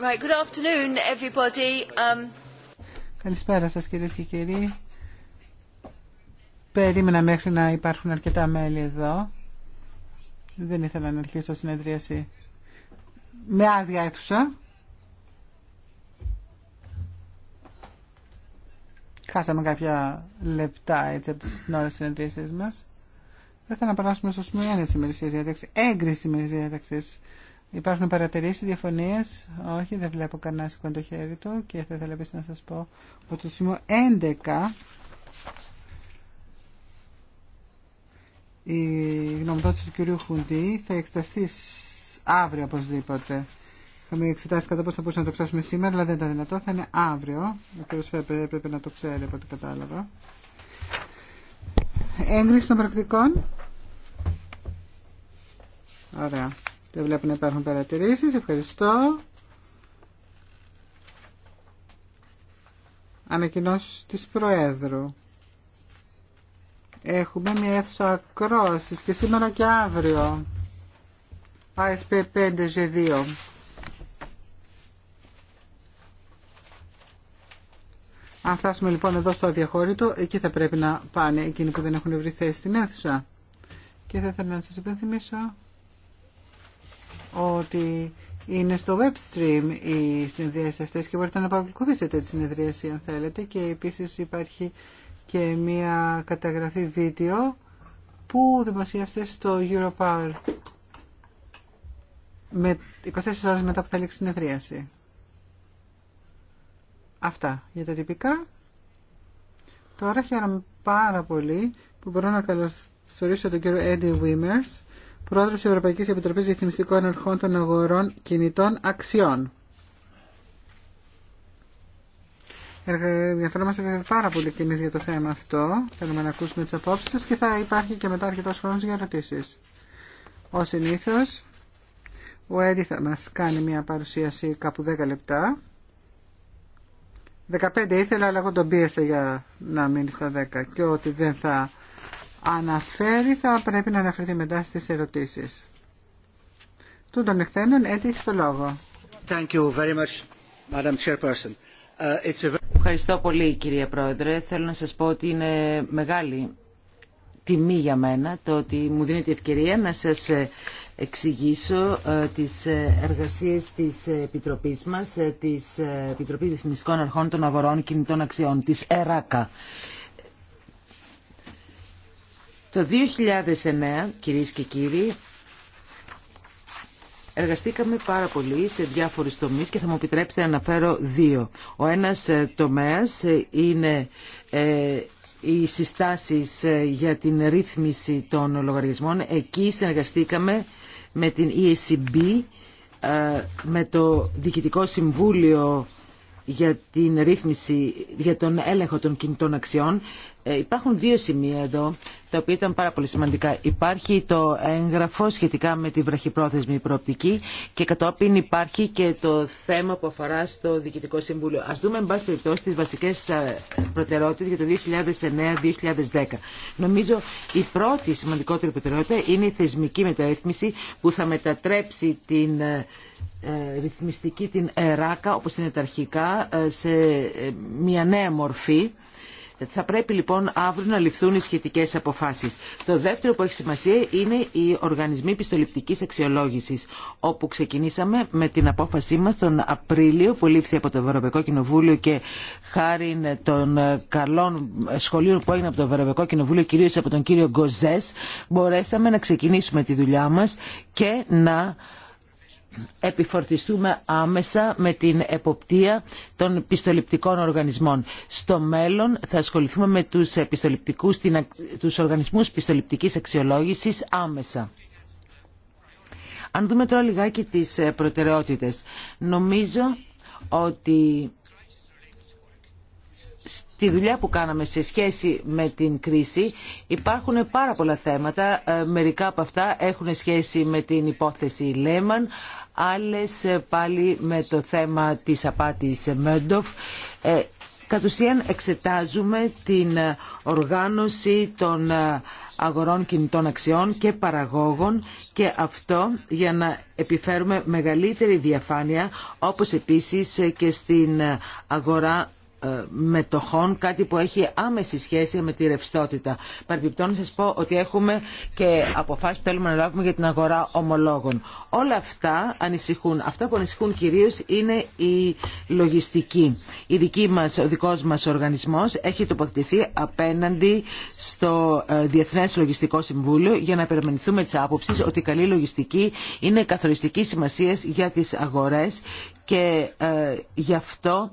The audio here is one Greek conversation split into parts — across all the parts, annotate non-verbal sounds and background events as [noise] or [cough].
Um, Καλησπέρα σας κυρίες και κύριοι. Περίμενα μέχρι να υπάρχουν αρκετά μέλη εδώ. Δεν ήθελα να αρχίσω συνεδρίαση με άδεια αίθουσα. Χάσαμε κάποια λεπτά έτσι από τις νόρες της συνεδρίασης μας. Δεν θα να περάσουμε στο σημείο της ημερησίας διάταξης, έγκριση ημερησίας διάταξης. Υπάρχουν παρατηρήσεις, διαφωνίες. Όχι, δεν βλέπω κανένα σηκώνει το χέρι του και θα ήθελα να σας πω ότι το σημείο 11 η γνωμοδότηση του κυρίου Χουντή θα εξεταστεί αύριο οπωσδήποτε. Θα με εξετάσει κατά πώ θα μπορούσαμε να το ξέρουμε σήμερα, αλλά δεν ήταν δυνατό. Θα είναι αύριο. Ο κ. Φέπε έπρεπε να το ξέρει από ό,τι κατάλαβα. Έγκριση των πρακτικών. Ωραία. Δεν βλέπω να υπάρχουν παρατηρήσεις. Ευχαριστώ. Ανακοινώσει της Προέδρου. Έχουμε μια αίθουσα ακρόασης και σήμερα και αύριο. ΑΕΣΠ 5G2. Αν φτάσουμε λοιπόν εδώ στο αδιαχώρητο, εκεί θα πρέπει να πάνε εκείνοι που δεν έχουν βρει θέση στην αίθουσα. Και θα ήθελα να σας υπενθυμίσω ότι είναι στο web stream οι συνεδρίες αυτές και μπορείτε να παρακολουθήσετε τη συνεδρίαση αν θέλετε και επίσης υπάρχει και μια καταγραφή βίντεο που δημοσίευσε στο Europower με 24 ώρες μετά που θα λήξει η συνεδρίαση. Αυτά για τα τυπικά. Τώρα χαίρομαι πάρα πολύ που μπορώ να καλωσορίσω τον κύριο Eddie Wimmers Πρόεδρο της Ευρωπαϊκής Επιτροπής Διεθνιστικών Ερχών των Αγορών Κινητών Αξιών. Ενδιαφερόμαστε πάρα πολύ κι για το θέμα αυτό. Θέλουμε να ακούσουμε τι απόψει σα και θα υπάρχει και μετά αρκετός χρόνο για ερωτήσει. Ό συνήθω. Ω συνήθω, ο Έντι θα μα κάνει μια παρουσίαση κάπου 10 λεπτά. 15 ήθελα, αλλά εγώ τον πίεσα για να μείνει στα 10 και ότι δεν θα αναφέρει θα πρέπει να αναφερθεί μετά στις ερωτήσεις. Του τον εκτένων έτυχε το λόγο. Thank you very much, Madam Chairperson. Uh, Ευχαριστώ πολύ κυρία Πρόεδρε. Θέλω να σας πω ότι είναι μεγάλη τιμή για μένα το ότι μου δίνει δίνετε ευκαιρία να σας ε, εξηγήσω ε, τις ε, εργασίες της Επιτροπής μας, της Επιτροπής Διεθνιστικών Αρχών των Αγορών Κινητών Αξιών, της ΕΡΑΚΑ. Το 2009, κυρίες και κύριοι, εργαστήκαμε πάρα πολύ σε διάφορε τομείς και θα μου επιτρέψετε να αναφέρω δύο. Ο ένας ε, τομέας ε, είναι ε, οι συστάσεις για την ρύθμιση των λογαριασμών. Εκεί συνεργαστήκαμε με την ESCB, με το Διοικητικό Συμβούλιο για την ρύθμιση, για τον έλεγχο των κινητών αξιών. Ε, υπάρχουν δύο σημεία εδώ τα οποία ήταν πάρα πολύ σημαντικά. Υπάρχει το έγγραφο σχετικά με τη βραχυπρόθεσμη προοπτική και κατόπιν υπάρχει και το θέμα που αφορά στο Διοικητικό Συμβούλιο. Α δούμε, εν πάση περιπτώσει, τι βασικέ ε, προτεραιότητε για το 2009-2010. Νομίζω η πρώτη σημαντικότερη προτεραιότητα είναι η θεσμική μεταρρύθμιση που θα μετατρέψει την ε, ρυθμιστική, την ΕΡΑΚΑ, όπως είναι τα αρχικά, σε μια νέα μορφή θα πρέπει λοιπόν αύριο να ληφθούν οι σχετικέ αποφάσει. Το δεύτερο που έχει σημασία είναι οι οργανισμοί πιστοληπτική αξιολόγηση, όπου ξεκινήσαμε με την απόφασή μα τον Απρίλιο που λήφθη από το Ευρωπαϊκό Κοινοβούλιο και χάρη των καλών σχολείων που έγιναν από το Ευρωπαϊκό Κοινοβούλιο, κυρίω από τον κύριο Γκοζέ, μπορέσαμε να ξεκινήσουμε τη δουλειά μα και να επιφορτιστούμε άμεσα με την εποπτεία των πιστοληπτικών οργανισμών. Στο μέλλον θα ασχοληθούμε με τους, πιστοληπτικούς, τους οργανισμούς πιστοληπτικής αξιολόγησης άμεσα. Αν δούμε τώρα λιγάκι τις ε, προτεραιότητες, νομίζω ότι στη δουλειά που κάναμε σε σχέση με την κρίση υπάρχουν πάρα πολλά θέματα. Ε, μερικά από αυτά έχουν σχέση με την υπόθεση Λέμαν, άλλες ε, πάλι με το θέμα της απάτης ε, Μέντοφ. Ε, κατ' ουσίαν εξετάζουμε την οργάνωση των αγορών κινητών αξιών και παραγόγων και αυτό για να επιφέρουμε μεγαλύτερη διαφάνεια όπως επίσης και στην αγορά ε, μετοχών, κάτι που έχει άμεση σχέση με τη ρευστότητα. Παρεπιπτόν σας πω ότι έχουμε και αποφάσεις που θέλουμε να λάβουμε για την αγορά ομολόγων. Όλα αυτά ανησυχούν. Αυτά που ανησυχούν κυρίως είναι η λογιστική. Η δική μας, ο δικός μας οργανισμός έχει τοποθετηθεί απέναντι στο ε, Διεθνές Λογιστικό Συμβούλιο για να περιμενηθούμε τη άποψη ότι η καλή λογιστική είναι καθοριστική σημασία για τις αγορές και ε, γι' αυτό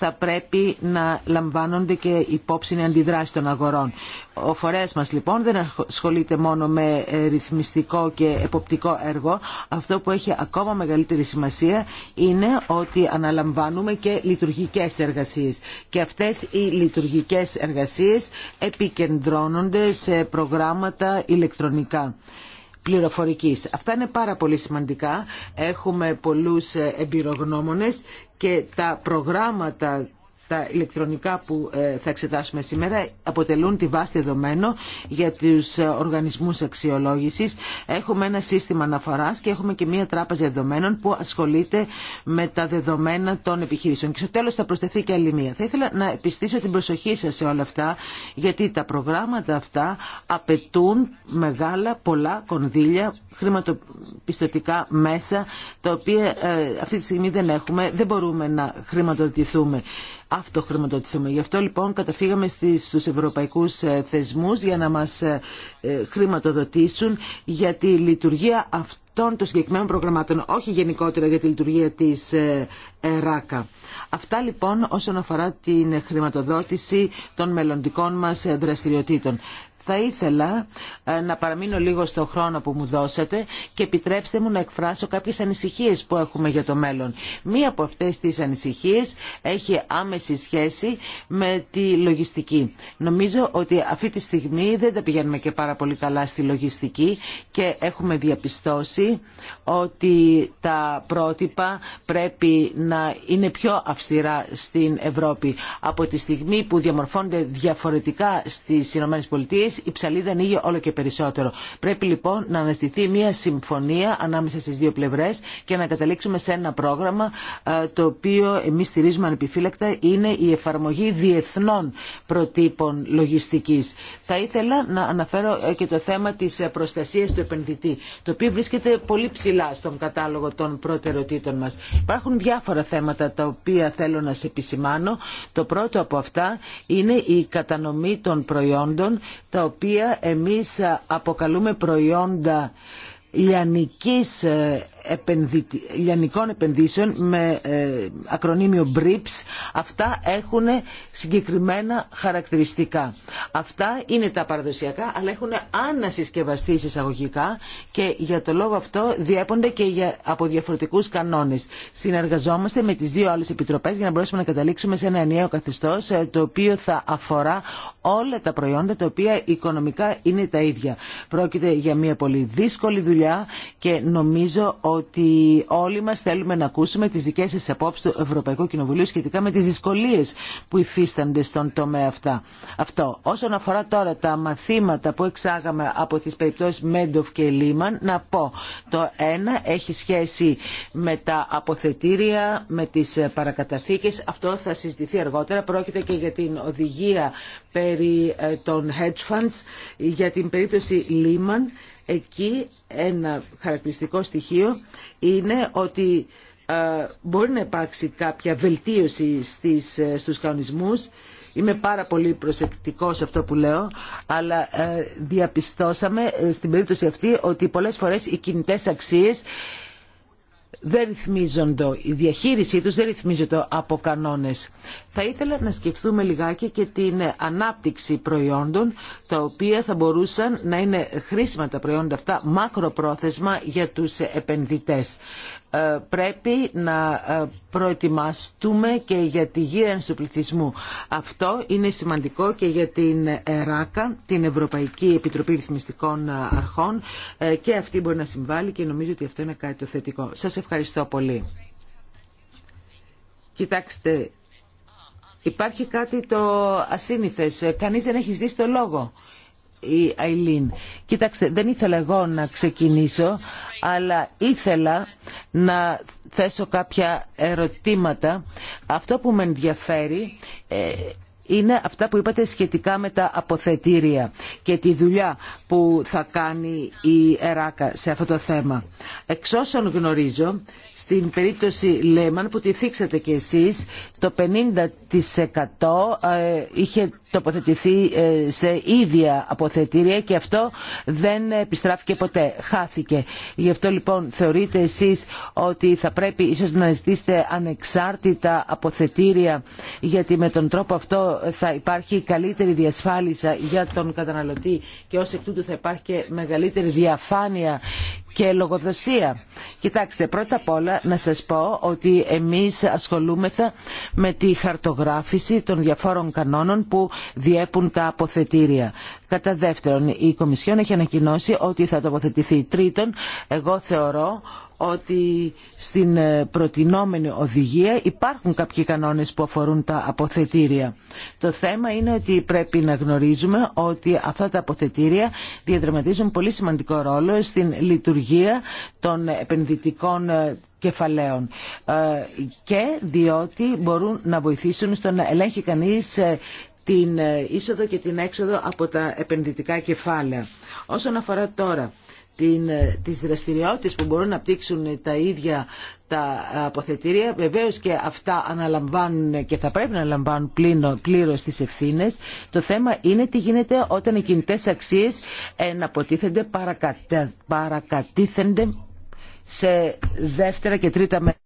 θα πρέπει να λαμβάνονται και υπόψη οι αντιδράσει των αγορών. Ο φορέας μας λοιπόν δεν ασχολείται μόνο με ε, ρυθμιστικό και εποπτικό έργο. Αυτό που έχει ακόμα μεγαλύτερη σημασία είναι ότι αναλαμβάνουμε και λειτουργικές εργασίες. Και αυτές οι λειτουργικές εργασίες επικεντρώνονται σε προγράμματα ηλεκτρονικά πληροφορικής. Αυτά είναι πάρα πολύ σημαντικά. Έχουμε πολλούς εμπειρογνώμονες και τα προγράμματα τα ηλεκτρονικά που ε, θα εξετάσουμε σήμερα αποτελούν τη βάση δεδομένο για τους ε, οργανισμούς αξιολόγησης. Έχουμε ένα σύστημα αναφοράς και έχουμε και μία τράπεζα δεδομένων που ασχολείται με τα δεδομένα των επιχειρήσεων. Και στο τέλος θα προσθεθεί και άλλη μία. Θα ήθελα να επιστήσω την προσοχή σας σε όλα αυτά γιατί τα προγράμματα αυτά απαιτούν μεγάλα πολλά κονδύλια χρηματοπιστωτικά μέσα τα οποία ε, αυτή τη στιγμή δεν έχουμε, δεν μπορούμε να χρηματοδοτηθούμε αυτοχρηματοδοτηθούμε. Γι' αυτό λοιπόν καταφύγαμε στους ευρωπαϊκούς ε, θεσμούς για να μας ε, ε, χρηματοδοτήσουν για τη λειτουργία αυτών των συγκεκριμένων προγραμμάτων, όχι γενικότερα για τη λειτουργία της ΕΡΑΚΑ. Αυτά λοιπόν όσον αφορά την χρηματοδότηση των μελλοντικών μας δραστηριοτήτων. Θα ήθελα ε, να παραμείνω λίγο στο χρόνο που μου δώσατε και επιτρέψτε μου να εκφράσω κάποιες ανησυχίες που έχουμε για το μέλλον. Μία από αυτές τις ανησυχίες έχει άμεση σχέση με τη λογιστική. Νομίζω ότι αυτή τη στιγμή δεν τα πηγαίνουμε και πάρα πολύ καλά στη λογιστική και έχουμε διαπιστώσει ότι τα πρότυπα πρέπει να είναι πιο αυστηρά στην Ευρώπη. Από τη στιγμή που διαμορφώνται διαφορετικά στις ΗΠΑ η ψαλίδα ανοίγει όλο και περισσότερο. Πρέπει λοιπόν να αναστηθεί μια συμφωνία ανάμεσα στι δύο πλευρέ και να καταλήξουμε σε ένα πρόγραμμα ε, το οποίο εμεί στηρίζουμε ανεπιφύλακτα είναι η εφαρμογή διεθνών προτύπων λογιστική. Θα ήθελα να αναφέρω ε, και το θέμα της ε, προστασία του επενδυτή, το οποίο βρίσκεται πολύ ψηλά στον κατάλογο των προτεραιοτήτων μα. Υπάρχουν διάφορα θέματα τα οποία θέλω να σε επισημάνω. Το πρώτο από αυτά είναι η κατανομή των προϊόντων, τα οποία εμείς αποκαλούμε προϊόντα λιανικής ε, λιανικών επενδύσεων με ε, ακρονίμιο BRIPS. Αυτά έχουν συγκεκριμένα χαρακτηριστικά. Αυτά είναι τα παραδοσιακά, αλλά έχουν ανασυσκευαστεί εισαγωγικά και για το λόγο αυτό διέπονται και από διαφορετικούς κανόνες. Συνεργαζόμαστε με τις δύο άλλες επιτροπές για να μπορέσουμε να καταλήξουμε σε ένα ενιαίο καθεστώς ε, το οποίο θα αφορά όλα τα προϊόντα τα οποία οικονομικά είναι τα ίδια. Πρόκειται για μια πολύ δύσκολη δουλειά και νομίζω ότι ότι όλοι μας θέλουμε να ακούσουμε τις δικές σας απόψεις του Ευρωπαϊκού Κοινοβουλίου σχετικά με τις δυσκολίες που υφίστανται στον τομέα αυτά. Αυτό. Όσον αφορά τώρα τα μαθήματα που εξάγαμε από τις περιπτώσεις Μέντοφ και Λίμαν, να πω το ένα έχει σχέση με τα αποθετήρια, με τις ε, παρακαταθήκες. Αυτό θα συζητηθεί αργότερα. Πρόκειται και για την οδηγία περί ε, των hedge funds, για την περίπτωση Λίμαν Εκεί ένα χαρακτηριστικό στοιχείο είναι ότι ε, μπορεί να υπάρξει κάποια βελτίωση στις, ε, στους κανονισμούς. Είμαι πάρα πολύ προσεκτικός σε αυτό που λέω, αλλά ε, διαπιστώσαμε στην περίπτωση αυτή ότι πολλές φορές οι κινητές αξίες δεν ρυθμίζονται, η διαχείρισή τους δεν ρυθμίζεται από κανόνες. Θα ήθελα να σκεφτούμε λιγάκι και την ανάπτυξη προϊόντων, τα οποία θα μπορούσαν να είναι χρήσιμα τα προϊόντα αυτά, μακροπρόθεσμα για τους επενδυτές. Ε, πρέπει να ε, προετοιμαστούμε και για τη γύρανση του πληθυσμού. Αυτό είναι σημαντικό και για την ΕΡΑΚΑ, την Ευρωπαϊκή Επιτροπή Ρυθμιστικών ε, Αρχών και αυτή μπορεί να συμβάλλει και νομίζω ότι αυτό είναι κάτι το θετικό. Σας ευχαριστώ πολύ. Κοιτάξτε, υπάρχει κάτι το ασύνηθες. Κανείς δεν έχει δει το λόγο η Αιλίν. Κοιτάξτε, δεν ήθελα εγώ να ξεκινήσω, αλλά ήθελα να θέσω κάποια ερωτήματα. Αυτό που με ενδιαφέρει ε, είναι αυτά που είπατε σχετικά με τα αποθετήρια και τη δουλειά που θα κάνει η Εράκα σε αυτό το θέμα. Εξ όσων γνωρίζω, στην περίπτωση Λέμαν που τη θίξατε κι εσείς, το 50% ε, είχε τοποθετηθεί ε, σε ίδια αποθετήρια και αυτό δεν επιστράφηκε ποτέ, χάθηκε. Γι' αυτό λοιπόν θεωρείτε εσείς ότι θα πρέπει ίσως να ζητήσετε ανεξάρτητα αποθετήρια γιατί με τον τρόπο αυτό θα υπάρχει καλύτερη διασφάλιση για τον καταναλωτή και ως εκ τούτου θα υπάρχει και μεγαλύτερη διαφάνεια και λογοδοσία. Κοιτάξτε, πρώτα απ' όλα να σας πω ότι εμείς ασχολούμεθα με τη χαρτογράφηση των διαφόρων κανόνων που διέπουν τα αποθετήρια. Κατά δεύτερον, η Κομισιόν έχει ανακοινώσει ότι θα τοποθετηθεί. Τρίτον, εγώ θεωρώ ότι στην ε, προτινόμενη οδηγία υπάρχουν κάποιοι κανόνες που αφορούν τα αποθετήρια. Το θέμα είναι ότι πρέπει να γνωρίζουμε ότι αυτά τα αποθετήρια διαδραματίζουν πολύ σημαντικό ρόλο στην λειτουργία των επενδυτικών ε, κεφαλαίων ε, και διότι μπορούν να βοηθήσουν στο να ελέγχει κανείς την είσοδο και την έξοδο από τα επενδυτικά κεφάλαια. Όσον αφορά τώρα την, ε, τις δραστηριότητες που μπορούν να πτύξουν τα ίδια τα αποθετήρια. Βεβαίως και αυτά αναλαμβάνουν και θα πρέπει να αναλαμβάνουν πλήρως τις ευθύνες. Το θέμα είναι τι γίνεται όταν οι κινητές αξίες εναποτίθενται, παρακατε, παρακατήθενται σε δεύτερα και τρίτα μέρη.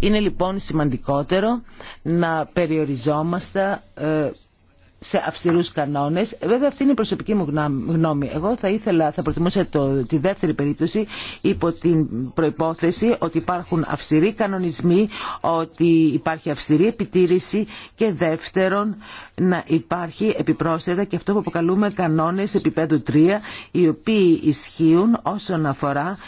Είναι λοιπόν σημαντικότερο να περιοριζόμαστε ε, σε αυστηρούς κανόνες. Βέβαια αυτή είναι η προσωπική μου γνώμη. Εγώ θα ήθελα, θα προτιμούσα το, τη δεύτερη περίπτωση υπό την προϋπόθεση ότι υπάρχουν αυστηροί κανονισμοί, ότι υπάρχει αυστηρή επιτήρηση και δεύτερον να υπάρχει επιπρόσθετα και αυτό που αποκαλούμε κανόνες επίπεδου 3 οι οποίοι ισχύουν όσον αφορά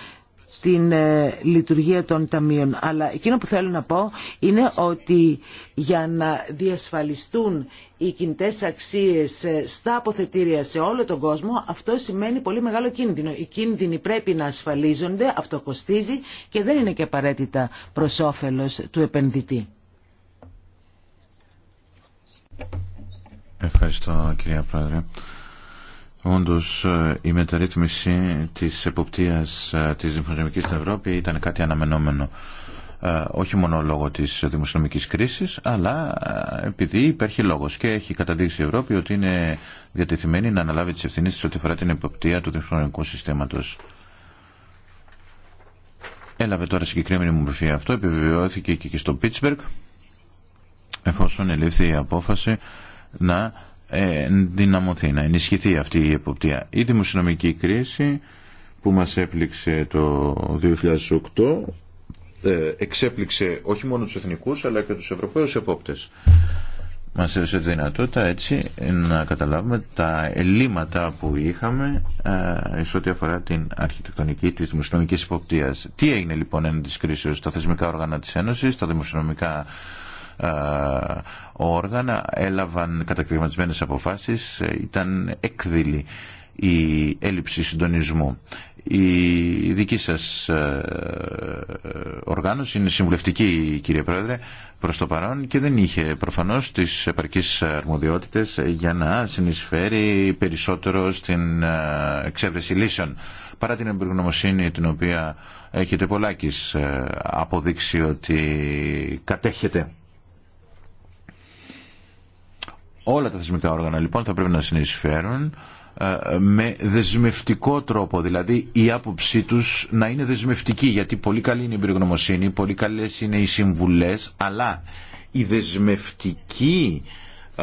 την ε, λειτουργία των ταμείων. Αλλά εκείνο που θέλω να πω είναι ότι για να διασφαλιστούν οι κινητέ αξίες ε, στα αποθετήρια σε όλο τον κόσμο, αυτό σημαίνει πολύ μεγάλο κίνδυνο. Οι κίνδυνοι πρέπει να ασφαλίζονται, αυτό κοστίζει και δεν είναι και απαραίτητα προ όφελο του επενδυτή. Ευχαριστώ κυρία Πρόεδρε. Όντως ε, η μεταρρύθμιση της εποπτείας ε, της δημοσιονομικής στην Ευρώπη ήταν κάτι αναμενόμενο ε, όχι μόνο λόγω της δημοσιονομικής κρίσης αλλά επειδή υπέρχει λόγος και έχει καταδείξει η Ευρώπη ότι είναι διατεθειμένη να αναλάβει τις ευθύνες ό,τι αφορά την εποπτεία του δημοσιονομικού συστήματος. Έλαβε τώρα συγκεκριμένη μου μορφή αυτό, επιβεβαιώθηκε και στο Πίτσμπεργκ εφόσον ελήφθη η απόφαση να ε, ενδυναμωθεί, να ενισχυθεί αυτή η εποπτεία. Η δημοσιονομική κρίση που μας έπληξε το 2008 ε, εξέπληξε όχι μόνο τους εθνικούς αλλά και τους ευρωπαίους επόπτες. Μας έδωσε τη δυνατότητα έτσι να καταλάβουμε τα ελλείμματα που είχαμε ε, σε ό,τι αφορά την αρχιτεκτονική της δημοσιονομικής υποπτίας. Τι έγινε λοιπόν ενάντια της κρίσης στα θεσμικά όργανα της Ένωσης, στα δημοσιονομικά όργανα έλαβαν κατακριματισμένες αποφάσεις, ε, ήταν έκδηλη η έλλειψη συντονισμού. Η δική σας ε, οργάνωση είναι συμβουλευτική κύριε Πρόεδρε προς το παρόν και δεν είχε προφανώς τις επαρκείς αρμοδιότητες για να συνεισφέρει περισσότερο στην ε, εξέβρεση λύσεων. Παρά την εμπειρογνωμοσύνη την οποία έχετε πολλάκις αποδείξει ότι κατέχετε Όλα τα θεσμικά όργανα λοιπόν θα πρέπει να συνεισφέρουν ε, με δεσμευτικό τρόπο, δηλαδή η άποψή τους να είναι δεσμευτική, γιατί πολύ καλή είναι η εμπειρογνωμοσύνη, πολύ καλές είναι οι συμβουλές, αλλά η δεσμευτική ε,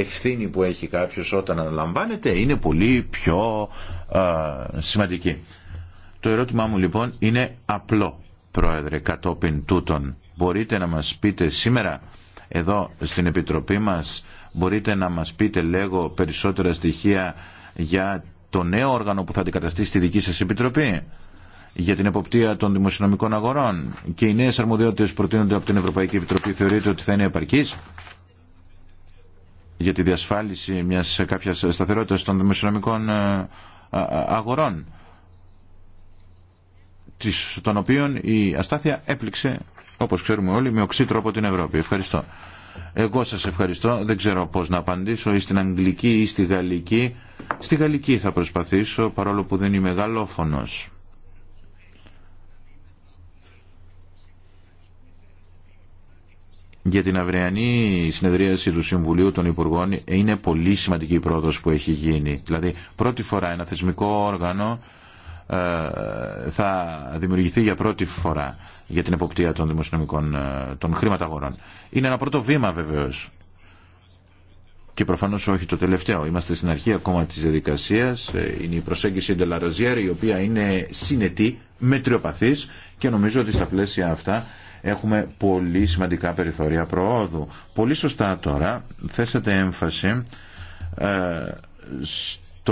ευθύνη που έχει κάποιος όταν αναλαμβάνεται είναι πολύ πιο ε, σημαντική. Το ερώτημά μου λοιπόν είναι απλό, Πρόεδρε, κατόπιν τούτων. Μπορείτε να μας πείτε σήμερα εδώ στην Επιτροπή μας Μπορείτε να μας πείτε λέγω περισσότερα στοιχεία για το νέο όργανο που θα αντικαταστήσει τη δική σας Επιτροπή για την εποπτεία των δημοσιονομικών αγορών και οι νέες αρμοδιότητες που προτείνονται από την Ευρωπαϊκή Επιτροπή θεωρείτε ότι θα είναι επαρκής για τη διασφάλιση μιας κάποιας σταθερότητας των δημοσιονομικών ε, αγορών των οποίων η αστάθεια έπληξε όπως ξέρουμε όλοι με οξύ τρόπο την Ευρώπη. Ευχαριστώ. Εγώ σας ευχαριστώ. Δεν ξέρω πώς να απαντήσω ή στην αγγλική ή στη γαλλική. Στη γαλλική θα προσπαθήσω παρόλο που δεν είμαι γαλλόφωνος. Για την αυριανή συνεδρίαση του Συμβουλίου των Υπουργών είναι πολύ σημαντική η πρόοδος που έχει γίνει. Δηλαδή πρώτη φορά ένα θεσμικό όργανο ε, θα δημιουργηθεί για πρώτη φορά για την εποπτεία των δημοσιονομικών ε, των χρηματαγορών. Είναι ένα πρώτο βήμα βεβαίως. Και προφανώ όχι το τελευταίο. Είμαστε στην αρχή ακόμα τη διαδικασία. Ε, είναι η προσέγγιση Ντελαροζιέρ, η οποία είναι συνετή, μετριοπαθή και νομίζω ότι στα πλαίσια αυτά έχουμε πολύ σημαντικά περιθώρια προόδου. Πολύ σωστά τώρα θέσατε έμφαση ε,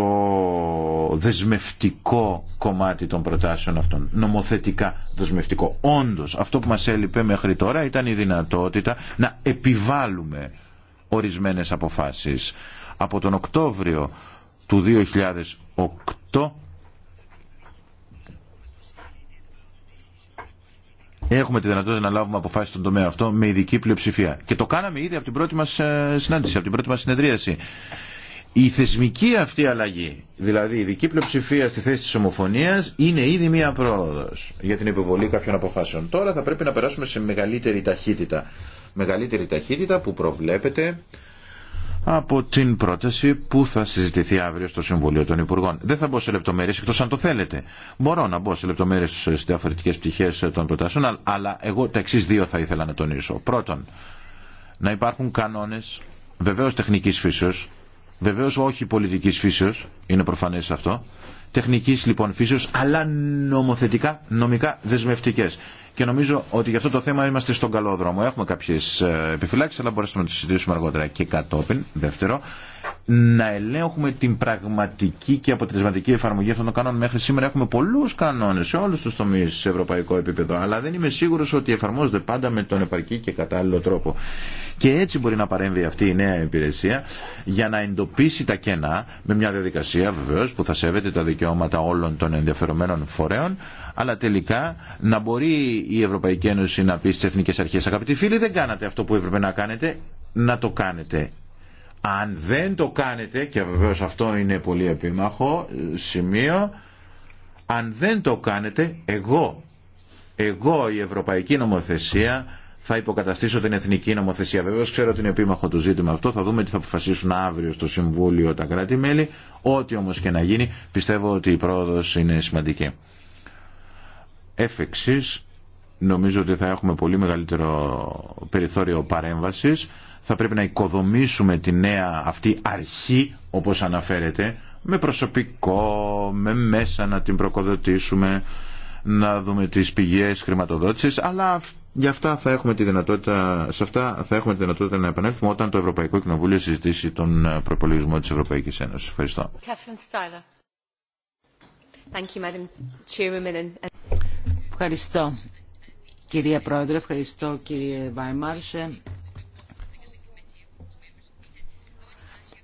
το δεσμευτικό κομμάτι των προτάσεων αυτών. Νομοθετικά δεσμευτικό. Όντως, αυτό που μας έλειπε μέχρι τώρα ήταν η δυνατότητα να επιβάλλουμε ορισμένες αποφάσεις. Από τον Οκτώβριο του 2008 Έχουμε τη δυνατότητα να λάβουμε αποφάσει στον τομέα αυτό με ειδική πλειοψηφία. Και το κάναμε ήδη από την πρώτη μα ε, συνάντηση, από την πρώτη μα συνεδρίαση. Η θεσμική αυτή αλλαγή, δηλαδή η δική πλειοψηφία στη θέση της ομοφωνίας, είναι ήδη μία πρόοδος για την επιβολή κάποιων αποφάσεων. Τώρα θα πρέπει να περάσουμε σε μεγαλύτερη ταχύτητα. Μεγαλύτερη ταχύτητα που προβλέπεται από την πρόταση που θα συζητηθεί αύριο στο Συμβουλίο των Υπουργών. Δεν θα μπω σε λεπτομέρειε εκτό αν το θέλετε. Μπορώ να μπω σε λεπτομέρειε στι διαφορετικέ πτυχέ των προτάσεων, αλλά εγώ τα εξή δύο θα ήθελα να τονίσω. Πρώτον, να υπάρχουν κανόνε βεβαίω τεχνική φύσεω Βεβαίως όχι πολιτικής φύσεως, είναι προφανές αυτό, τεχνικής λοιπόν φύσεως, αλλά νομοθετικά, νομικά δεσμευτικές. Και νομίζω ότι για αυτό το θέμα είμαστε στον καλό δρόμο. Έχουμε κάποιες ε, επιφυλάξεις, αλλά μπορέσουμε να τις συζητήσουμε αργότερα. Και κατόπιν, δεύτερο, να ελέγχουμε την πραγματική και αποτελεσματική εφαρμογή αυτών των κανόνων. Μέχρι σήμερα έχουμε πολλού κανόνε σε όλου του τομεί σε ευρωπαϊκό επίπεδο, αλλά δεν είμαι σίγουρο ότι εφαρμόζονται πάντα με τον επαρκή και κατάλληλο τρόπο. Και έτσι μπορεί να παρέμβει αυτή η νέα υπηρεσία για να εντοπίσει τα κενά με μια διαδικασία βεβαίω που θα σέβεται τα δικαιώματα όλων των ενδιαφερομένων φορέων, αλλά τελικά να μπορεί η Ευρωπαϊκή Ένωση να πει στι εθνικέ αρχέ, αγαπητοί φίλοι, δεν κάνατε αυτό που έπρεπε να κάνετε, να το κάνετε αν δεν το κάνετε, και βεβαίω αυτό είναι πολύ επίμαχο ε, σημείο, αν δεν το κάνετε, εγώ, εγώ η Ευρωπαϊκή Νομοθεσία θα υποκαταστήσω την Εθνική Νομοθεσία. Βεβαίω ξέρω ότι είναι επίμαχο το ζήτημα αυτό. Θα δούμε τι θα αποφασίσουν αύριο στο Συμβούλιο τα κράτη-μέλη. Ό,τι όμω και να γίνει, πιστεύω ότι η πρόοδο είναι σημαντική. Έφεξης, νομίζω ότι θα έχουμε πολύ μεγαλύτερο περιθώριο παρέμβασης θα πρέπει να οικοδομήσουμε τη νέα αυτή αρχή, όπως αναφέρεται, με προσωπικό, με μέσα να την προκοδοτήσουμε, να δούμε τις πηγές χρηματοδότησης, αλλά για αυτά θα έχουμε τη δυνατότητα, σε αυτά θα έχουμε τη δυνατότητα να επανέλθουμε όταν το Ευρωπαϊκό Κοινοβούλιο συζητήσει τον ε, προπολογισμό της Ευρωπαϊκής Ένωσης. Ευχαριστώ. Ευχαριστώ κυρία Πρόεδρε, ευχαριστώ κύριε Βάιμαρσε.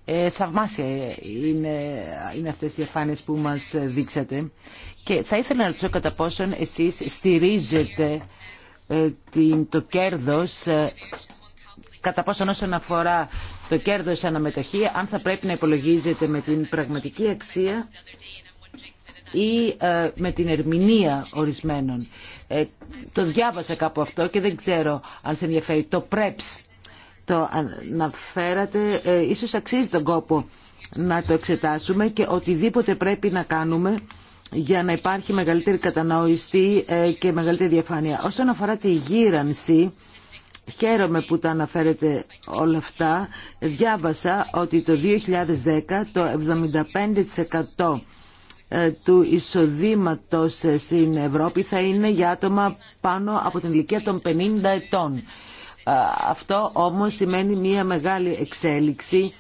Ε, θαυμάσια είναι, είναι αυτές οι διαφάνειες που μας δείξατε και θα ήθελα να ρωτήσω κατά πόσον εσείς στηρίζετε ε, την, το κέρδος ε, κατά πόσον όσον αφορά το κέρδος αναμετοχή αν θα πρέπει να υπολογίζεται με την πραγματική αξία ή ε, με την ερμηνεία ορισμένων. Ε, το διάβασα κάπου αυτό και δεν ξέρω αν σε ενδιαφέρει το πρέπει το αναφέρατε, ε, ίσως αξίζει τον κόπο να το εξετάσουμε και οτιδήποτε πρέπει να κάνουμε για να υπάρχει μεγαλύτερη κατανοηστή ε, και μεγαλύτερη διαφάνεια. Όσον αφορά τη γύρανση, χαίρομαι που τα αναφέρετε όλα αυτά. Διάβασα ότι το 2010 το 75% ε, του εισοδήματος στην Ευρώπη θα είναι για άτομα πάνω από την ηλικία των 50 ετών. Ε, αυτό όμως σημαίνει μια μεγάλη εξέλιξη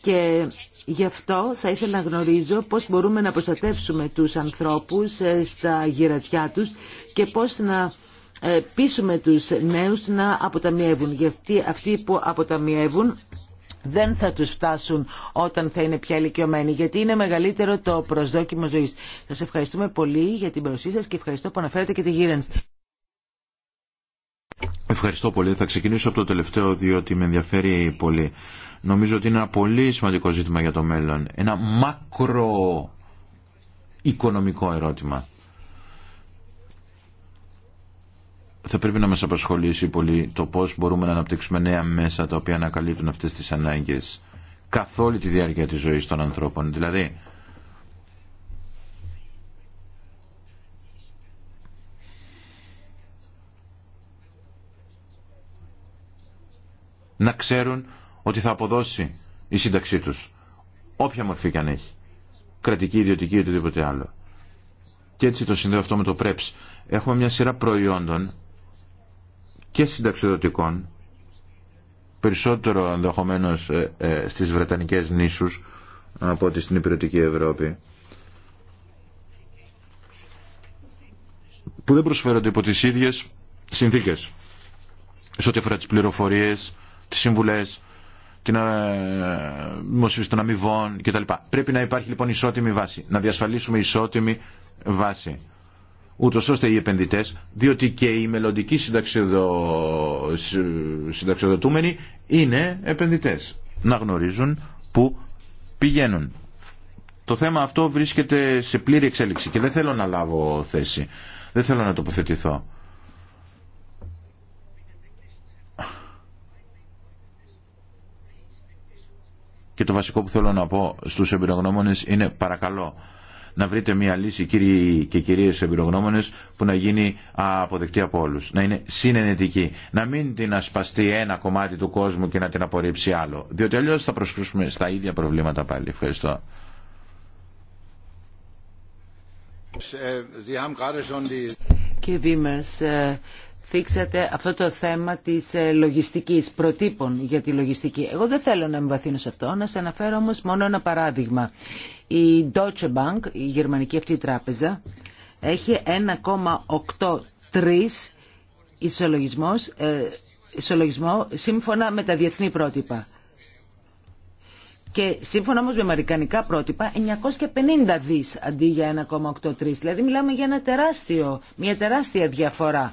και γι' αυτό θα ήθελα να γνωρίζω πώς μπορούμε να προστατεύσουμε τους ανθρώπους ε, στα γυρατιά τους και πώς να ε, πείσουμε τους νέους να αποταμιεύουν. Γιατί αυτοί που αποταμιεύουν δεν θα τους φτάσουν όταν θα είναι πια ηλικιωμένοι, γιατί είναι μεγαλύτερο το προσδόκιμο ζωής. Σας ευχαριστούμε πολύ για την παρουσία σας και ευχαριστώ που αναφέρατε και τη γύρανση. Ευχαριστώ πολύ. Θα ξεκινήσω από το τελευταίο διότι με ενδιαφέρει πολύ. Νομίζω ότι είναι ένα πολύ σημαντικό ζήτημα για το μέλλον. Ένα μακροοικονομικό ερώτημα. Θα πρέπει να μας απασχολήσει πολύ το πώς μπορούμε να αναπτύξουμε νέα μέσα τα οποία να καλύπτουν αυτές τις ανάγκες καθ' όλη τη διάρκεια της ζωής των ανθρώπων. Δηλαδή, να ξέρουν ότι θα αποδώσει η σύνταξή τους, όποια μορφή και αν έχει, κρατική, ιδιωτική ή οτιδήποτε άλλο. Και έτσι το συνδέω αυτό με το ΠΡΕΠΣ. Έχουμε μια σειρά προϊόντων και συνταξιδοτικών, περισσότερο ενδεχομένω ε, ε, στις Βρετανικές νήσους από ότι στην υπηρετική Ευρώπη, που δεν προσφέρονται υπό τις ίδιες συνθήκες σε ό,τι αφορά τις πληροφορίες, τις συμβουλές, την δημοσίευση των αμοιβών κτλ. Πρέπει να υπάρχει λοιπόν ισότιμη βάση, να διασφαλίσουμε ισότιμη βάση. Ούτω ώστε οι επενδυτέ, διότι και οι μελλοντικοί συνταξιοδο... συνταξιοδοτούμενοι είναι επενδυτέ. Να γνωρίζουν πού πηγαίνουν. Το θέμα αυτό βρίσκεται σε πλήρη εξέλιξη και δεν θέλω να λάβω θέση. Δεν θέλω να τοποθετηθώ. Και το βασικό που θέλω να πω στους εμπειρογνώμονες είναι παρακαλώ να βρείτε μια λύση κύριοι και κυρίες εμπειρογνώμονες που να γίνει αποδεκτή από όλους. Να είναι συνενετική. Να μην την ασπαστεί ένα κομμάτι του κόσμου και να την απορρίψει άλλο. Διότι αλλιώς θα προσκρούσουμε στα ίδια προβλήματα πάλι. Ευχαριστώ. Ε, Κύριε ε, θίξατε αυτό το θέμα της ε, λογιστικής, προτύπων για τη λογιστική. Εγώ δεν θέλω να εμβαθύνω σε αυτό, να σας αναφέρω όμως μόνο ένα παράδειγμα. Η Deutsche Bank, η γερμανική αυτή τράπεζα, έχει 1,83 ισολογισμός, ε, ισολογισμό σύμφωνα με τα διεθνή πρότυπα. Και σύμφωνα όμως με αμερικανικά πρότυπα, 950 δις αντί για 1,83. Δηλαδή μιλάμε για ένα τεράστιο, μια τεράστια διαφορά.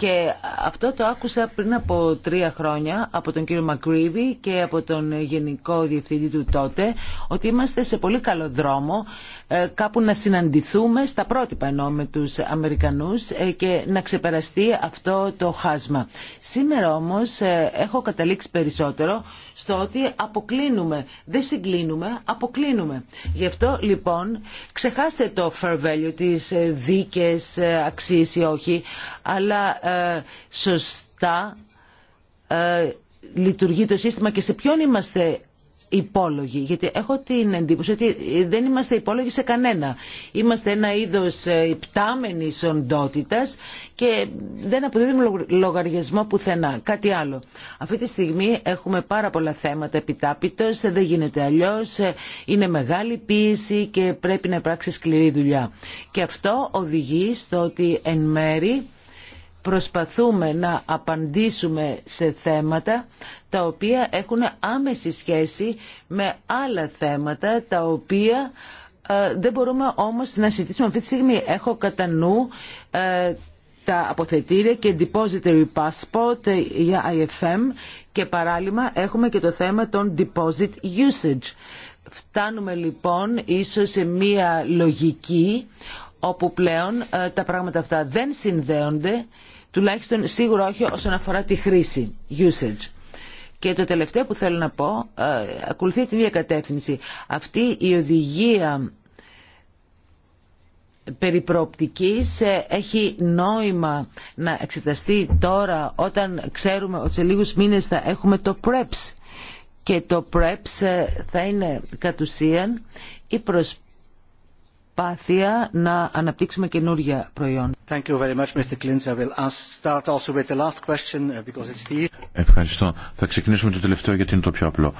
Και αυτό το άκουσα πριν από τρία χρόνια από τον κύριο Μακρύβη και από τον Γενικό Διευθυντή του τότε ότι είμαστε σε πολύ καλό δρόμο ε, κάπου να συναντηθούμε στα πρότυπα ενώ με τους Αμερικανούς ε, και να ξεπεραστεί αυτό το χάσμα. Σήμερα όμως ε, έχω καταλήξει περισσότερο στο ότι αποκλίνουμε. Δεν συγκλίνουμε, αποκλίνουμε. Γι' αυτό λοιπόν ξεχάστε το fair value, τις δίκες αξίες ή όχι, αλλά ε, σωστά ε, λειτουργεί το σύστημα και σε ποιον είμαστε υπόλογοι. Γιατί έχω την εντύπωση ότι δεν είμαστε υπόλογοι σε κανένα. Είμαστε ένα είδος ε, υπτάμενης οντότητας και δεν αποδίδουμε λογαριασμό πουθενά. Κάτι άλλο. Αυτή τη στιγμή έχουμε πάρα πολλά θέματα επιτάπητος, δεν γίνεται αλλιώς, είναι μεγάλη πίεση και πρέπει να υπάρξει σκληρή δουλειά. Και αυτό οδηγεί στο ότι εν μέρη προσπαθούμε να απαντήσουμε σε θέματα τα οποία έχουν άμεση σχέση με άλλα θέματα τα οποία ε, δεν μπορούμε όμως να συζητήσουμε αυτή τη στιγμή. Έχω κατά νου ε, τα αποθετήρια και depository passport για IFM και παράλληλα έχουμε και το θέμα των deposit usage. Φτάνουμε λοιπόν ίσως σε μία λογική όπου πλέον ε, τα πράγματα αυτά δεν συνδέονται, τουλάχιστον σίγουρα όχι όσον αφορά τη χρήση, usage. Και το τελευταίο που θέλω να πω, ε, ακολουθεί την ίδια κατεύθυνση. Αυτή η οδηγία περί προοπτικής έχει νόημα να εξεταστεί τώρα όταν ξέρουμε ότι σε λίγους μήνες θα έχουμε το PREPS και το PREPS ε, θα είναι κατ' ουσίαν η προσπάθεια προσπάθεια να αναπτύξουμε καινούργια προϊόντα. Ευχαριστώ. Θα ξεκινήσουμε το τελευταίο γιατί είναι το πιο απλό.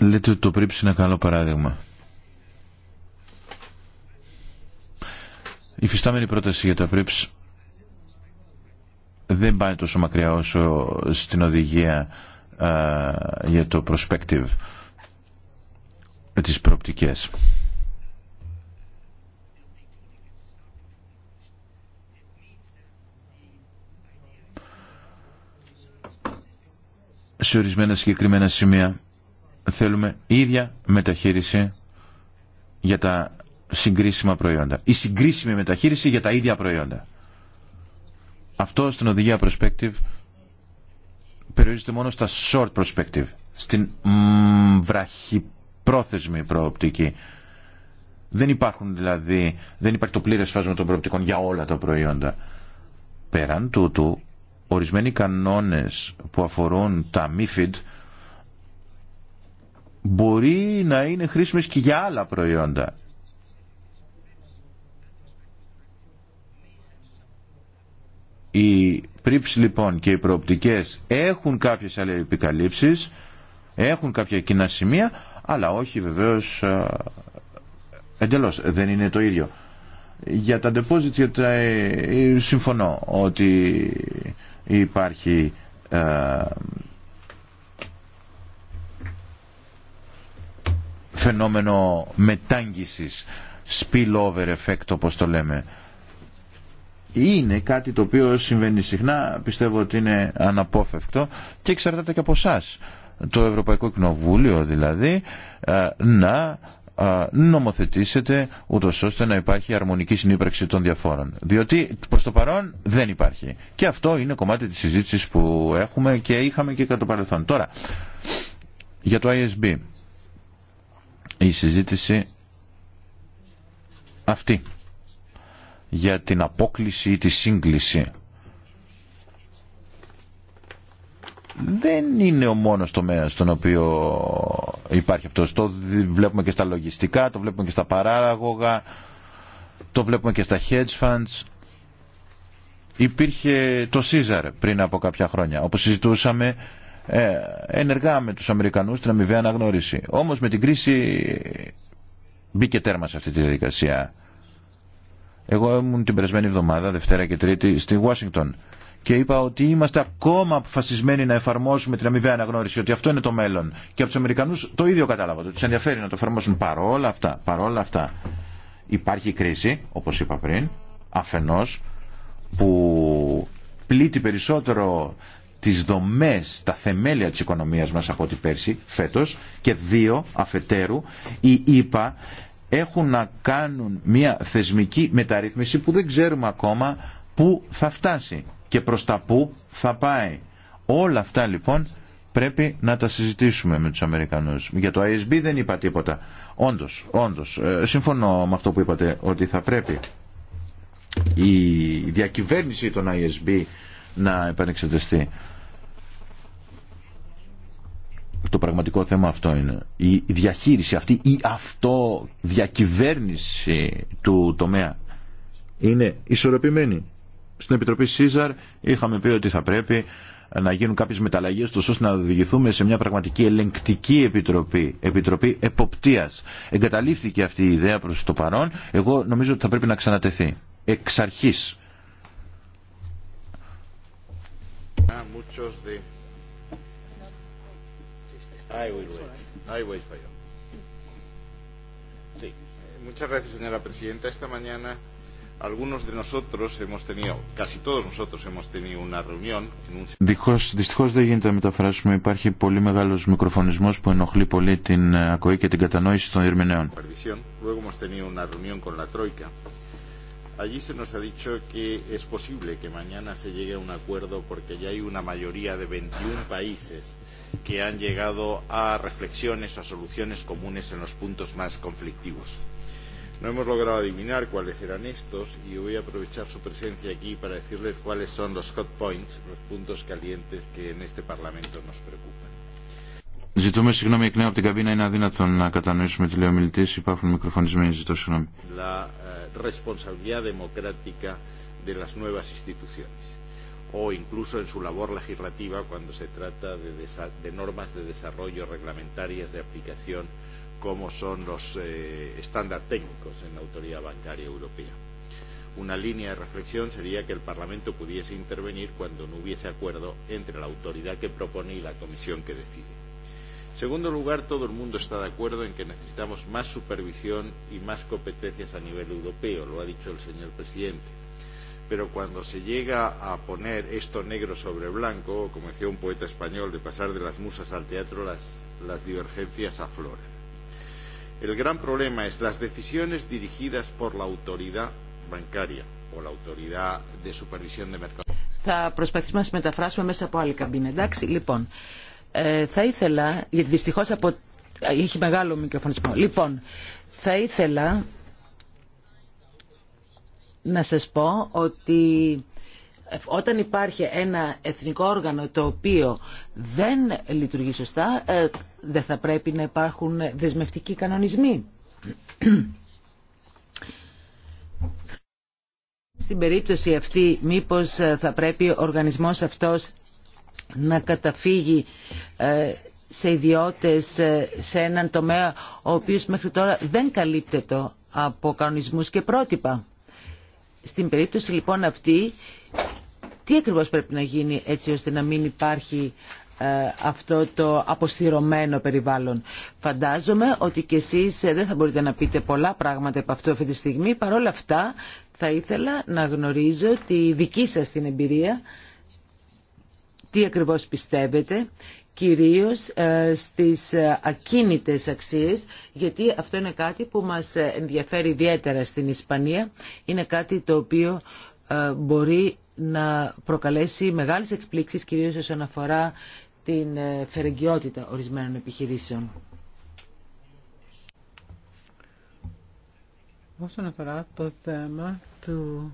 Λέτε ότι το πρίψει είναι ένα καλό παράδειγμα. Η φυστάμενη πρόταση για τα πρίψη δεν πάει τόσο μακριά όσο στην οδηγία α, για το perspective τις προοπτικές. Σε ορισμένα συγκεκριμένα σημεία θέλουμε ίδια μεταχείριση για τα συγκρίσιμα προϊόντα. Η συγκρίσιμη μεταχείριση για τα ίδια προϊόντα. Αυτό στην οδηγία Prospective περιορίζεται μόνο στα short perspective, στην βραχυπρόθεσμη προοπτική. Δεν υπάρχουν δηλαδή, δεν υπάρχει το πλήρες φάσμα των προοπτικών για όλα τα προϊόντα. Πέραν τούτου, ορισμένοι κανόνες που αφορούν τα MIFID μπορεί να είναι χρήσιμες και για άλλα προϊόντα. Οι πρίψη λοιπόν και οι προοπτικές έχουν κάποιες άλλες επικαλύψεις, έχουν κάποια κοινά σημεία, αλλά όχι βεβαίως εντελώς, δεν είναι το ίδιο. Για τα deposits τα... Ε, ε, συμφωνώ ότι υπάρχει φαινόμενο μετάγγισης spillover effect όπως το λέμε είναι κάτι το οποίο συμβαίνει συχνά, πιστεύω ότι είναι αναπόφευκτο και εξαρτάται και από εσά. Το Ευρωπαϊκό Κοινοβούλιο δηλαδή ε, να ε, νομοθετήσετε ούτω ώστε να υπάρχει αρμονική συνύπαρξη των διαφόρων. Διότι προς το παρόν δεν υπάρχει. Και αυτό είναι κομμάτι της συζήτηση που έχουμε και είχαμε και κατά το παρελθόν. Τώρα, για το ISB. Η συζήτηση αυτή για την απόκληση ή τη σύγκληση. δεν είναι ο μόνος τομέας στον οποίο υπάρχει αυτό. Το βλέπουμε και στα λογιστικά, το βλέπουμε και στα παράγωγα, το βλέπουμε και στα hedge funds. Υπήρχε το Caesar πριν από κάποια χρόνια, Όπως συζητούσαμε ε, ενεργά με τους Αμερικανούς την αμοιβαία αναγνώριση. Όμως με την κρίση μπήκε τέρμα σε αυτή τη διαδικασία. Εγώ ήμουν την περασμένη εβδομάδα, Δευτέρα και Τρίτη, στη Ουάσιγκτον και είπα ότι είμαστε ακόμα αποφασισμένοι να εφαρμόσουμε την αμοιβαία αναγνώριση, ότι αυτό είναι το μέλλον. Και από του Αμερικανού το ίδιο κατάλαβα, ότι του ενδιαφέρει να το εφαρμόσουν παρόλα αυτά. Παρόλα αυτά υπάρχει κρίση, όπω είπα πριν, αφενό που πλήττει περισσότερο τι δομέ, τα θεμέλια τη οικονομία μα από ό,τι πέρσι, φέτο και δύο, αφετέρου, η ΕΠΑ έχουν να κάνουν μια θεσμική μεταρρύθμιση που δεν ξέρουμε ακόμα πού θα φτάσει και προς τα πού θα πάει. Όλα αυτά λοιπόν πρέπει να τα συζητήσουμε με τους Αμερικανούς. Για το ISB δεν είπα τίποτα. Όντως, όντως, ε, συμφωνώ με αυτό που είπατε ότι θα πρέπει η διακυβέρνηση των ISB να επανεξεταστεί το πραγματικό θέμα αυτό είναι. Η διαχείριση αυτή, η αυτοδιακυβέρνηση του τομέα είναι ισορροπημένη. Στην Επιτροπή Σίζαρ είχαμε πει ότι θα πρέπει να γίνουν κάποιες μεταλλαγές τόσο ώστε να οδηγηθούμε σε μια πραγματική ελεγκτική επιτροπή, επιτροπή εποπτείας. Εγκαταλείφθηκε αυτή η ιδέα προς το παρόν. Εγώ νομίζω ότι θα πρέπει να ξανατεθεί. Εξ αρχής. I will wait. I wait for you. Sí. Muchas gracias, señora presidenta. Esta mañana algunos de nosotros hemos tenido, casi todos nosotros hemos tenido una reunión. Δυστυχώς, δυστυχώς δεν γίνεται να μεταφράσουμε. Υπάρχει πολύ μεγάλος μικροφωνισμός που ενοχλεί πολύ την ακοή και την κατανόηση των ερμηνεών. Luego hemos tenido una reunión con la Troika. Allí se nos ha dicho que es posible que mañana se llegue a un acuerdo porque ya hay una mayoría de 21 países que han llegado a reflexiones o a soluciones comunes en los puntos más conflictivos. No hemos logrado adivinar cuáles eran estos y voy a aprovechar su presencia aquí para decirles cuáles son los hot points, los puntos calientes que en este Parlamento nos preocupan. La responsabilidad democrática de las nuevas instituciones o incluso en su labor legislativa cuando se trata de, de normas de desarrollo reglamentarias de aplicación como son los estándares técnicos en la Autoridad Bancaria Europea. Una línea de reflexión sería que el Parlamento pudiese intervenir cuando no hubiese acuerdo entre la autoridad que propone y la comisión que decide. En segundo lugar, todo el mundo está de acuerdo en que necesitamos más supervisión y más competencias a nivel europeo, lo ha dicho el señor presidente pero cuando se llega a poner esto negro sobre blanco, como decía un poeta español, de pasar de las musas al teatro, las, las divergencias afloran. El gran problema es las decisiones dirigidas por la autoridad bancaria o la autoridad de supervisión de mercado. Θα προσπαθήσουμε να μεταφράσουμε μέσα από άλλη καμπίνα. Εντάξει, λοιπόν, ε, θα ήθελα, γιατί δυστυχώς από... έχει μεγάλο μικροφωνισμό. Λοιπόν, θα ήθελα να σας πω ότι όταν υπάρχει ένα εθνικό όργανο το οποίο δεν λειτουργεί σωστά, ε, δεν θα πρέπει να υπάρχουν δεσμευτικοί κανονισμοί. Στην περίπτωση αυτή, μήπως ε, θα πρέπει ο οργανισμός αυτός να καταφύγει ε, σε ιδιώτες σε έναν τομέα ο οποίος μέχρι τώρα δεν καλύπτεται από κανονισμούς και πρότυπα. Στην περίπτωση λοιπόν αυτή, τι ακριβώς πρέπει να γίνει έτσι ώστε να μην υπάρχει ε, αυτό το αποστηρωμένο περιβάλλον. Φαντάζομαι ότι και εσείς ε, δεν θα μπορείτε να πείτε πολλά πράγματα από αυτό αυτή τη στιγμή. Παρ' όλα αυτά θα ήθελα να γνωρίζω τη δική σας την εμπειρία, τι ακριβώς πιστεύετε κυρίως ε, στις ε, ακίνητες αξίες, γιατί αυτό είναι κάτι που μας ενδιαφέρει ιδιαίτερα στην Ισπανία. Είναι κάτι το οποίο ε, μπορεί να προκαλέσει μεγάλες εκπλήξεις, κυρίως όσον αφορά την φερεγγιότητα ορισμένων επιχειρήσεων. Όσον αφορά το θέμα του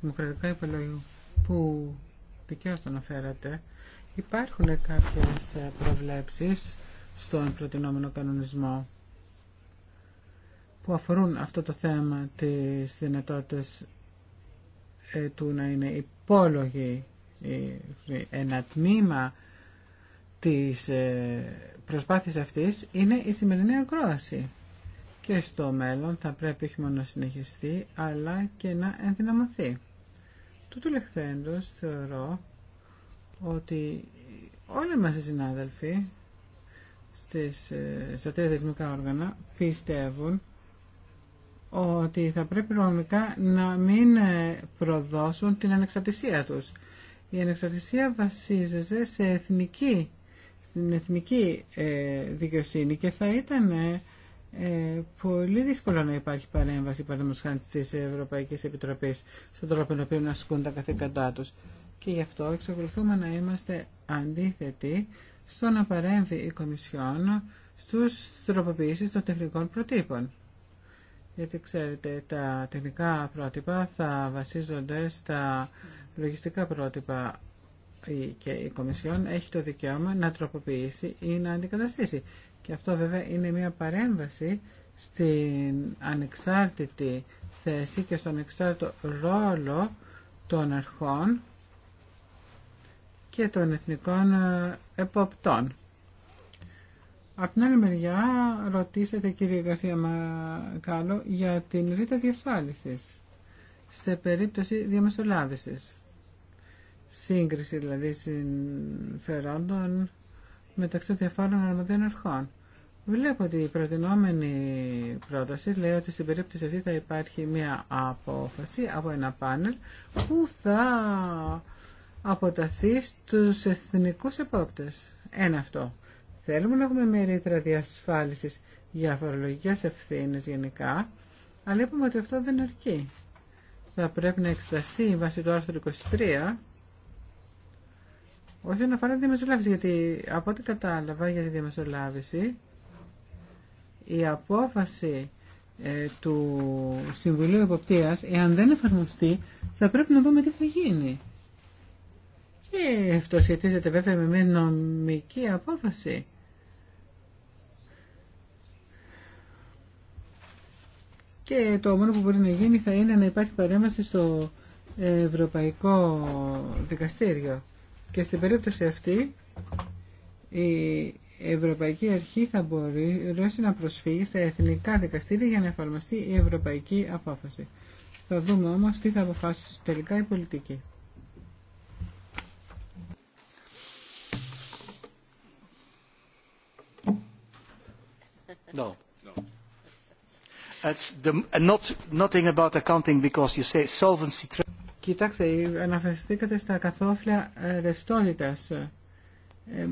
δημοκρατικού υπολογίου που δικαίως το αναφέρατε, Υπάρχουν κάποιες ε, προβλέψεις στον προτινόμενο κανονισμό που αφορούν αυτό το θέμα της δυνατότητας ε, του να είναι υπόλογη ένα τμήμα της ε, προσπάθειας αυτής είναι η σημερινή ακρόαση. Και στο μέλλον θα πρέπει όχι μόνο να συνεχιστεί, αλλά και να ενδυναμωθεί. Τούτου λεχθέντος θεωρώ ότι όλοι μας οι συνάδελφοι στις, ε, στα τρία θεσμικά όργανα πιστεύουν ότι θα πρέπει νομικά να μην ε, προδώσουν την ανεξαρτησία τους. Η ανεξαρτησία βασίζεται σε εθνική, στην εθνική ε, δικαιοσύνη και θα ήταν πολύ δύσκολο να υπάρχει παρέμβαση παραδείγματος χάρη της Ευρωπαϊκής Επιτροπής στον τρόπο τον οποίο να ασκούν τα καθήκοντά τους και γι' αυτό εξακολουθούμε να είμαστε αντίθετοι στο να παρέμβει η Κομισιόν στους τροποποιήσεις των τεχνικών προτύπων. Γιατί ξέρετε, τα τεχνικά πρότυπα θα βασίζονται στα λογιστικά πρότυπα και η Κομισιόν έχει το δικαίωμα να τροποποιήσει ή να αντικαταστήσει. Και αυτό βέβαια είναι μια παρέμβαση στην ανεξάρτητη θέση και στον ανεξάρτητο ρόλο των αρχών και των εθνικών ε, εποπτών. Απ' την άλλη μεριά ρωτήσατε κύριε Γκαρθία Μακάλο για την ρήτα διασφάλισης σε περίπτωση διαμεσολάβησης. Σύγκριση δηλαδή συμφερόντων μεταξύ διαφόρων αρμοδίων αρχών. Βλέπω ότι η προτινόμενη πρόταση λέει ότι στην περίπτωση αυτή θα υπάρχει μια απόφαση από ένα πάνελ που θα αποταθεί στους εθνικούς επόπτες. Ένα αυτό. Θέλουμε να έχουμε μερίτρα διασφάλιση για φορολογικές ευθύνες γενικά, αλλά είπαμε ότι αυτό δεν αρκεί. Θα πρέπει να εξεταστεί βάση του άρθρου 23, όχι να αφορά τη διαμεσολάβηση, γιατί από ό,τι κατάλαβα για τη διαμεσολάβηση, η απόφαση ε, του Συμβουλίου Εποπτείας, εάν δεν εφαρμοστεί, θα πρέπει να δούμε τι θα γίνει. Και ε, αυτό σχετίζεται βέβαια με μια νομική απόφαση. Και το μόνο που μπορεί να γίνει θα είναι να υπάρχει παρέμβαση στο Ευρωπαϊκό Δικαστήριο. Και στην περίπτωση αυτή η Ευρωπαϊκή Αρχή θα μπορεί να προσφύγει στα εθνικά δικαστήρια για να εφαρμοστεί η Ευρωπαϊκή Απόφαση. Θα δούμε όμως τι θα αποφάσει. τελικά η πολιτική. No. That's the, not, nothing about accounting because you say solvency. Κοιτάξτε, αναφερθήκατε στα καθόφλια ρευστότητα. Ε, ε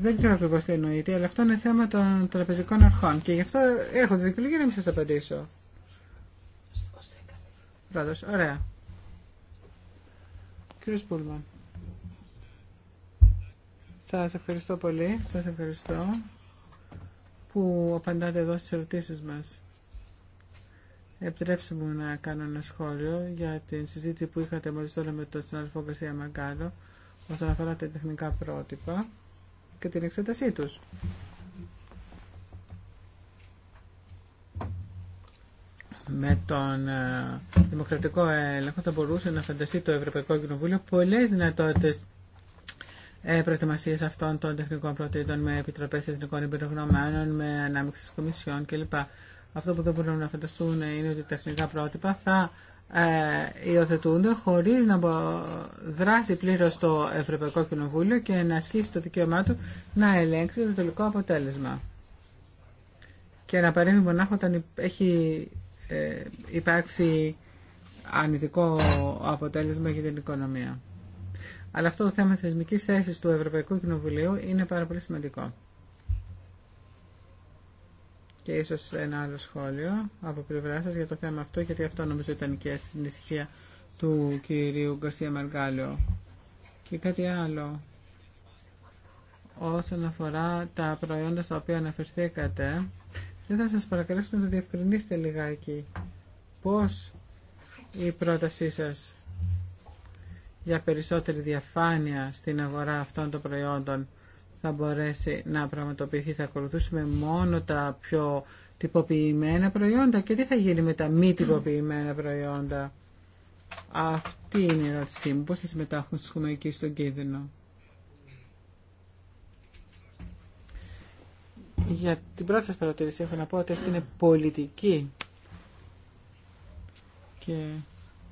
δεν ξέρω ακριβώ τι εννοείται, αλλά αυτό είναι θέμα των τραπεζικών αρχών και γι' αυτό έχω τη δικαιολογία να μην σα απαντήσω. Πρόεδρο, ωραία. Κύριο Πούλμαν. Σα ευχαριστώ πολύ. Σα ευχαριστώ που απαντάτε εδώ στις ερωτήσεις μας. Επιτρέψτε μου να κάνω ένα σχόλιο για την συζήτηση που είχατε μόλις τώρα με τον συνάδελφο Γκαρσία Μαγκάλο όσον αφορά τα τεχνικά πρότυπα και την εξέτασή τους. με τον ε, δημοκρατικό έλεγχο θα μπορούσε να φανταστεί το Ευρωπαϊκό Κοινοβούλιο πολλές δυνατότητες ε, προετοιμασίε αυτών των τεχνικών πρότυπων με επιτροπέ εθνικών υπερογνωμένων με ανάμειξη κομισιών κλπ. Αυτό που δεν μπορούμε να φανταστούν είναι ότι τεχνικά πρότυπα θα ε, υιοθετούνται χωρί να δράσει πλήρω το Ευρωπαϊκό Κοινοβούλιο και να ασκήσει το δικαίωμά του να ελέγξει το τελικό αποτέλεσμα. Και να παρέμβει μονάχα όταν έχει ε, υπάρξει αρνητικό αποτέλεσμα για την οικονομία. Αλλά αυτό το θέμα θεσμική θέση του Ευρωπαϊκού Κοινοβουλίου είναι πάρα πολύ σημαντικό. Και ίσω ένα άλλο σχόλιο από πλευρά σα για το θέμα αυτό, γιατί αυτό νομίζω ήταν και ησυχία του κυρίου Γκαρσία Μαργκάλιο. Και κάτι άλλο όσον αφορά τα προϊόντα στα οποία αναφερθήκατε, δεν θα σας παρακαλέσω να το διευκρινίσετε λιγάκι. Πώς η πρότασή σας για περισσότερη διαφάνεια στην αγορά αυτών των προϊόντων θα μπορέσει να πραγματοποιηθεί. Θα ακολουθήσουμε μόνο τα πιο τυποποιημένα προϊόντα και τι θα γίνει με τα μη τυποποιημένα προϊόντα. Αυτή είναι η ερώτησή μου. Πώς θα συμμετάχουμε εκεί στον κίνδυνο. Για την πρώτη σας παρατήρηση έχω να πω ότι αυτή είναι πολιτική και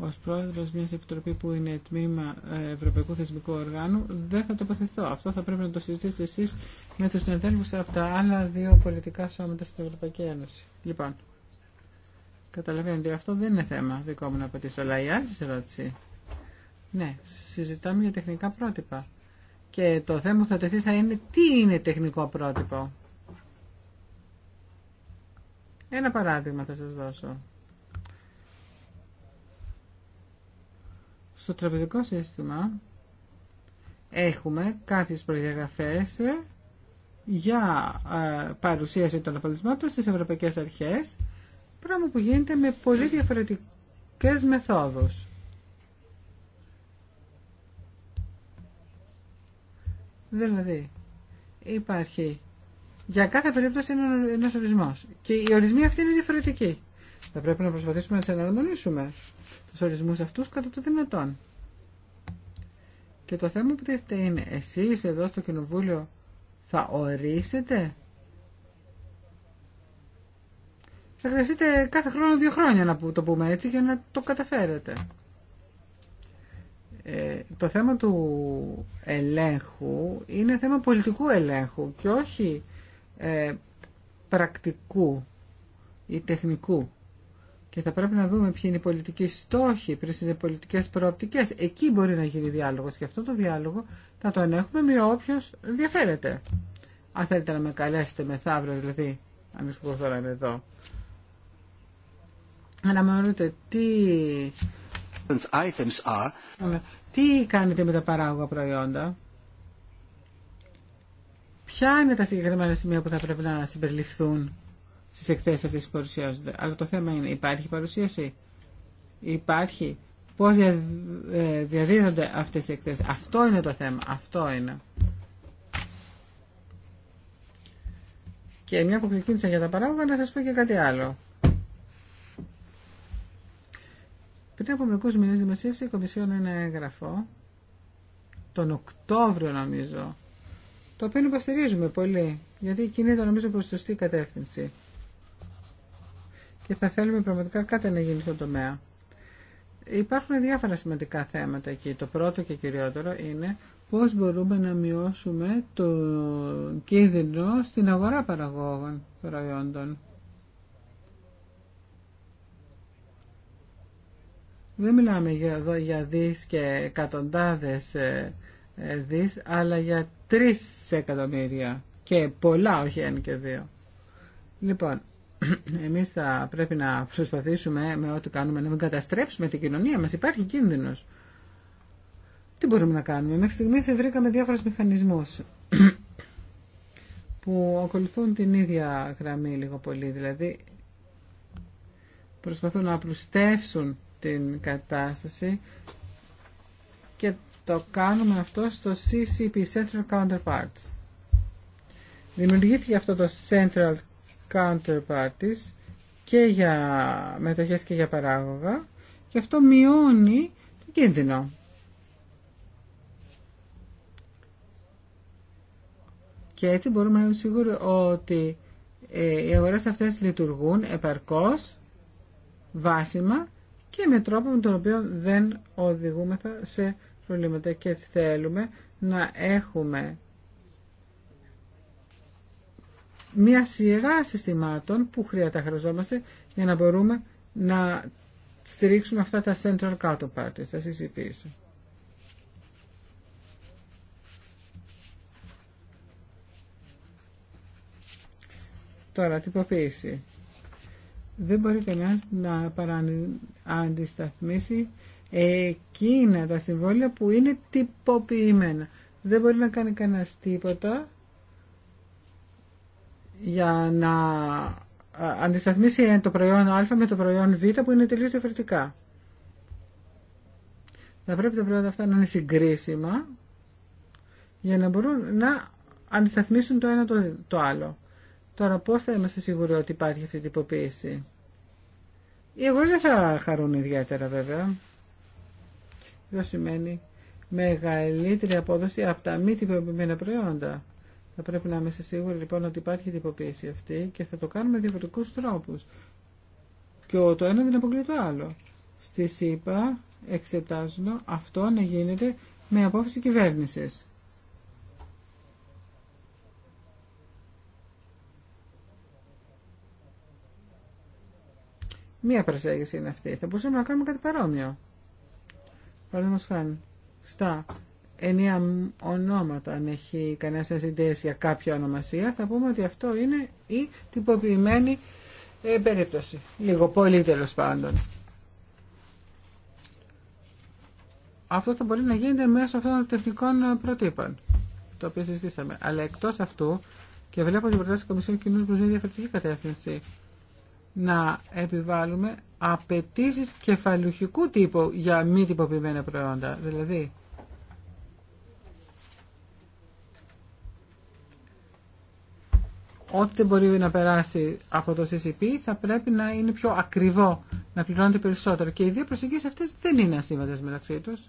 ω πρόεδρο μια επιτροπή που είναι τμήμα ε, Ευρωπαϊκού Θεσμικού Οργάνου δεν θα τοποθετηθώ. Αυτό θα πρέπει να το συζητήσετε εσεί με του συναδέλφου από τα άλλα δύο πολιτικά σώματα στην Ευρωπαϊκή Ένωση. Λοιπόν, καταλαβαίνετε, ότι αυτό δεν είναι θέμα δικό μου να απαντήσω, αλλά η άλλη ερώτηση. Ναι, συζητάμε για τεχνικά πρότυπα. Και το θέμα που θα τεθεί θα είναι τι είναι τεχνικό πρότυπο. Ένα παράδειγμα θα σας δώσω. στο τραπεζικό σύστημα έχουμε κάποιες προδιαγραφές για ε, παρουσίαση των αποτελεσμάτων στις ευρωπαϊκές αρχές, πράγμα που γίνεται με πολύ διαφορετικές μεθόδους. Δηλαδή, υπάρχει για κάθε περίπτωση ένα ορισμός Και οι ορισμοί αυτοί είναι διαφορετικοί. Θα πρέπει να προσπαθήσουμε να τις αναγνωρίσουμε τους ορισμούς αυτούς κατά το δυνατόν. Και το θέμα που τίθεται είναι, εσείς εδώ στο Κοινοβούλιο θα ορίσετε. Θα χρειαστείτε κάθε χρόνο δύο χρόνια να το πούμε έτσι για να το καταφέρετε. Ε, το θέμα του ελέγχου είναι θέμα πολιτικού ελέγχου και όχι ε, πρακτικού ή τεχνικού και θα πρέπει να δούμε ποιοι είναι οι πολιτικοί στόχοι, ποιε είναι οι πολιτικέ προοπτικέ. Εκεί μπορεί να γίνει διάλογο. Και αυτό το διάλογο θα το ανέχουμε με όποιο ενδιαφέρεται. Αν θέλετε να με καλέσετε μεθαύριο, δηλαδή, αν είσαι τώρα εδώ. Αναμονούνται τι. Items are... Ναι. Τι κάνετε με τα παράγωγα προϊόντα. Ποια είναι τα συγκεκριμένα σημεία που θα πρέπει να συμπεριληφθούν στις εκθέσεις αυτές που παρουσιάζονται. Αλλά το θέμα είναι, υπάρχει παρουσίαση, υπάρχει, πώς ε, διαδίδονται αυτές οι εκθέσεις. Αυτό είναι το θέμα, αυτό είναι. Και μια που ξεκίνησα για τα παράγωγα, να σας πω και κάτι άλλο. Πριν από μερικού μήνε δημοσίευσε η Κομισιόν ένα έγγραφο, τον Οκτώβριο νομίζω, το οποίο υποστηρίζουμε πολύ, γιατί κινείται νομίζω προ σωστή κατεύθυνση και θα θέλουμε πραγματικά κάτι να γίνει στον τομέα. Υπάρχουν διάφορα σημαντικά θέματα εκεί. Το πρώτο και κυριότερο είναι πώς μπορούμε να μειώσουμε το κίνδυνο στην αγορά παραγόγων προϊόντων. Δεν μιλάμε εδώ για δις και εκατοντάδες ε, ε, δις, αλλά για τρεις εκατομμύρια και πολλά, όχι ένα και δύο. Λοιπόν, εμείς θα πρέπει να προσπαθήσουμε με ό,τι κάνουμε να μην καταστρέψουμε την κοινωνία μα Υπάρχει κίνδυνος. Τι μπορούμε να κάνουμε. Μέχρι στιγμής βρήκαμε διάφορους μηχανισμούς που ακολουθούν την ίδια γραμμή λίγο πολύ. Δηλαδή προσπαθούν να απλουστεύσουν την κατάσταση και το κάνουμε αυτό στο CCP, Central Counterparts. Δημιουργήθηκε αυτό το Central counterparties και για μετοχές και για παράγωγα και αυτό μειώνει τον κίνδυνο. Και έτσι μπορούμε να είμαστε σίγουροι ότι ε, οι αγορές αυτές λειτουργούν επαρκώς, βάσιμα και με τρόπο με τον οποίο δεν οδηγούμεθα σε προβλήματα και θέλουμε να έχουμε μια σειρά συστημάτων που χρειάζεται χρειαζόμαστε για να μπορούμε να στηρίξουμε αυτά τα central counterparties, τα CCPs. Τώρα, τυποποίηση. Δεν μπορεί κανένα να αντισταθμίσει εκείνα τα συμβόλαια που είναι τυποποιημένα. Δεν μπορεί να κάνει κανένα τίποτα για να αντισταθμίσει το προϊόν Α με το προϊόν Β που είναι τελείως διαφορετικά. Θα πρέπει τα προϊόντα αυτά να είναι συγκρίσιμα για να μπορούν να αντισταθμίσουν το ένα το, άλλο. Τώρα πώς θα είμαστε σίγουροι ότι υπάρχει αυτή η τυποποίηση. Οι αγορές δεν θα χαρούν ιδιαίτερα βέβαια. Αυτό σημαίνει μεγαλύτερη απόδοση από τα μη τυποποιημένα προϊόντα. Θα πρέπει να είμαστε σίγουροι λοιπόν ότι υπάρχει τυποποίηση αυτή και θα το κάνουμε με διαφορετικούς τρόπους. Και το ένα δεν αποκλεί το άλλο. Στη ΣΥΠΑ εξετάζουν αυτό να γίνεται με απόφαση κυβέρνηση. Μία προσέγγιση είναι αυτή. Θα μπορούσαμε να κάνουμε κάτι παρόμοιο. Παραδείγματο χάρη, στα ενία ονόματα, αν έχει κανένα συνδέσει για κάποια ονομασία, θα πούμε ότι αυτό είναι η τυποποιημένη ε, περίπτωση. Λίγο πολύ τέλο πάντων. Αυτό θα μπορεί να γίνεται μέσω αυτών των τεχνικών ε, προτύπων, το οποίο συζητήσαμε. Αλλά εκτό αυτού, και βλέπω ότι η προτάσει τη Κομισιόν Κοινού προ μια διαφορετική κατεύθυνση, να επιβάλλουμε απαιτήσει κεφαλουχικού τύπου για μη τυποποιημένα προϊόντα. Δηλαδή, ό,τι μπορεί να περάσει από το CCP θα πρέπει να είναι πιο ακριβό, να πληρώνεται περισσότερο. Και οι δύο προσεγγίσεις αυτές δεν είναι ασύμβατες μεταξύ τους.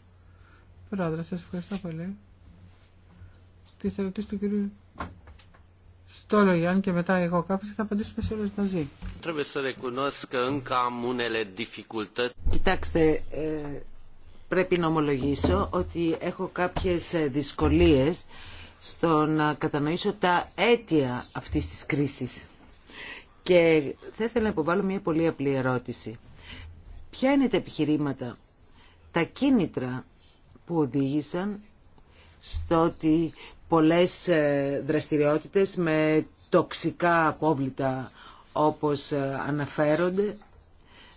Πρόεδρε, σας ευχαριστώ πολύ. Τις ερωτήσεις του κύριου Στόλογιάν και μετά εγώ κάποιος θα απαντήσουμε σε όλες μαζί. Κοιτάξτε, ε, πρέπει να ομολογήσω ότι έχω κάποιες ε, δυσκολίες στο να κατανοήσω τα αίτια αυτής της κρίσης. Και θα ήθελα να υποβάλω μια πολύ απλή ερώτηση. Ποια είναι τα επιχειρήματα, τα κίνητρα που οδήγησαν στο ότι πολλές ε, δραστηριότητες με τοξικά απόβλητα όπως ε, αναφέρονται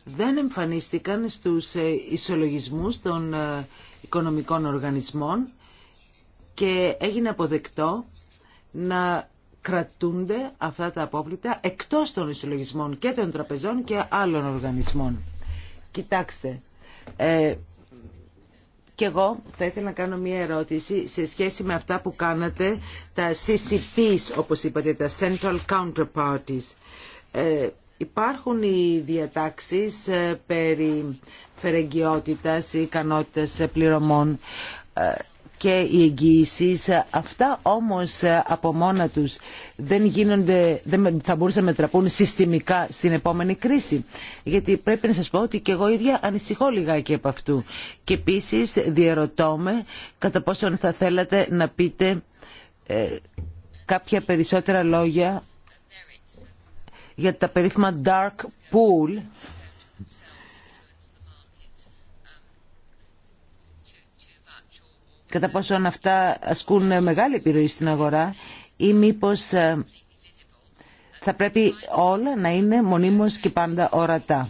δεν εμφανίστηκαν στους ε, ισολογισμούς των οικονομικών οργανισμών και έγινε αποδεκτό να κρατούνται αυτά τα απόβλητα εκτός των συλλογισμών και των τραπεζών και άλλων οργανισμών. Κοιτάξτε, ε, και εγώ θα ήθελα να κάνω μία ερώτηση σε σχέση με αυτά που κάνατε, τα CCPs, όπως είπατε, τα Central Counterparties. Ε, υπάρχουν οι διατάξεις ε, περί φερεγγιότητας ή ικανότητας ε, πληρωμών. Ε, και οι εγγύησει. Αυτά όμως από μόνα τους δεν, γίνονται, δεν θα μπορούσαν να μετραπούν συστημικά στην επόμενη κρίση. Γιατί πρέπει να σας πω ότι και εγώ ίδια ανησυχώ λιγάκι από αυτού. Και επίσης διαρωτώ με κατά πόσον θα θέλατε να πείτε ε, κάποια περισσότερα λόγια για τα περίφημα dark pool κατά πόσον αυτά ασκούν μεγάλη επιρροή στην αγορά ή μήπως ε, θα πρέπει όλα να είναι μονίμως και πάντα ορατά.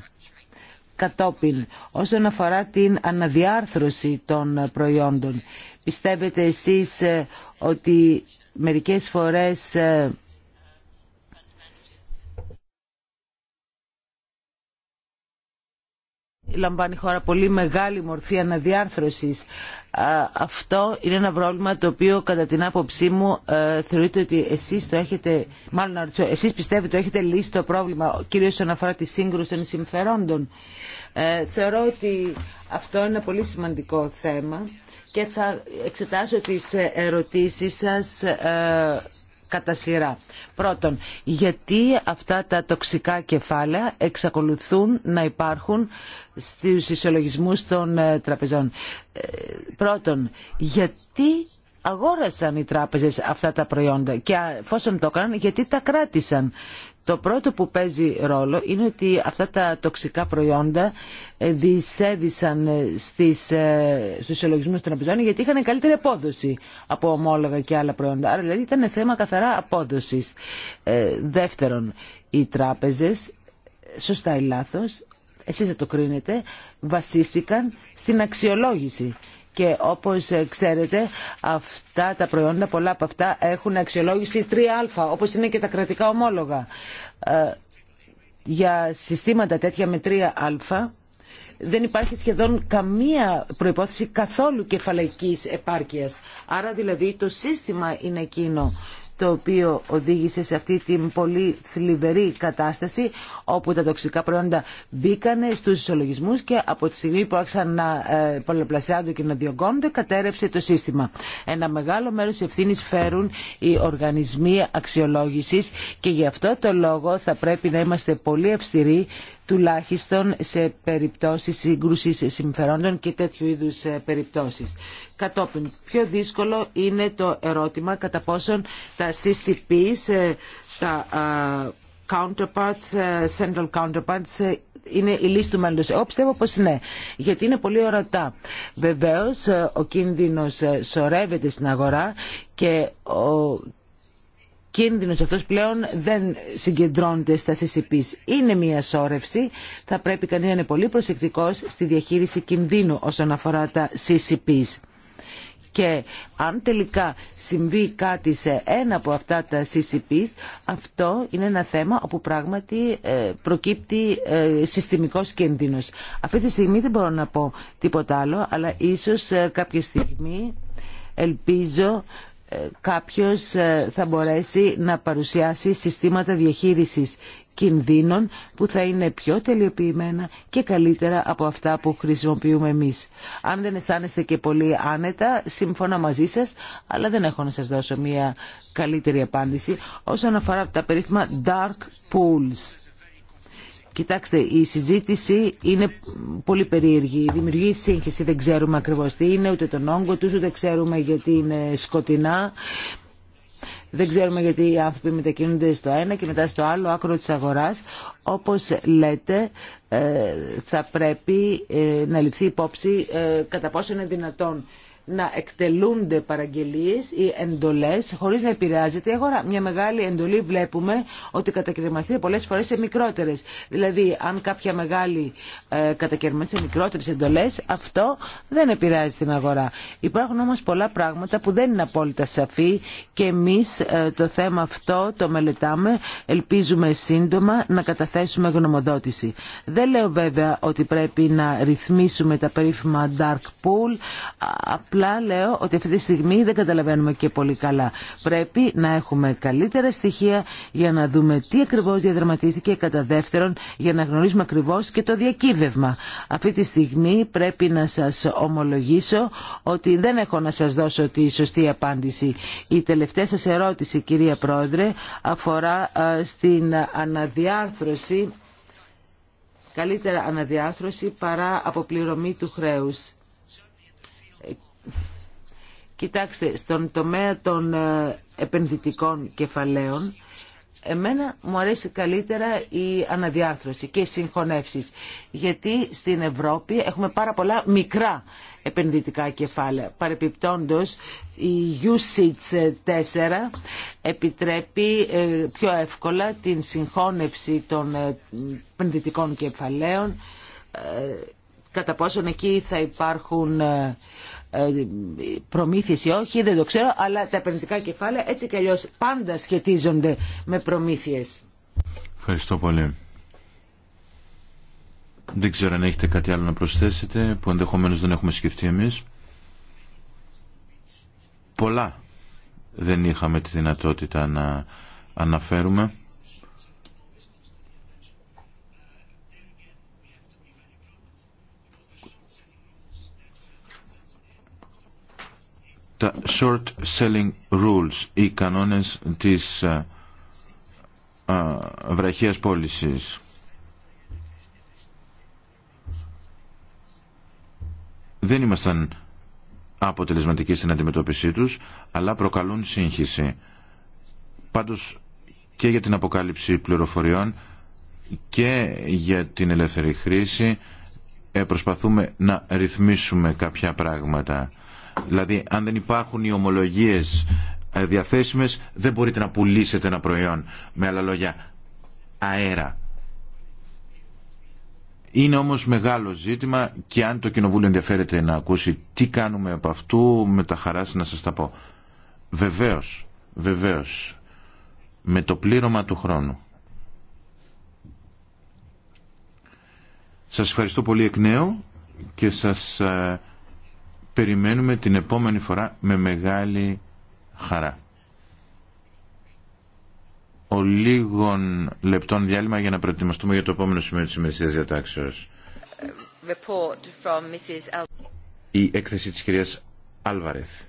Κατόπιν, όσον αφορά την αναδιάρθρωση των προϊόντων, πιστεύετε εσείς ε, ότι μερικές φορές ε, λαμβάνει χώρα πολύ μεγάλη μορφή αναδιάρθρωσης. Αυτό είναι ένα πρόβλημα το οποίο κατά την άποψή μου ε, θεωρείτε ότι εσείς το έχετε, μάλλον εσείς πιστεύετε ότι έχετε λύσει το πρόβλημα κυρίως όσον αφορά τη σύγκρουση των συμφερόντων. Ε, θεωρώ ότι αυτό είναι ένα πολύ σημαντικό θέμα και θα εξετάσω τις ερωτήσεις σας ε, κατά σειρά. Πρώτον, γιατί αυτά τα τοξικά κεφάλαια εξακολουθούν να υπάρχουν στους ισολογισμούς των ε, τραπεζών. Ε, πρώτον, γιατί αγόρασαν οι τράπεζες αυτά τα προϊόντα και εφόσον το έκαναν γιατί τα κράτησαν. Το πρώτο που παίζει ρόλο είναι ότι αυτά τα τοξικά προϊόντα ε, δισέδισαν ε, στις, ε, στους συλλογισμούς των τραπεζών γιατί είχαν καλύτερη απόδοση από ομόλογα και άλλα προϊόντα. Άρα δηλαδή ήταν θέμα καθαρά απόδοσης. δεύτερον, οι τράπεζες, σωστά ή λάθος, εσείς θα το κρίνετε, βασίστηκαν στην αξιολόγηση και όπως ξέρετε αυτά τα προϊόντα, πολλά από αυτά έχουν αξιολόγηση 3α όπως είναι και τα κρατικά ομόλογα. Ε, για συστήματα τέτοια με 3α δεν υπάρχει σχεδόν καμία προϋπόθεση καθόλου κεφαλαϊκής επάρκειας. Άρα δηλαδή το σύστημα είναι εκείνο το οποίο οδήγησε σε αυτή την πολύ θλιβερή κατάσταση όπου τα τοξικά προϊόντα μπήκανε στους ισολογισμούς και από τη στιγμή που άρχισαν να ε, πολλαπλασιάζονται και να διωγγώνονται κατέρευσε το σύστημα. Ένα μεγάλο μέρος ευθύνης φέρουν οι οργανισμοί αξιολόγησης και γι' αυτό το λόγο θα πρέπει να είμαστε πολύ αυστηροί τουλάχιστον σε περιπτώσεις σύγκρουσης συμφερόντων και τέτοιου είδους ε, περιπτώσεις. Κατόπιν, πιο δύσκολο είναι το ερώτημα κατά πόσον τα CCPs, ε, τα counterparts, ε, central counterparts, ε, είναι η λύση του μέλλοντος. Εγώ πιστεύω πως ναι, γιατί είναι πολύ ορατά. Βεβαίως, ο κίνδυνος σωρεύεται στην αγορά και ο κίνδυνος αυτός πλέον δεν συγκεντρώνεται στα CCPs. Είναι μια σώρευση, θα πρέπει κανείς να είναι πολύ προσεκτικός στη διαχείριση κινδύνου όσον αφορά τα CCPs. Και αν τελικά συμβεί κάτι σε ένα από αυτά τα CCPs, αυτό είναι ένα θέμα όπου πράγματι ε, προκύπτει ε, συστημικός κίνδυνος. Αυτή τη στιγμή δεν μπορώ να πω τίποτα άλλο, αλλά ίσως ε, κάποια στιγμή ελπίζω ε, κάποιος ε, θα μπορέσει να παρουσιάσει συστήματα διαχείρισης κινδύνων που θα είναι πιο τελειοποιημένα και καλύτερα από αυτά που χρησιμοποιούμε εμείς. Αν δεν αισθάνεστε και πολύ άνετα, συμφώνα μαζί σας, αλλά δεν έχω να σας δώσω μια καλύτερη απάντηση όσον αφορά τα περίφημα dark pools. Κοιτάξτε, η συζήτηση είναι πολύ περίεργη. Δημιουργεί σύγχυση, δεν ξέρουμε ακριβώς τι είναι, ούτε τον όγκο του, ούτε ξέρουμε γιατί είναι σκοτεινά. Δεν ξέρουμε γιατί οι άνθρωποι μετακινούνται στο ένα και μετά στο άλλο άκρο της αγοράς. Όπως λέτε, ε, θα πρέπει ε, να ληφθεί υπόψη ε, κατά πόσο είναι δυνατόν να εκτελούνται παραγγελίες ή εντολές χωρίς να επηρεάζεται η αγορά. Μια μεγάλη εντολή βλέπουμε ότι κατακαιρματίζεται πολλές φορές σε μικρότερες. Δηλαδή αν κάποια μεγάλη ε, σε μικρότερες εντολές αυτό δεν επηρεάζει την αγορά. Υπάρχουν όμως πολλά πράγματα που δεν είναι απόλυτα σαφή και εμείς ε, το θέμα αυτό το μελετάμε. Ελπίζουμε σύντομα να καταθέσουμε γνωμοδότηση. Δεν λέω βέβαια ότι πρέπει να ρυθμίσουμε τα περίφημα dark pool Απλά λέω ότι αυτή τη στιγμή δεν καταλαβαίνουμε και πολύ καλά. Πρέπει να έχουμε καλύτερα στοιχεία για να δούμε τι ακριβώς διαδραματίστηκε κατά δεύτερον για να γνωρίζουμε ακριβώς και το διακύβευμα. Αυτή τη στιγμή πρέπει να σας ομολογήσω ότι δεν έχω να σας δώσω τη σωστή απάντηση. Η τελευταία σας ερώτηση κυρία Πρόεδρε αφορά στην αναδιάρθρωση καλύτερα αναδιάρθρωση παρά αποπληρωμή του χρέους. Κοιτάξτε, στον τομέα των ε, επενδυτικών κεφαλαίων, εμένα μου αρέσει καλύτερα η αναδιάρθρωση και οι συγχωνεύσεις. Γιατί στην Ευρώπη έχουμε πάρα πολλά μικρά επενδυτικά κεφάλαια. Παρεπιπτόντως, η USITS 4 επιτρέπει ε, πιο εύκολα την συγχώνευση των ε, επενδυτικών κεφαλαίων κατά πόσον εκεί θα υπάρχουν ε, προμήθειες ή όχι, δεν το ξέρω, αλλά τα επενδυτικά κεφάλαια έτσι κι αλλιώς πάντα σχετίζονται με προμήθειες. Ευχαριστώ πολύ. Δεν ξέρω αν έχετε κάτι άλλο να προσθέσετε που ενδεχομένως δεν έχουμε σκεφτεί εμείς. Πολλά δεν είχαμε τη δυνατότητα να αναφέρουμε. τα short selling rules, ή κανόνες της α, ε, α, ε, βραχίας πώλησης. Δεν ήμασταν αποτελεσματικοί στην αντιμετώπιση τους, αλλά προκαλούν σύγχυση. Πάντως και για την αποκάλυψη πληροφοριών και για την ελεύθερη χρήση ε, προσπαθούμε να ρυθμίσουμε κάποια πράγματα. Δηλαδή, αν δεν υπάρχουν οι ομολογίες ε, διαθέσιμες, δεν μπορείτε να πουλήσετε ένα προϊόν. Με άλλα λόγια, αέρα. Είναι όμως μεγάλο ζήτημα και αν το Κοινοβούλιο ενδιαφέρεται να ακούσει τι κάνουμε από αυτού, με τα χαρά να σας τα πω. Βεβαίως, βεβαίως, με το πλήρωμα του χρόνου. Σας ευχαριστώ πολύ εκ νέου και σας ε, περιμένουμε την επόμενη φορά με μεγάλη χαρά. Ο λίγων λεπτών διάλειμμα για να προετοιμαστούμε για το επόμενο σημείο της ημερησίας διατάξεως. Η έκθεση της κυρίας Άλβαρεθ.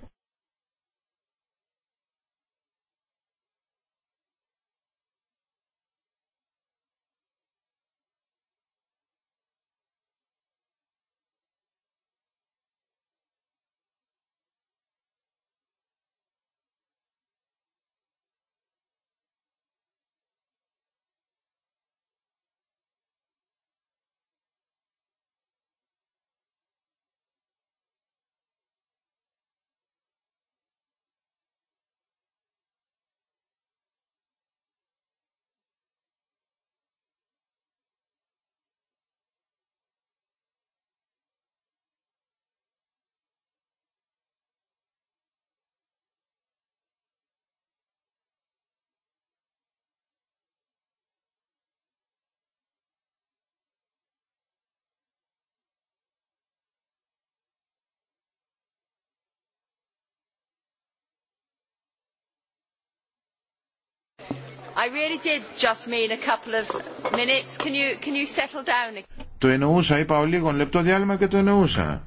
I really did just mean a couple of minutes. Can you, can you settle down? Το εννοούσα, είπα ο λίγο λεπτό διάλειμμα και το εννοούσα.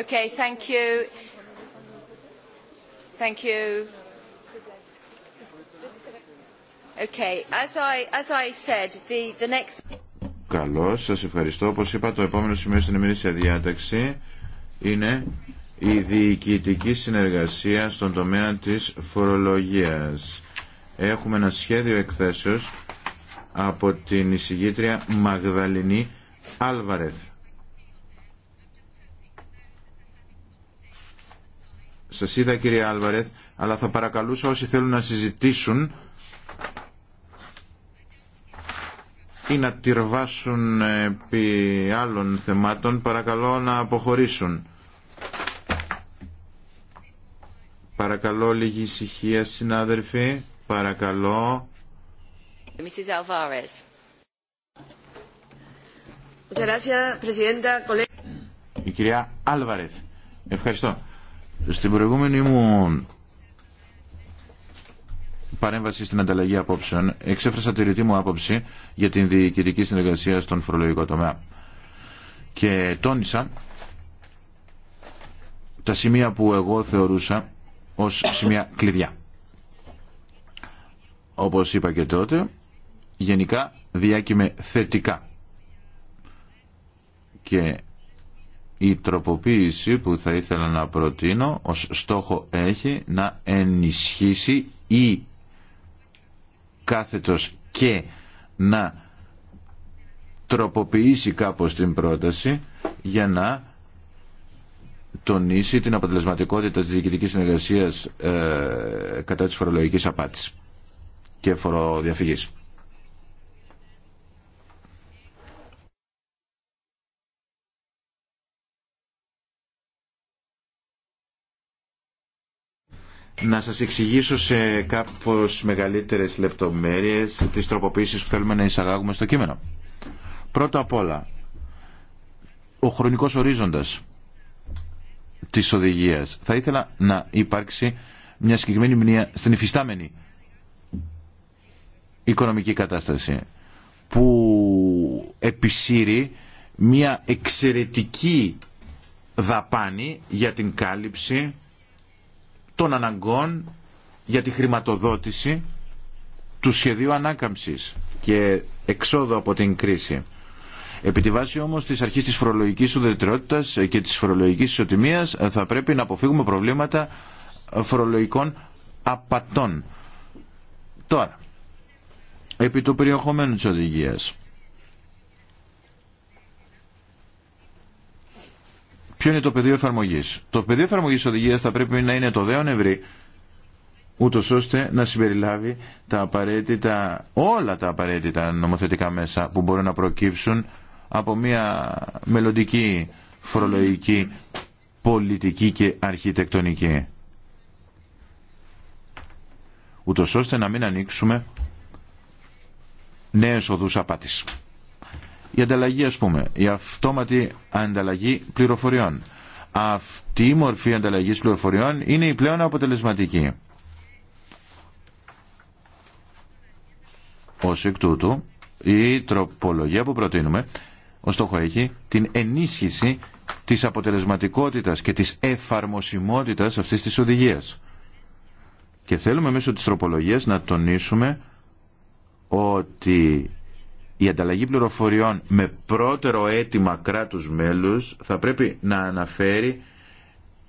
Okay, thank you. Thank you. Okay, as I, as I said, the, the next... Σα Σας ευχαριστώ. Όπως είπα, το επόμενο σημείο στην ημερήσια διάταξη είναι η διοικητική συνεργασία στον τομέα της φορολογίας. Έχουμε ένα σχέδιο εκθέσεως από την εισηγήτρια Μαγδαληνή Άλβαρεθ. Σας είδα κύριε Άλβαρεθ, αλλά θα παρακαλούσα όσοι θέλουν να συζητήσουν ή να τυρβάσουν επί άλλων θεμάτων παρακαλώ να αποχωρήσουν. Παρακαλώ λίγη ησυχία συνάδελφοι. Παρακαλώ. Η κυρία Άλβαρεθ. Ευχαριστώ. Στην προηγούμενη μου παρέμβαση στην ανταλλαγή απόψεων, εξέφρασα τη ρητή μου άποψη για την διοικητική συνεργασία στον φορολογικό τομέα. Και τόνισα τα σημεία που εγώ θεωρούσα ως σημεία κλειδιά. Όπως είπα και τότε, γενικά διάκυμε θετικά. Και η τροποποίηση που θα ήθελα να προτείνω ως στόχο έχει να ενισχύσει η κάθετος και να τροποποιήσει κάπως την πρόταση για να τονίσει την αποτελεσματικότητα της διοικητικής συνεργασίας ε, κατά της φορολογικής απάτης και φοροδιαφυγής. να σας εξηγήσω σε κάπως μεγαλύτερες λεπτομέρειες τις τροποποίησεις που θέλουμε να εισαγάγουμε στο κείμενο. Πρώτα απ' όλα, ο χρονικός ορίζοντας της οδηγίας. Θα ήθελα να υπάρξει μια συγκεκριμένη μνήμα στην υφιστάμενη οικονομική κατάσταση που επισύρει μια εξαιρετική δαπάνη για την κάλυψη των αναγκών για τη χρηματοδότηση του σχεδίου ανάκαμψης και εξόδου από την κρίση. Επί τη βάση όμως της αρχής της φορολογικής ουδετερότητας και της φορολογικής ισοτιμίας ε, θα πρέπει να αποφύγουμε προβλήματα ε, φορολογικών απατών. Τώρα, επί του περιεχομένου της οδηγίας. Ποιο είναι το πεδίο εφαρμογή. Το πεδίο εφαρμογή οδηγία θα πρέπει να είναι το δέον ευρύ, ούτω ώστε να συμπεριλάβει τα απαραίτητα, όλα τα απαραίτητα νομοθετικά μέσα που μπορούν να προκύψουν από μια μελλοντική φορολογική πολιτική και αρχιτεκτονική. Ούτω ώστε να μην ανοίξουμε νέες οδούς απάτης. Η ανταλλαγή ας πούμε, η αυτόματη ανταλλαγή πληροφοριών. Αυτή η μορφή ανταλλαγής πληροφοριών είναι η πλέον αποτελεσματική. Ως εκ τούτου, η τροπολογία που προτείνουμε, ως στόχο έχει την ενίσχυση της αποτελεσματικότητας και της εφαρμοσιμότητας αυτής της οδηγίας. Και θέλουμε μέσω της τροπολογίας να τονίσουμε ότι η ανταλλαγή πληροφοριών με πρώτερο αίτημα κράτους μέλους θα πρέπει να αναφέρει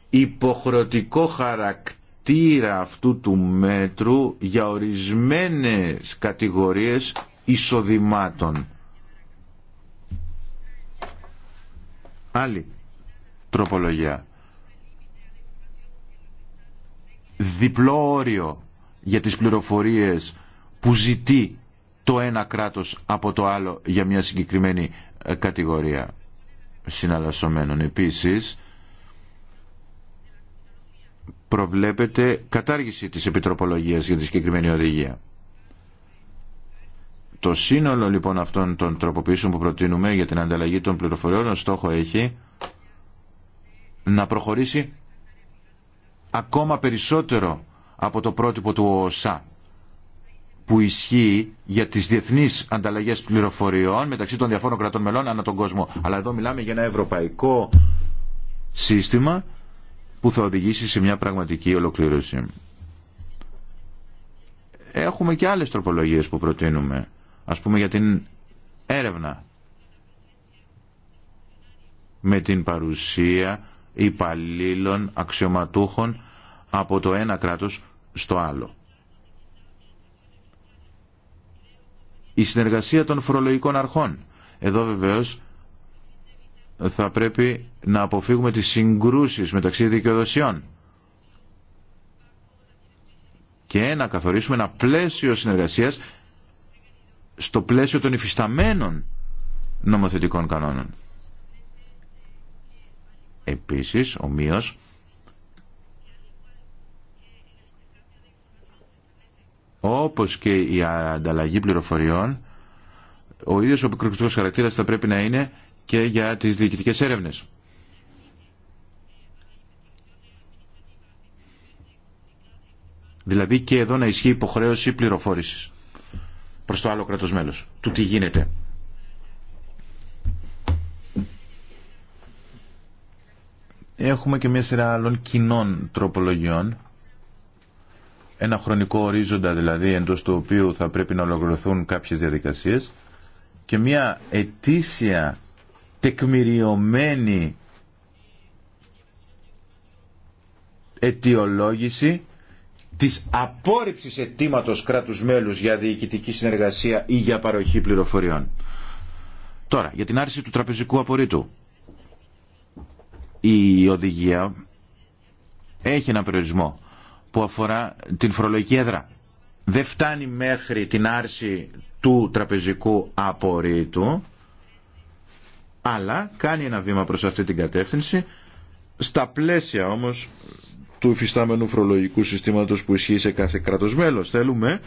υποχρεωτικό χαρακτήρα αυτού του μέτρου για ορισμένες κατηγορίες εισοδημάτων. Άλλη τροπολογία. Διπλό όριο για τις πληροφορίες που ζητεί το ένα κράτος από το άλλο για μια συγκεκριμένη ε, κατηγορία συναλλασσομένων. Επίσης, προβλέπεται κατάργηση της επιτροπολογίας για τη συγκεκριμένη οδηγία. Το σύνολο λοιπόν αυτών των τροποποιήσεων που προτείνουμε για την ανταλλαγή των πληροφοριών στόχο έχει να προχωρήσει ακόμα περισσότερο από το πρότυπο του ΟΣΑ που ισχύει για τις διεθνείς ανταλλαγές πληροφοριών μεταξύ των διαφόρων κρατών μελών ανά τον κόσμο. Αλλά εδώ μιλάμε για ένα ευρωπαϊκό σύστημα που θα οδηγήσει σε μια πραγματική ολοκλήρωση. Έχουμε και άλλες τροπολογίες που προτείνουμε, ας πούμε για την έρευνα με την παρουσία υπαλλήλων αξιωματούχων από το ένα κράτος στο άλλο. η συνεργασία των φορολογικών αρχών. Εδώ βεβαίως θα πρέπει να αποφύγουμε τις συγκρούσεις μεταξύ δικαιοδοσιών και να καθορίσουμε ένα πλαίσιο συνεργασίας στο πλαίσιο των υφισταμένων νομοθετικών κανόνων. Επίσης, ομοίως, όπως και η ανταλλαγή πληροφοριών, ο ίδιος ο επικροτικός χαρακτήρας θα πρέπει να είναι και για τις διοικητικές έρευνες. Δηλαδή και εδώ να ισχύει υποχρέωση πληροφόρησης προς το άλλο κράτος μέλος, του τι γίνεται. Έχουμε και μια σειρά άλλων κοινών τροπολογιών ένα χρονικό ορίζοντα δηλαδή εντός του οποίου θα πρέπει να ολοκληρωθούν κάποιες διαδικασίες και μια ετήσια τεκμηριωμένη αιτιολόγηση της απόρριψης αιτήματος κράτους μέλους για διοικητική συνεργασία ή για παροχή πληροφοριών. Τώρα, για την άρση του τραπεζικού απορρίτου. Η οδηγία έχει ένα περιορισμό που αφορά την φορολογική έδρα. Δεν φτάνει μέχρι την άρση του τραπεζικού απορρίτου, αλλά κάνει ένα βήμα προς αυτή την κατεύθυνση, στα πλαίσια όμως του υφιστάμενου φορολογικού συστήματος που ισχύει σε κάθε κράτος μέλος. Θέλουμε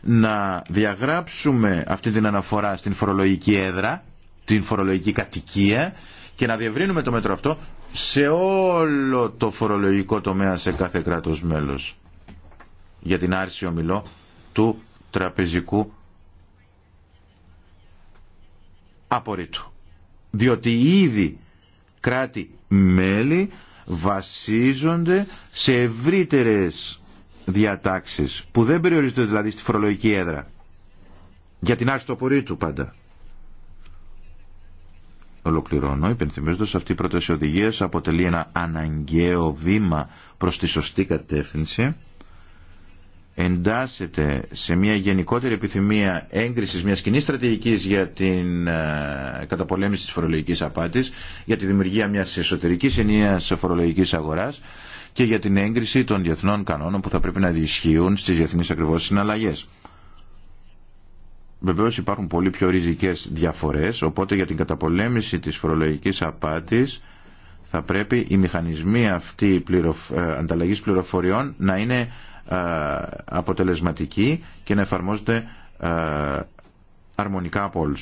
να διαγράψουμε αυτή την αναφορά στην φορολογική έδρα, την φορολογική κατοικία και να διευρύνουμε το μέτρο αυτό σε όλο το φορολογικό τομέα σε κάθε κράτος μέλος για την άρση ομιλώ του τραπεζικού απορρίτου. Διότι ήδη κράτη-μέλη βασίζονται σε ευρύτερες διατάξεις που δεν περιορίζονται δηλαδή στη φορολογική έδρα για την άρση του απορρίτου πάντα. Ολοκληρώνω υπενθυμίζοντα αυτή η πρόταση οδηγία αποτελεί ένα αναγκαίο βήμα προ τη σωστή κατεύθυνση εντάσσεται σε μια γενικότερη επιθυμία έγκριση μια κοινή στρατηγική για την ε, καταπολέμηση τη φορολογική απάτη, για τη δημιουργία μια εσωτερική ενία φορολογική αγορά και για την έγκριση των διεθνών κανόνων που θα πρέπει να διισχύουν στι διεθνεί ακριβώ συναλλαγέ. Βεβαίω υπάρχουν πολύ πιο ριζικέ διαφορές, οπότε για την καταπολέμηση της φορολογική απάτης θα πρέπει οι μηχανισμοί αυτοί ε, ανταλλαγής πληροφοριών να είναι ε, αποτελεσματικοί και να εφαρμόζονται ε, αρμονικά από όλου.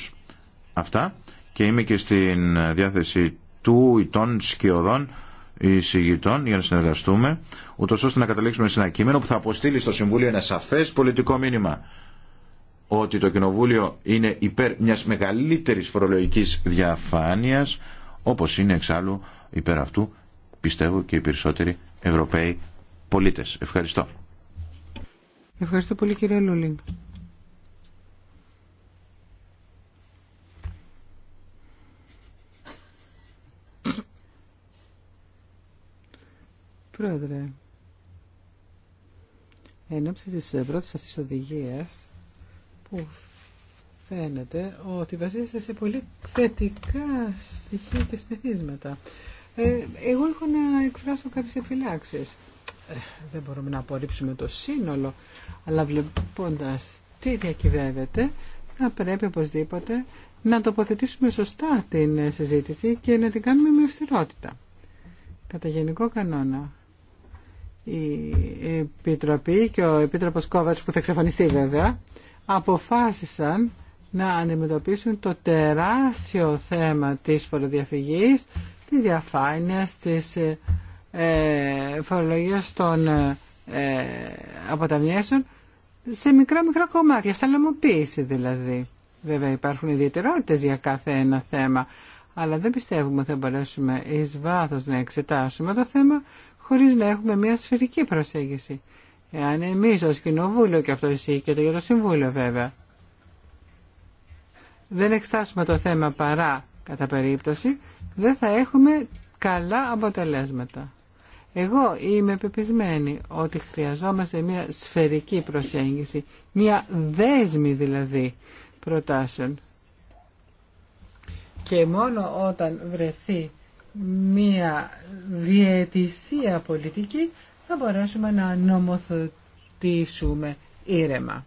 Αυτά και είμαι και στην διάθεση του ή των σκιωδών εισηγητών για να συνεργαστούμε, ούτω ώστε να καταλήξουμε σε ένα κείμενο που θα αποστείλει στο Συμβούλιο ένα σαφέ πολιτικό μήνυμα ότι το Κοινοβούλιο είναι υπέρ μιας μεγαλύτερης φορολογικής διαφάνειας, όπως είναι εξάλλου υπέρ αυτού, πιστεύω, και οι περισσότεροι Ευρωπαίοι πολίτες. Ευχαριστώ. Ευχαριστώ πολύ κύριε Λούλινγκ. Πρόεδρε, τη της πρώτης αυτής οδηγίας που φαίνεται ότι βασίζεται σε πολύ θετικά στοιχεία και συνηθίσματα. Ε, εγώ έχω να εκφράσω κάποιες επιφυλάξεις. Ε, δεν μπορούμε να απορρίψουμε το σύνολο, αλλά βλέποντας τι διακυβεύεται, θα πρέπει οπωσδήποτε να τοποθετήσουμε σωστά την συζήτηση και να την κάνουμε με ευστηρότητα. Κατά γενικό κανόνα, η Επιτροπή και ο Επίτροπος Κόβατς που θα εξαφανιστεί βέβαια, αποφάσισαν να αντιμετωπίσουν το τεράστιο θέμα της φοροδιαφυγής, της διαφάνειας, της ε, ε φορολογίας των ε, ε αποταμιέσεων σε μικρά μικρά κομμάτια, σαλαμοποίηση δηλαδή. Βέβαια υπάρχουν ιδιαιτερότητες για κάθε ένα θέμα, αλλά δεν πιστεύουμε ότι θα μπορέσουμε εις βάθος να εξετάσουμε το θέμα χωρίς να έχουμε μια σφαιρική προσέγγιση. Εάν εμεί ω κοινοβούλιο και αυτό εσύ και το, Γεροσυμβούλιο βέβαια δεν εξτάσουμε το θέμα παρά κατά περίπτωση, δεν θα έχουμε καλά αποτελέσματα. Εγώ είμαι πεπισμένη ότι χρειαζόμαστε μια σφαιρική προσέγγιση, μια δέσμη δηλαδή προτάσεων. Και μόνο όταν βρεθεί μια διαιτησία πολιτική θα μπορέσουμε να νομοθετήσουμε ήρεμα.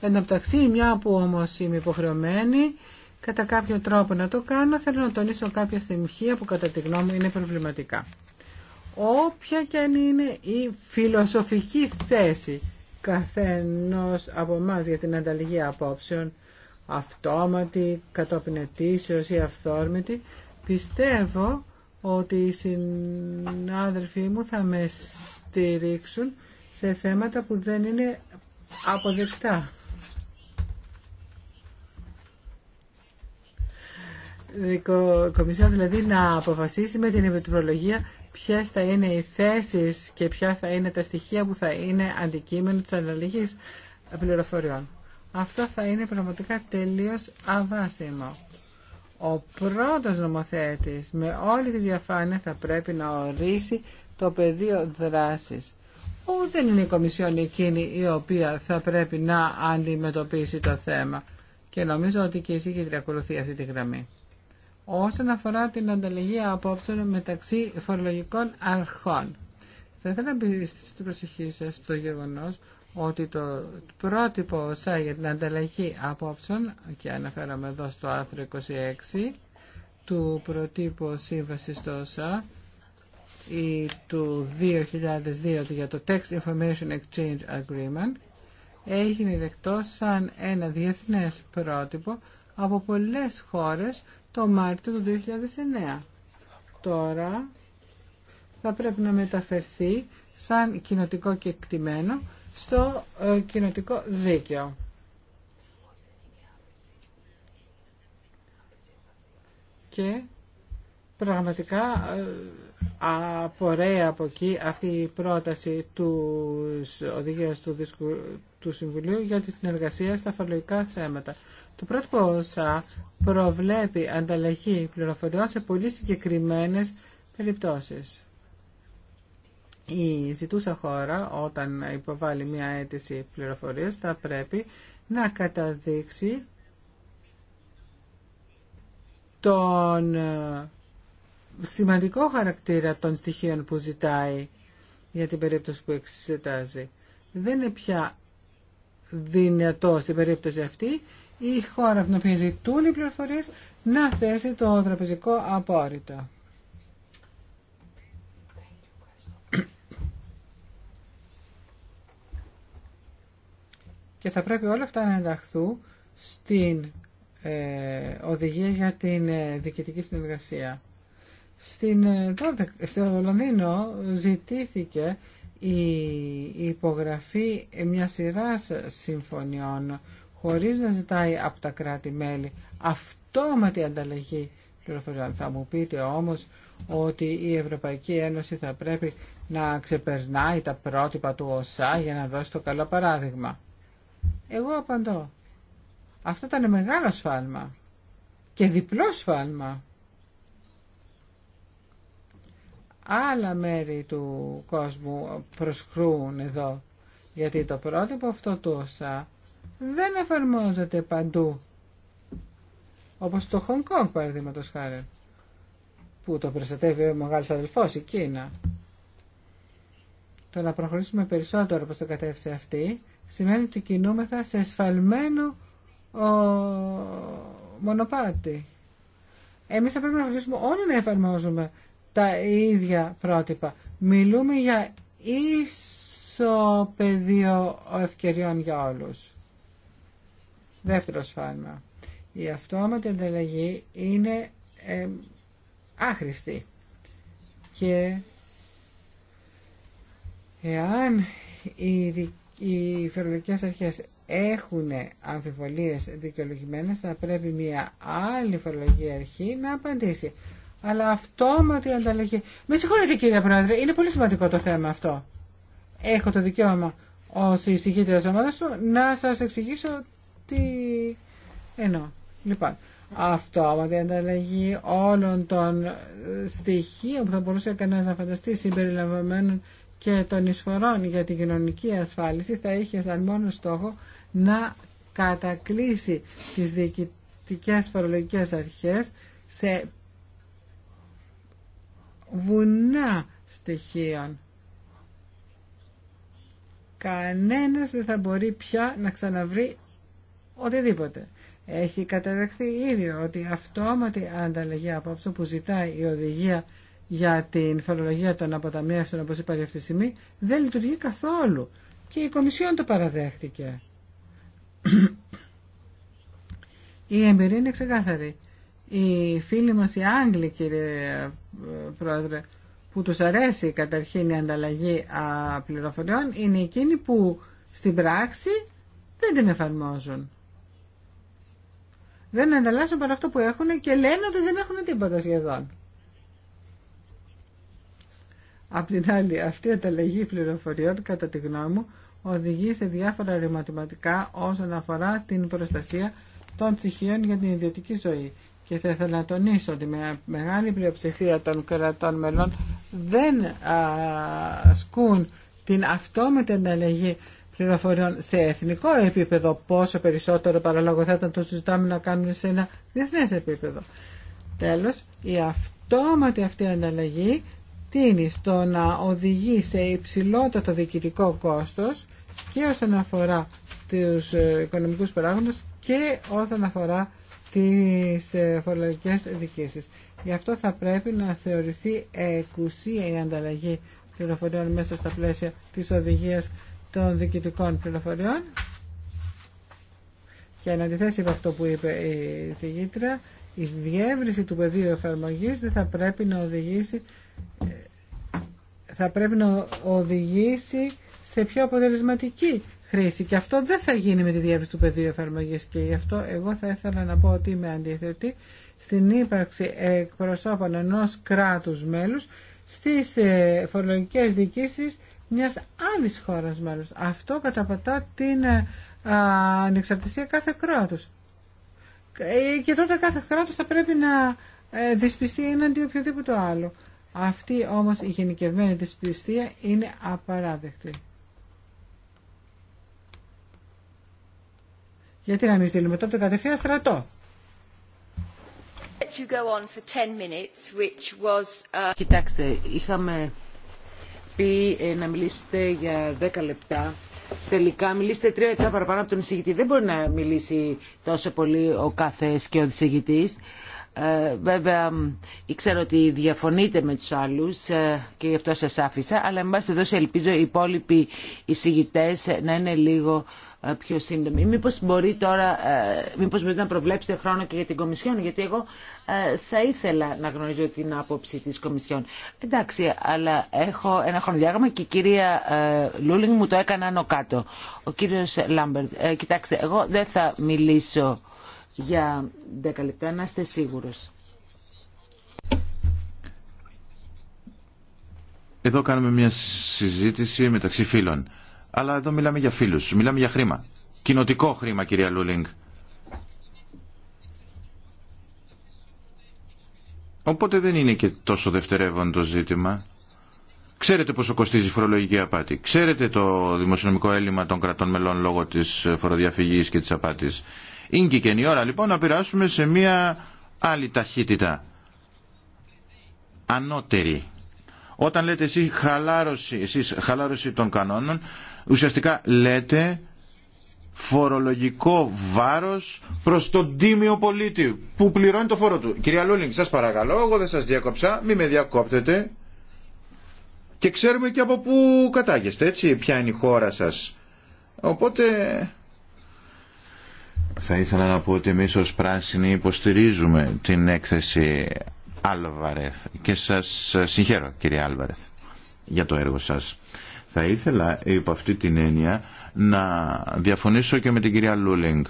Εν τω μεταξύ, μια που όμως είμαι υποχρεωμένη, κατά κάποιο τρόπο να το κάνω, θέλω να τονίσω κάποια στιγμή που κατά τη γνώμη μου είναι προβληματικά. Όποια και αν είναι η φιλοσοφική θέση καθενός από εμά για την ανταλλαγή απόψεων, αυτόματη, κατόπιν ή αυθόρμητη, πιστεύω ότι οι συνάδελφοί μου θα με στηρίξουν σε θέματα που δεν είναι αποδεκτά. Η Κομισιόν δηλαδή να αποφασίσει με την επιτροπολογία ποιες θα είναι οι θέσεις και ποια θα είναι τα στοιχεία που θα είναι αντικείμενο της αναλύγης πληροφοριών. Αυτό θα είναι πραγματικά τελείως αβάσιμο. Ο πρώτος νομοθέτης με όλη τη διαφάνεια θα πρέπει να ορίσει το πεδίο δράσης. Ούτε είναι η Κομισιόν εκείνη η οποία θα πρέπει να αντιμετωπίσει το θέμα. Και νομίζω ότι και η συγκεντρία ακολουθεί αυτή τη γραμμή. Όσον αφορά την ανταλλαγή απόψεων μεταξύ φορολογικών αρχών. Θα ήθελα να πιστήσω την προσοχή σας στο γεγονός ότι το πρότυπο ΩΣΑ για την ανταλλαγή απόψεων και αναφέραμε εδώ στο άρθρο 26 του προτύπου σύμβαση του ΩΣΑ ή του 2002 για το Text Information Exchange Agreement έγινε δεκτό σαν ένα διεθνές πρότυπο από πολλές χώρες το Μάρτιο του 2009. Τώρα θα πρέπει να μεταφερθεί σαν κοινοτικό εκτιμένο στο ε, κοινοτικό δίκαιο. Και πραγματικά ε, απορρέει από εκεί αυτή η πρόταση του οδηγίας του, του Συμβουλίου για τη συνεργασία στα φορολογικά θέματα. Το πρώτο ποσά προβλέπει ανταλλαγή πληροφοριών σε πολύ συγκεκριμένες περιπτώσεις η ζητούσα χώρα όταν υποβάλει μια αίτηση πληροφορίας θα πρέπει να καταδείξει τον ε, σημαντικό χαρακτήρα των στοιχείων που ζητάει για την περίπτωση που εξετάζει. Δεν είναι πια δυνατό στην περίπτωση αυτή η χώρα από την οποία ζητούν οι πληροφορίες να θέσει το τραπεζικό απόρριτο. και θα πρέπει όλα αυτά να ενταχθούν στην ε, οδηγία για την ε, διοικητική συνεργασία. Στην, ε, στο Λονδίνο ζητήθηκε η υπογραφή μια σειράς συμφωνιών χωρίς να ζητάει από τα κράτη-μέλη αυτόματη ανταλλαγή πληροφοριών. Θα μου πείτε όμως ότι η Ευρωπαϊκή Ένωση θα πρέπει να ξεπερνάει τα πρότυπα του ΩΣΑ για να δώσει το καλό παράδειγμα. Εγώ απαντώ. Αυτό ήταν μεγάλο σφάλμα. Και διπλό σφάλμα. Άλλα μέρη του κόσμου προσκρούν εδώ. Γιατί το πρότυπο αυτό του δεν εφαρμόζεται παντού. Όπως το Χονγκ Κόνγκ παραδείγματος χάρη. Που το προστατεύει ο μεγάλος αδελφός, η Κίνα. Το να προχωρήσουμε περισσότερο προς το κατεύθυνση αυτή σημαίνει ότι κινούμεθα σε σφαλμένο ο, μονοπάτι. Εμείς θα πρέπει να βοηθήσουμε όλοι να εφαρμόζουμε τα ίδια πρότυπα. Μιλούμε για ίσο πεδίο ευκαιριών για όλους. Δεύτερο σφάλμα. Η αυτόματη ανταλλαγή είναι ε, άχρηστη. Και εάν η δική οι φορολογικές αρχές έχουν αμφιβολίες δικαιολογημένες θα πρέπει μια άλλη φορολογική αρχή να απαντήσει. Αλλά αυτόματη ανταλλαγή. Με συγχωρείτε κύριε Πρόεδρε, είναι πολύ σημαντικό το θέμα αυτό. Έχω το δικαίωμα ως εισηγήτρια της του να σας εξηγήσω τι εννοώ. Λοιπόν, αυτόματη ανταλλαγή όλων των στοιχείων που θα μπορούσε κανένα να φανταστεί συμπεριλαμβανομένων και των εισφορών για την κοινωνική ασφάλιση θα είχε σαν μόνο στόχο να κατακλείσει τις διοικητικές φορολογικές αρχές σε βουνά στοιχείων. Κανένας δεν θα μπορεί πια να ξαναβρει οτιδήποτε. Έχει καταδεχθεί ήδη ότι η αυτόματη ανταλλαγή απόψε που ζητάει η οδηγία για την φορολογία των αποταμιεύσεων όπως υπάρχει αυτή τη στιγμή δεν λειτουργεί καθόλου και η Κομισιόν το παραδέχτηκε. [clears throat] Η εμπειρία είναι ξεκάθαρη. Οι φίλοι μας οι Άγγλοι κύριε ε, Πρόεδρε που τους αρέσει καταρχήν η ανταλλαγή πληροφοριών είναι εκείνοι που στην πράξη δεν την εφαρμόζουν. Δεν ανταλλάσσουν παρά αυτό που έχουν και λένε ότι δεν έχουν τίποτα σχεδόν. Απ' την άλλη, αυτή η ανταλλαγή πληροφοριών, κατά τη γνώμη μου, οδηγεί σε διάφορα ρηματιματικά όσον αφορά την προστασία των ψυχίων για την ιδιωτική ζωή. Και θα ήθελα να τονίσω ότι με μεγάλη πλειοψηφία των κρατών μελών δεν ασκούν την αυτόματη ανταλλαγή πληροφοριών σε εθνικό επίπεδο, πόσο περισσότερο παραλόγω θα ήταν το συζητάμε να κάνουμε σε ένα διεθνές επίπεδο. Τέλος, η αυτόματη αυτή ανταλλαγή τίνει στο να οδηγεί σε υψηλότατο διοικητικό κόστος και όσον αφορά τους ε, οικονομικούς παράγοντες και όσον αφορά τις ε, φορολογικές δικήσεις. Γι' αυτό θα πρέπει να θεωρηθεί εκουσία η ανταλλαγή πληροφοριών μέσα στα πλαίσια της οδηγίας των διοικητικών πληροφοριών. Και εν αντιθέσει με αυτό που είπε η συγγήτρια, η διεύρυνση του πεδίου εφαρμογής δεν θα πρέπει να οδηγήσει θα πρέπει να οδηγήσει σε πιο αποτελεσματική χρήση. Και αυτό δεν θα γίνει με τη διεύρυνση του πεδίου εφαρμογή. Και γι' αυτό εγώ θα ήθελα να πω ότι είμαι αντίθετη στην ύπαρξη εκπροσώπων ενό κράτου μέλου στι ε, φορολογικέ διοικήσει μια άλλη χώρα μέλου. Αυτό καταπατά την ε, ανεξαρτησία κάθε κράτου. Ε, και τότε κάθε κράτο θα πρέπει να δυσπιστεί έναντι οποιοδήποτε άλλο. Αυτή όμως η γενικευμένη δυσπιστία είναι απαράδεκτη. Γιατί να μην στείλουμε τότε κατευθείαν στρατό. Uh, Κοιτάξτε, είχαμε πει ε, να μιλήσετε για 10 λεπτά. Τελικά μιλήσετε 3 λεπτά παραπάνω από τον εισηγητή. Δεν μπορεί να μιλήσει τόσο πολύ ο κάθε ο εισηγητής. Ε, βέβαια, ε, ξέρω ότι διαφωνείτε με τους άλλους ε, και γι' αυτό σας άφησα, αλλά εν πάση ελπίζω οι υπόλοιποι εισηγητές να είναι λίγο πιο σύντομοι. Μήπως, μπορεί τώρα, μήπως μπορείτε να προβλέψετε χρόνο και για την Κομισιόν, γιατί εγώ θα ήθελα να γνωρίζω την άποψη της Κομισιόν. Εντάξει, αλλά έχω ένα χρονοδιάγραμμα και η κυρία Λούλινγκ μου το έκανε άνω κάτω. Ο κύριος Λάμπερτ, κοιτάξτε, εγώ δεν θα μιλήσω για 10 λεπτά να είστε σίγουρος. Εδώ κάνουμε μια συζήτηση μεταξύ φίλων. Αλλά εδώ μιλάμε για φίλους, μιλάμε για χρήμα. Κοινοτικό χρήμα, κυρία Λούλινγκ. Οπότε δεν είναι και τόσο δευτερεύον το ζήτημα. Ξέρετε πόσο κοστίζει η φορολογική απάτη. Ξέρετε το δημοσιονομικό έλλειμμα των κρατών μελών λόγω της φοροδιαφυγής και της απάτης. Είναι και, η ώρα λοιπόν να πειράσουμε σε μια άλλη ταχύτητα. Ανώτερη. Όταν λέτε εσείς χαλάρωση, εσείς χαλάρωση των κανόνων, ουσιαστικά λέτε φορολογικό βάρος προς τον τίμιο πολίτη που πληρώνει το φόρο του. Κυρία Λούλινγκ, σας παρακαλώ, εγώ δεν σας διακόψα, μη με διακόπτετε. Και ξέρουμε και από πού κατάγεστε, έτσι, ποια είναι η χώρα σας. Οπότε θα ήθελα να πω ότι εμείς ως πράσινοι υποστηρίζουμε την έκθεση Άλβαρεθ και σας συγχαίρω κύριε Άλβαρεθ για το έργο σας. Θα ήθελα υπό αυτή την έννοια να διαφωνήσω και με την κυρία Λούλινγκ.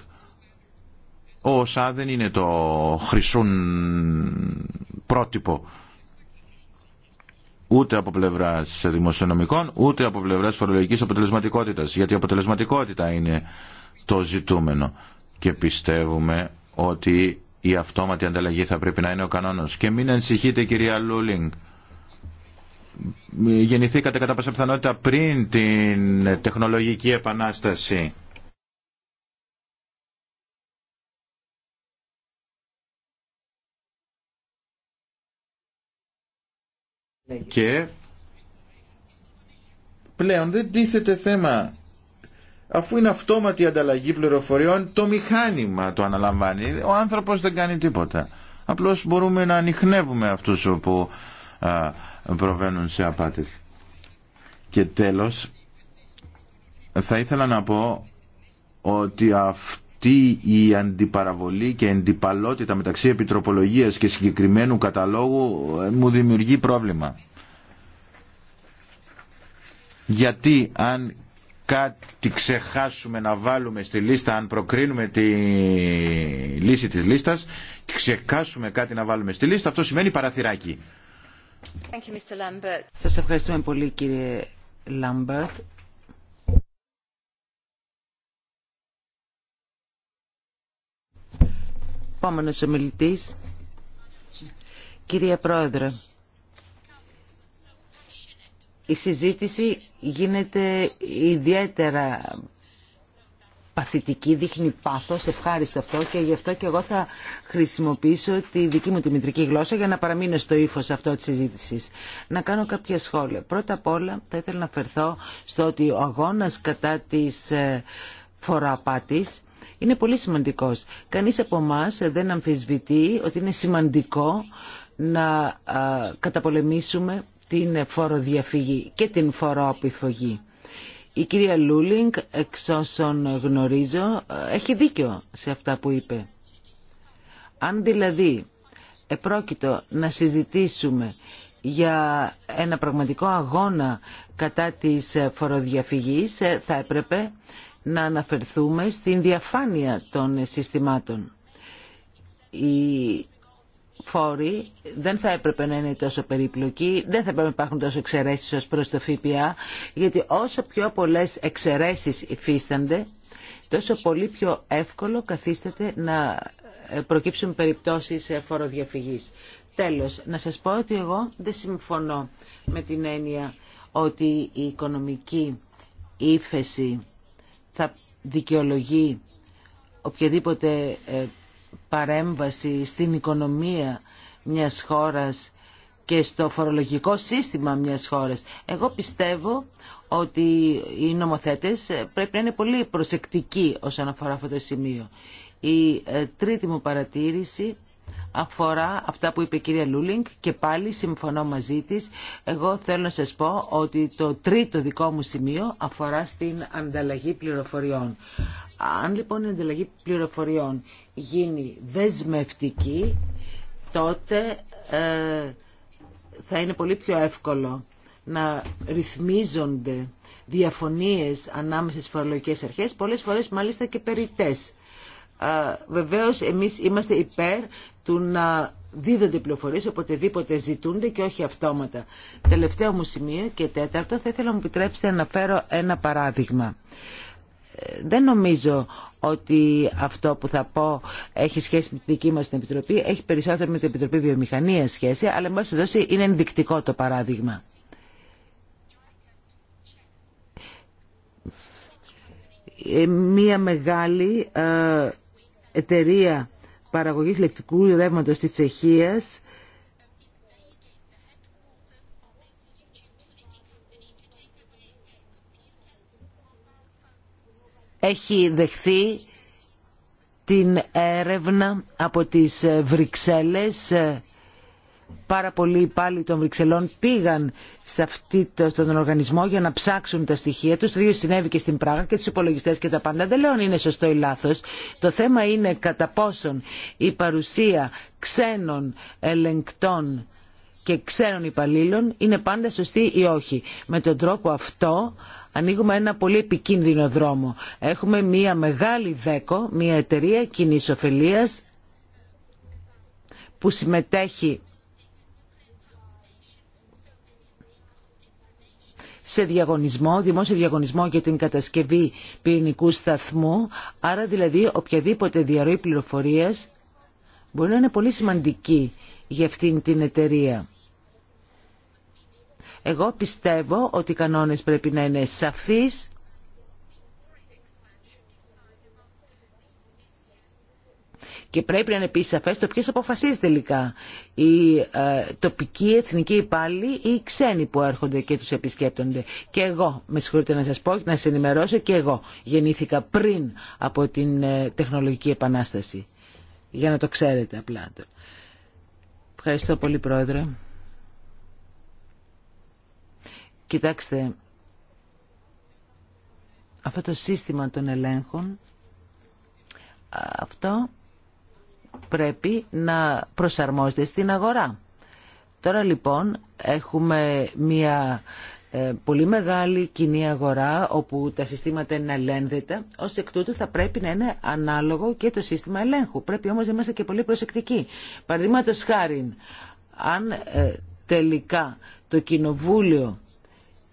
Ο ΩΣΑ δεν είναι το χρυσούν πρότυπο ούτε από πλευρά δημοσιονομικών, ούτε από πλευρά φορολογική αποτελεσματικότητα. Γιατί η αποτελεσματικότητα είναι το ζητούμενο και πιστεύουμε ότι η αυτόματη ανταλλαγή θα πρέπει να είναι ο κανόνας. Και μην ανησυχείτε κυρία Λούλινγκ, γεννηθήκατε κατά πάσα πιθανότητα πριν την τεχνολογική επανάσταση. Και πλέον δεν τίθεται θέμα αφού είναι αυτόματη η ανταλλαγή πληροφοριών, το μηχάνημα το αναλαμβάνει. Ο άνθρωπος δεν κάνει τίποτα. Απλώς μπορούμε να ανοιχνεύουμε αυτούς που προβαίνουν σε απάτες. Και τέλος, θα ήθελα να πω ότι αυτή η αντιπαραβολή και αντιπαλότητα μεταξύ επιτροπολογίας και συγκεκριμένου καταλόγου ε, μου δημιουργεί πρόβλημα. Γιατί αν κάτι ξεχάσουμε να βάλουμε στη λίστα, αν προκρίνουμε τη λύση της λίστας και ξεχάσουμε κάτι να βάλουμε στη λίστα, αυτό σημαίνει παραθυράκι. Thank Σας ευχαριστούμε πολύ κύριε Λάμπερτ. Επόμενος ομιλητής. Κυρία Πρόεδρε, η συζήτηση γίνεται ιδιαίτερα παθητική, δείχνει πάθος, ευχάριστο αυτό και γι' αυτό και εγώ θα χρησιμοποιήσω τη δική μου τη μητρική γλώσσα για να παραμείνω στο ύφος αυτό της συζήτηση. Να κάνω κάποια σχόλια. Πρώτα απ' όλα θα ήθελα να φερθώ στο ότι ο αγώνας κατά της ε, φοροαπάτης είναι πολύ σημαντικός. Κανείς από εμά δεν αμφισβητεί ότι είναι σημαντικό να ε, καταπολεμήσουμε την φοροδιαφυγή και την φοροαπηφογή. Η κυρία Λούλινγκ, εξ όσων γνωρίζω, έχει δίκιο σε αυτά που είπε. Αν δηλαδή επρόκειτο να συζητήσουμε για ένα πραγματικό αγώνα κατά της φοροδιαφυγής, ε, θα έπρεπε να αναφερθούμε στην διαφάνεια των συστημάτων. Η φόροι δεν θα έπρεπε να είναι τόσο περίπλοκοι, δεν θα έπρεπε να υπάρχουν τόσο εξαιρέσεις ως προς το ΦΠΑ, γιατί όσο πιο πολλές εξαιρέσεις υφίστανται, τόσο πολύ πιο εύκολο καθίσταται να ε, προκύψουν περιπτώσεις ε, φοροδιαφυγής. Τέλος, να σας πω ότι εγώ δεν συμφωνώ με την έννοια ότι η οικονομική ύφεση θα δικαιολογεί οποιαδήποτε ε, παρέμβαση στην οικονομία μιας χώρας και στο φορολογικό σύστημα μιας χώρας. Εγώ πιστεύω ότι οι νομοθέτες πρέπει να είναι πολύ προσεκτικοί όσον αφορά αυτό το σημείο. Η ε, τρίτη μου παρατήρηση αφορά αυτά που είπε η κυρία Λούλινγκ και πάλι συμφωνώ μαζί της. Εγώ θέλω να σας πω ότι το τρίτο δικό μου σημείο αφορά στην ανταλλαγή πληροφοριών. Αν λοιπόν η ανταλλαγή πληροφοριών γίνει δεσμευτική, τότε ε, θα είναι πολύ πιο εύκολο να ρυθμίζονται διαφωνίες ανάμεσα στις φορολογικές αρχές, πολλές φορές μάλιστα και περιτές. Ε, βεβαίως εμείς είμαστε υπέρ του να δίδονται πληροφορίες οποτεδήποτε ζητούνται και όχι αυτόματα. Τελευταίο μου σημείο και τέταρτο θα ήθελα να μου επιτρέψετε να φέρω ένα παράδειγμα δεν νομίζω ότι αυτό που θα πω έχει σχέση με τη δική μας την Επιτροπή, έχει περισσότερο με την Επιτροπή Βιομηχανίας σχέση, αλλά το δώσει είναι ενδεικτικό το παράδειγμα. Ε, μία μεγάλη ε, εταιρεία παραγωγής ηλεκτρικού ρεύματος της Τσεχίας έχει δεχθεί την έρευνα από τις Βρυξέλλες πάρα πολλοί υπάλληλοι των Βρυξελών πήγαν σε αυτή, στον οργανισμό για να ψάξουν τα στοιχεία τους. Το ίδιο συνέβη και στην Πράγα και τους υπολογιστές και τα πάντα. Δεν λέω αν είναι σωστό ή λάθος. Το θέμα είναι κατά πόσον η παρουσία ξένων ελεγκτών και ξένων υπαλλήλων είναι πάντα σωστή ή όχι. Με τον τρόπο αυτό ανοίγουμε ένα πολύ επικίνδυνο δρόμο. Έχουμε μία μεγάλη δέκο, μία εταιρεία κοινή ωφελία που συμμετέχει σε διαγωνισμό, δημόσιο διαγωνισμό για την κατασκευή πυρηνικού σταθμού, άρα δηλαδή οποιαδήποτε διαρροή πληροφορίας μπορεί να είναι πολύ σημαντική για αυτήν την εταιρεία. Εγώ πιστεύω ότι οι κανόνες πρέπει να είναι σαφείς, και πρέπει να είναι επίση σαφές το ποιος αποφασίζει τελικά. Οι ε, εθνική εθνικοί υπάλληλοι ή οι ξένοι που έρχονται και τους επισκέπτονται. Και εγώ, με συγχωρείτε να σας πω, να σα ενημερώσω, και εγώ γεννήθηκα πριν από την ε, τεχνολογική επανάσταση. Για να το ξέρετε απλά. Ευχαριστώ πολύ, Πρόεδρε. Κοιτάξτε, αυτό το σύστημα των ελέγχων, αυτό πρέπει να προσαρμόζεται στην αγορά. Τώρα λοιπόν έχουμε μια ε, πολύ μεγάλη κοινή αγορά όπου τα συστήματα είναι ως εκ τούτου θα πρέπει να είναι ανάλογο και το σύστημα ελέγχου. Πρέπει όμως να είμαστε και πολύ προσεκτικοί. Παραδείγματο χάρη, αν ε, τελικά το Κοινοβούλιο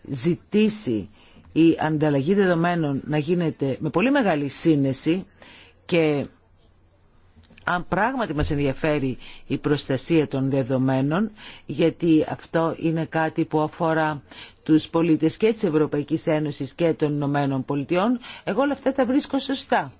ζητήσει η ανταλλαγή δεδομένων να γίνεται με πολύ μεγάλη σύνεση και αν πράγματι μας ενδιαφέρει η προστασία των δεδομένων, γιατί αυτό είναι κάτι που αφορά τους πολίτες και της Ευρωπαϊκής Ένωσης και των Ηνωμένων Πολιτειών, εγώ όλα αυτά τα βρίσκω σωστά.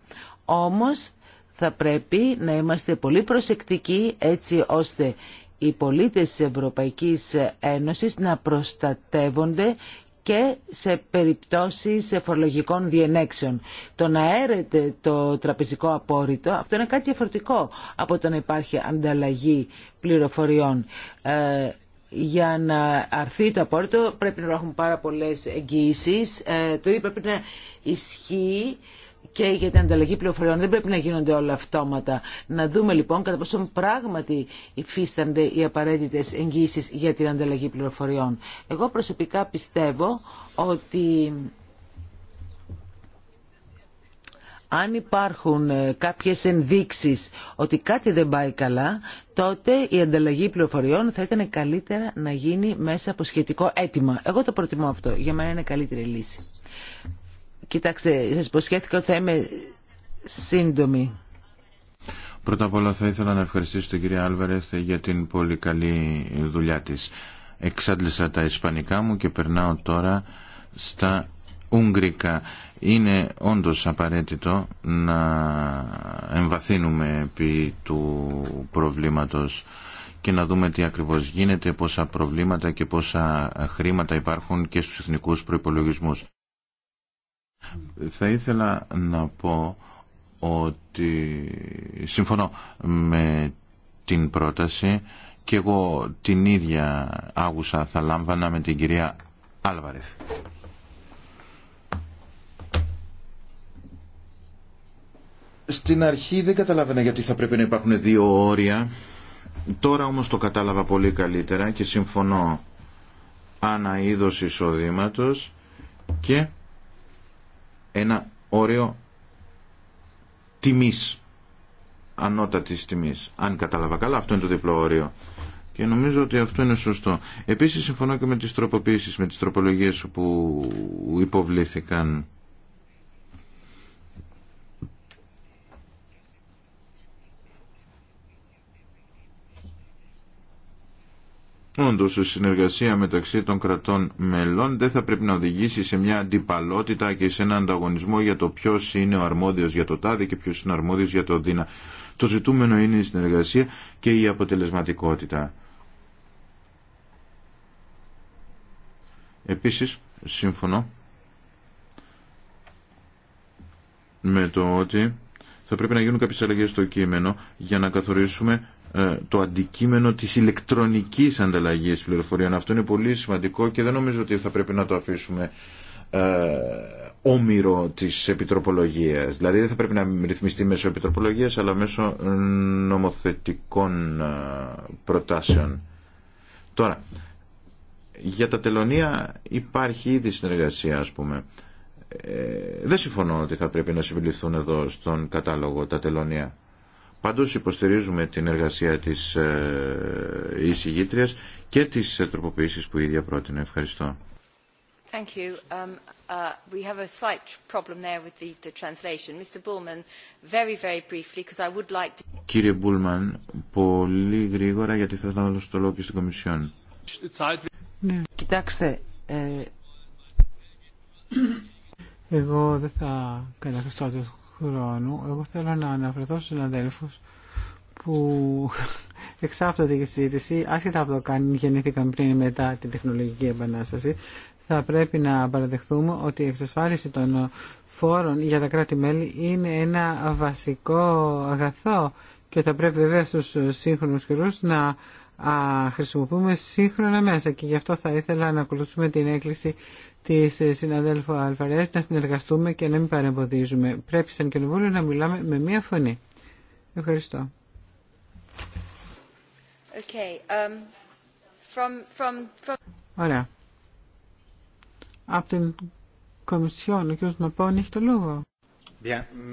Όμως θα πρέπει να είμαστε πολύ προσεκτικοί έτσι ώστε οι πολίτες της Ευρωπαϊκής Ένωσης να προστατεύονται και σε περιπτώσεις φορολογικών διενέξεων. Το να έρεται το τραπεζικό απόρριτο, αυτό είναι κάτι διαφορετικό από το να υπάρχει ανταλλαγή πληροφοριών. Ε, για να αρθεί το απόρριτο πρέπει να υπάρχουν πάρα πολλές εγγύησεις. Ε, το ίδιο πρέπει να ισχύει και για την ανταλλαγή πληροφοριών. Δεν πρέπει να γίνονται όλα αυτόματα. Να δούμε λοιπόν κατά πόσο πράγματι υφίστανται οι απαραίτητε εγγύσει για την ανταλλαγή πληροφοριών. Εγώ προσωπικά πιστεύω ότι αν υπάρχουν ε, κάποιες ενδείξεις ότι κάτι δεν πάει καλά, τότε η ανταλλαγή πληροφοριών θα ήταν καλύτερα να γίνει μέσα από σχετικό αίτημα. Εγώ το προτιμώ αυτό. Για μένα είναι καλύτερη λύση. Κοιτάξτε, σας υποσχέθηκα ότι θα είμαι σύντομη. Πρώτα απ' όλα θα ήθελα να ευχαριστήσω τον κύριο Άλβαρεθ για την πολύ καλή δουλειά της. Εξάντλησα τα ισπανικά μου και περνάω τώρα στα Ουγγρικά. Είναι όντως απαραίτητο να εμβαθύνουμε επί του προβλήματος και να δούμε τι ακριβώς γίνεται, πόσα προβλήματα και πόσα χρήματα υπάρχουν και στους εθνικούς προϋπολογισμούς. Θα ήθελα να πω ότι συμφωνώ με την πρόταση και εγώ την ίδια άγουσα θα λάμβανα με την κυρία Άλβαρεθ. Στην αρχή δεν καταλάβαινα γιατί θα πρέπει να υπάρχουν δύο όρια. Τώρα όμως το κατάλαβα πολύ καλύτερα και συμφωνώ αναείδος εισοδήματος και ένα όριο τιμής, ανώτατης τιμής. Αν κατάλαβα καλά, αυτό είναι το διπλό όριο. Και νομίζω ότι αυτό είναι σωστό. Επίσης συμφωνώ και με τις τροποποιήσεις, με τις τροπολογίες που υποβλήθηκαν Όντως, η συνεργασία μεταξύ των κρατών μελών δεν θα πρέπει να οδηγήσει σε μια αντιπαλότητα και σε έναν ανταγωνισμό για το ποιο είναι ο αρμόδιος για το τάδε και ποιο είναι ο αρμόδιος για το δίνα. Το ζητούμενο είναι η συνεργασία και η αποτελεσματικότητα. Επίσης, σύμφωνο με το ότι θα πρέπει να γίνουν κάποιες αλλαγές στο κείμενο για να καθορίσουμε ε, το αντικείμενο της ηλεκτρονικής ανταλλαγής πληροφοριών. Αυτό είναι πολύ σημαντικό και δεν νομίζω ότι θα πρέπει να το αφήσουμε ε, όμοιρο της επιτροπολογίας. Δηλαδή δεν θα πρέπει να ρυθμιστεί μέσω επιτροπολογίας αλλά μέσω νομοθετικών ε, προτάσεων. Τώρα, για τα τελωνία υπάρχει ήδη συνεργασία ας πούμε. δεν συμφωνώ ότι θα πρέπει να συμπληθούν εδώ στον κατάλογο τα τελωνία. Πάντως υποστηρίζουμε την εργασία της ε, εισηγήτριας και τις ε, τροποποιήσεις που η ίδια πρότεινε. Ευχαριστώ. Thank you. Um, uh, we have a slight problem there with the, the translation. Mr. Bullman, very, very briefly, because I would like to... Κύριε Μπούλμαν, πολύ γρήγορα γιατί θα ήθελα να δώσω το λόγο και στην Κομισιόν. Ναι. Κοιτάξτε, ε... [clears throat] εγώ δεν θα καταχρηστώ τους χρόνου, εγώ θέλω να αναφερθώ στους αδέλφους που [laughs] εξάπτωται η συζήτηση, άσχετα από το καν γεννήθηκαν πριν ή μετά την τεχνολογική επανάσταση, θα πρέπει να παραδεχθούμε ότι η εξασφάλιση των φόρων για τα κράτη-μέλη είναι ένα βασικό αγαθό και θα πρέπει βέβαια στους σύγχρονους καιρούς να α, χρησιμοποιούμε σύγχρονα μέσα και γι' αυτό θα ήθελα να ακολουθούμε την έκκληση της ε, συναδέλφου Αλφαρέας να συνεργαστούμε και να μην παρεμποδίζουμε. Πρέπει σαν κοινοβούλιο να μιλάμε με μία φωνή. Ευχαριστώ. Okay, um, from, from, from... Ωραία. Από την Κομισιόν, ο κ. Ναπών έχει το λόγο. Bien,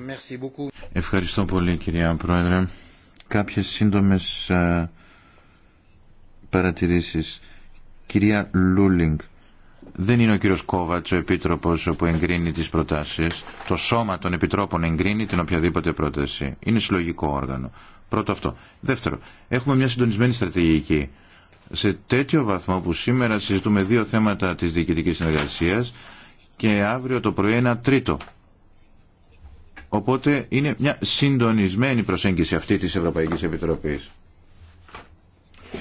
merci beaucoup. Ευχαριστώ πολύ κυρία Πρόεδρε. Κάποιες σύντομες ε, παρατηρήσεις. Κυρία Λούλινγκ, δεν είναι ο κύριος Κόβατς ο επίτροπος που εγκρίνει τις προτάσεις. Το σώμα των επιτρόπων εγκρίνει την οποιαδήποτε πρόταση. Είναι συλλογικό όργανο. Πρώτο αυτό. Δεύτερο, έχουμε μια συντονισμένη στρατηγική. Σε τέτοιο βαθμό που σήμερα συζητούμε δύο θέματα της διοικητικής συνεργασίας και αύριο το πρωί ένα τρίτο. Οπότε είναι μια συντονισμένη προσέγγιση αυτή της Ευρωπαϊκής Επιτροπής.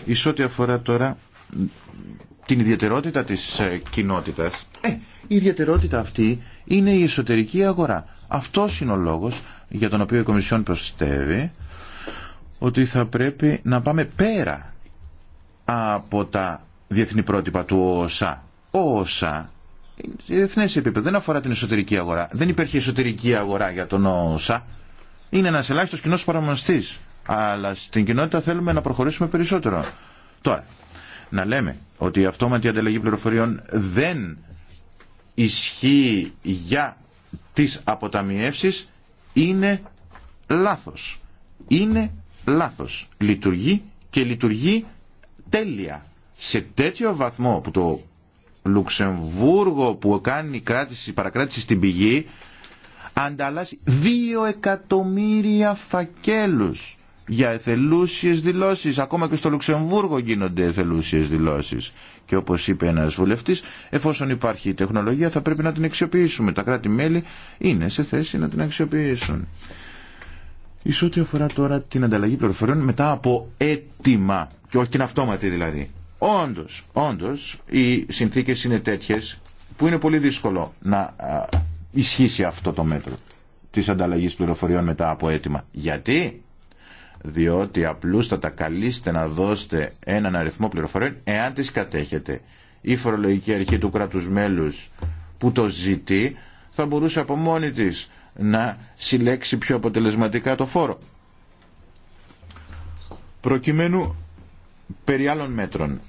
Εις ό,τι αφορά τώρα την ιδιαιτερότητα της ε, κοινότητας, ε, η ιδιαιτερότητα αυτή είναι η εσωτερική αγορά. Αυτός είναι ο λόγος για τον οποίο η Κομισιόν προστεύει ότι θα πρέπει να πάμε πέρα από τα διεθνή πρότυπα του ΟΟΣΑ. Ο ΟΟΣΑ διεθνέ επίπεδο δεν αφορά την εσωτερική αγορά. Δεν υπήρχε εσωτερική αγορά για τον ΟΟΣΑ. Είναι ένας ελάχιστος κοινός αλλά στην κοινότητα θέλουμε να προχωρήσουμε περισσότερο. Τώρα, να λέμε ότι η αυτόματη ανταλλαγή πληροφοριών δεν ισχύει για τις αποταμιεύσεις είναι λάθος. Είναι λάθος. Λειτουργεί και λειτουργεί τέλεια. Σε τέτοιο βαθμό που το Λουξεμβούργο που κάνει κράτηση, παρακράτηση στην πηγή ανταλλάσσει δύο εκατομμύρια φακέλους για εθελούσιες δηλώσεις. Ακόμα και στο Λουξεμβούργο γίνονται εθελούσιες δηλώσεις. Και όπως είπε ένας βουλευτής, εφόσον υπάρχει η τεχνολογία θα πρέπει να την αξιοποιήσουμε. Τα κράτη-μέλη είναι σε θέση να την αξιοποιήσουν. Ίσως ό,τι αφορά τώρα την ανταλλαγή πληροφοριών μετά από αίτημα και όχι την αυτόματη δηλαδή. Όντως, όντως οι συνθήκες είναι τέτοιες που είναι πολύ δύσκολο να ισχύσει αυτό το μέτρο της ανταλλαγής πληροφοριών μετά από έτοιμα. Γιατί? διότι απλούστατα καλείστε να δώσετε έναν αριθμό πληροφοριών εάν τις κατέχετε. Η φορολογική αρχή του κράτους μέλους που το ζητεί θα μπορούσε από μόνη της να συλλέξει πιο αποτελεσματικά το φόρο. Προκειμένου περί άλλων μέτρων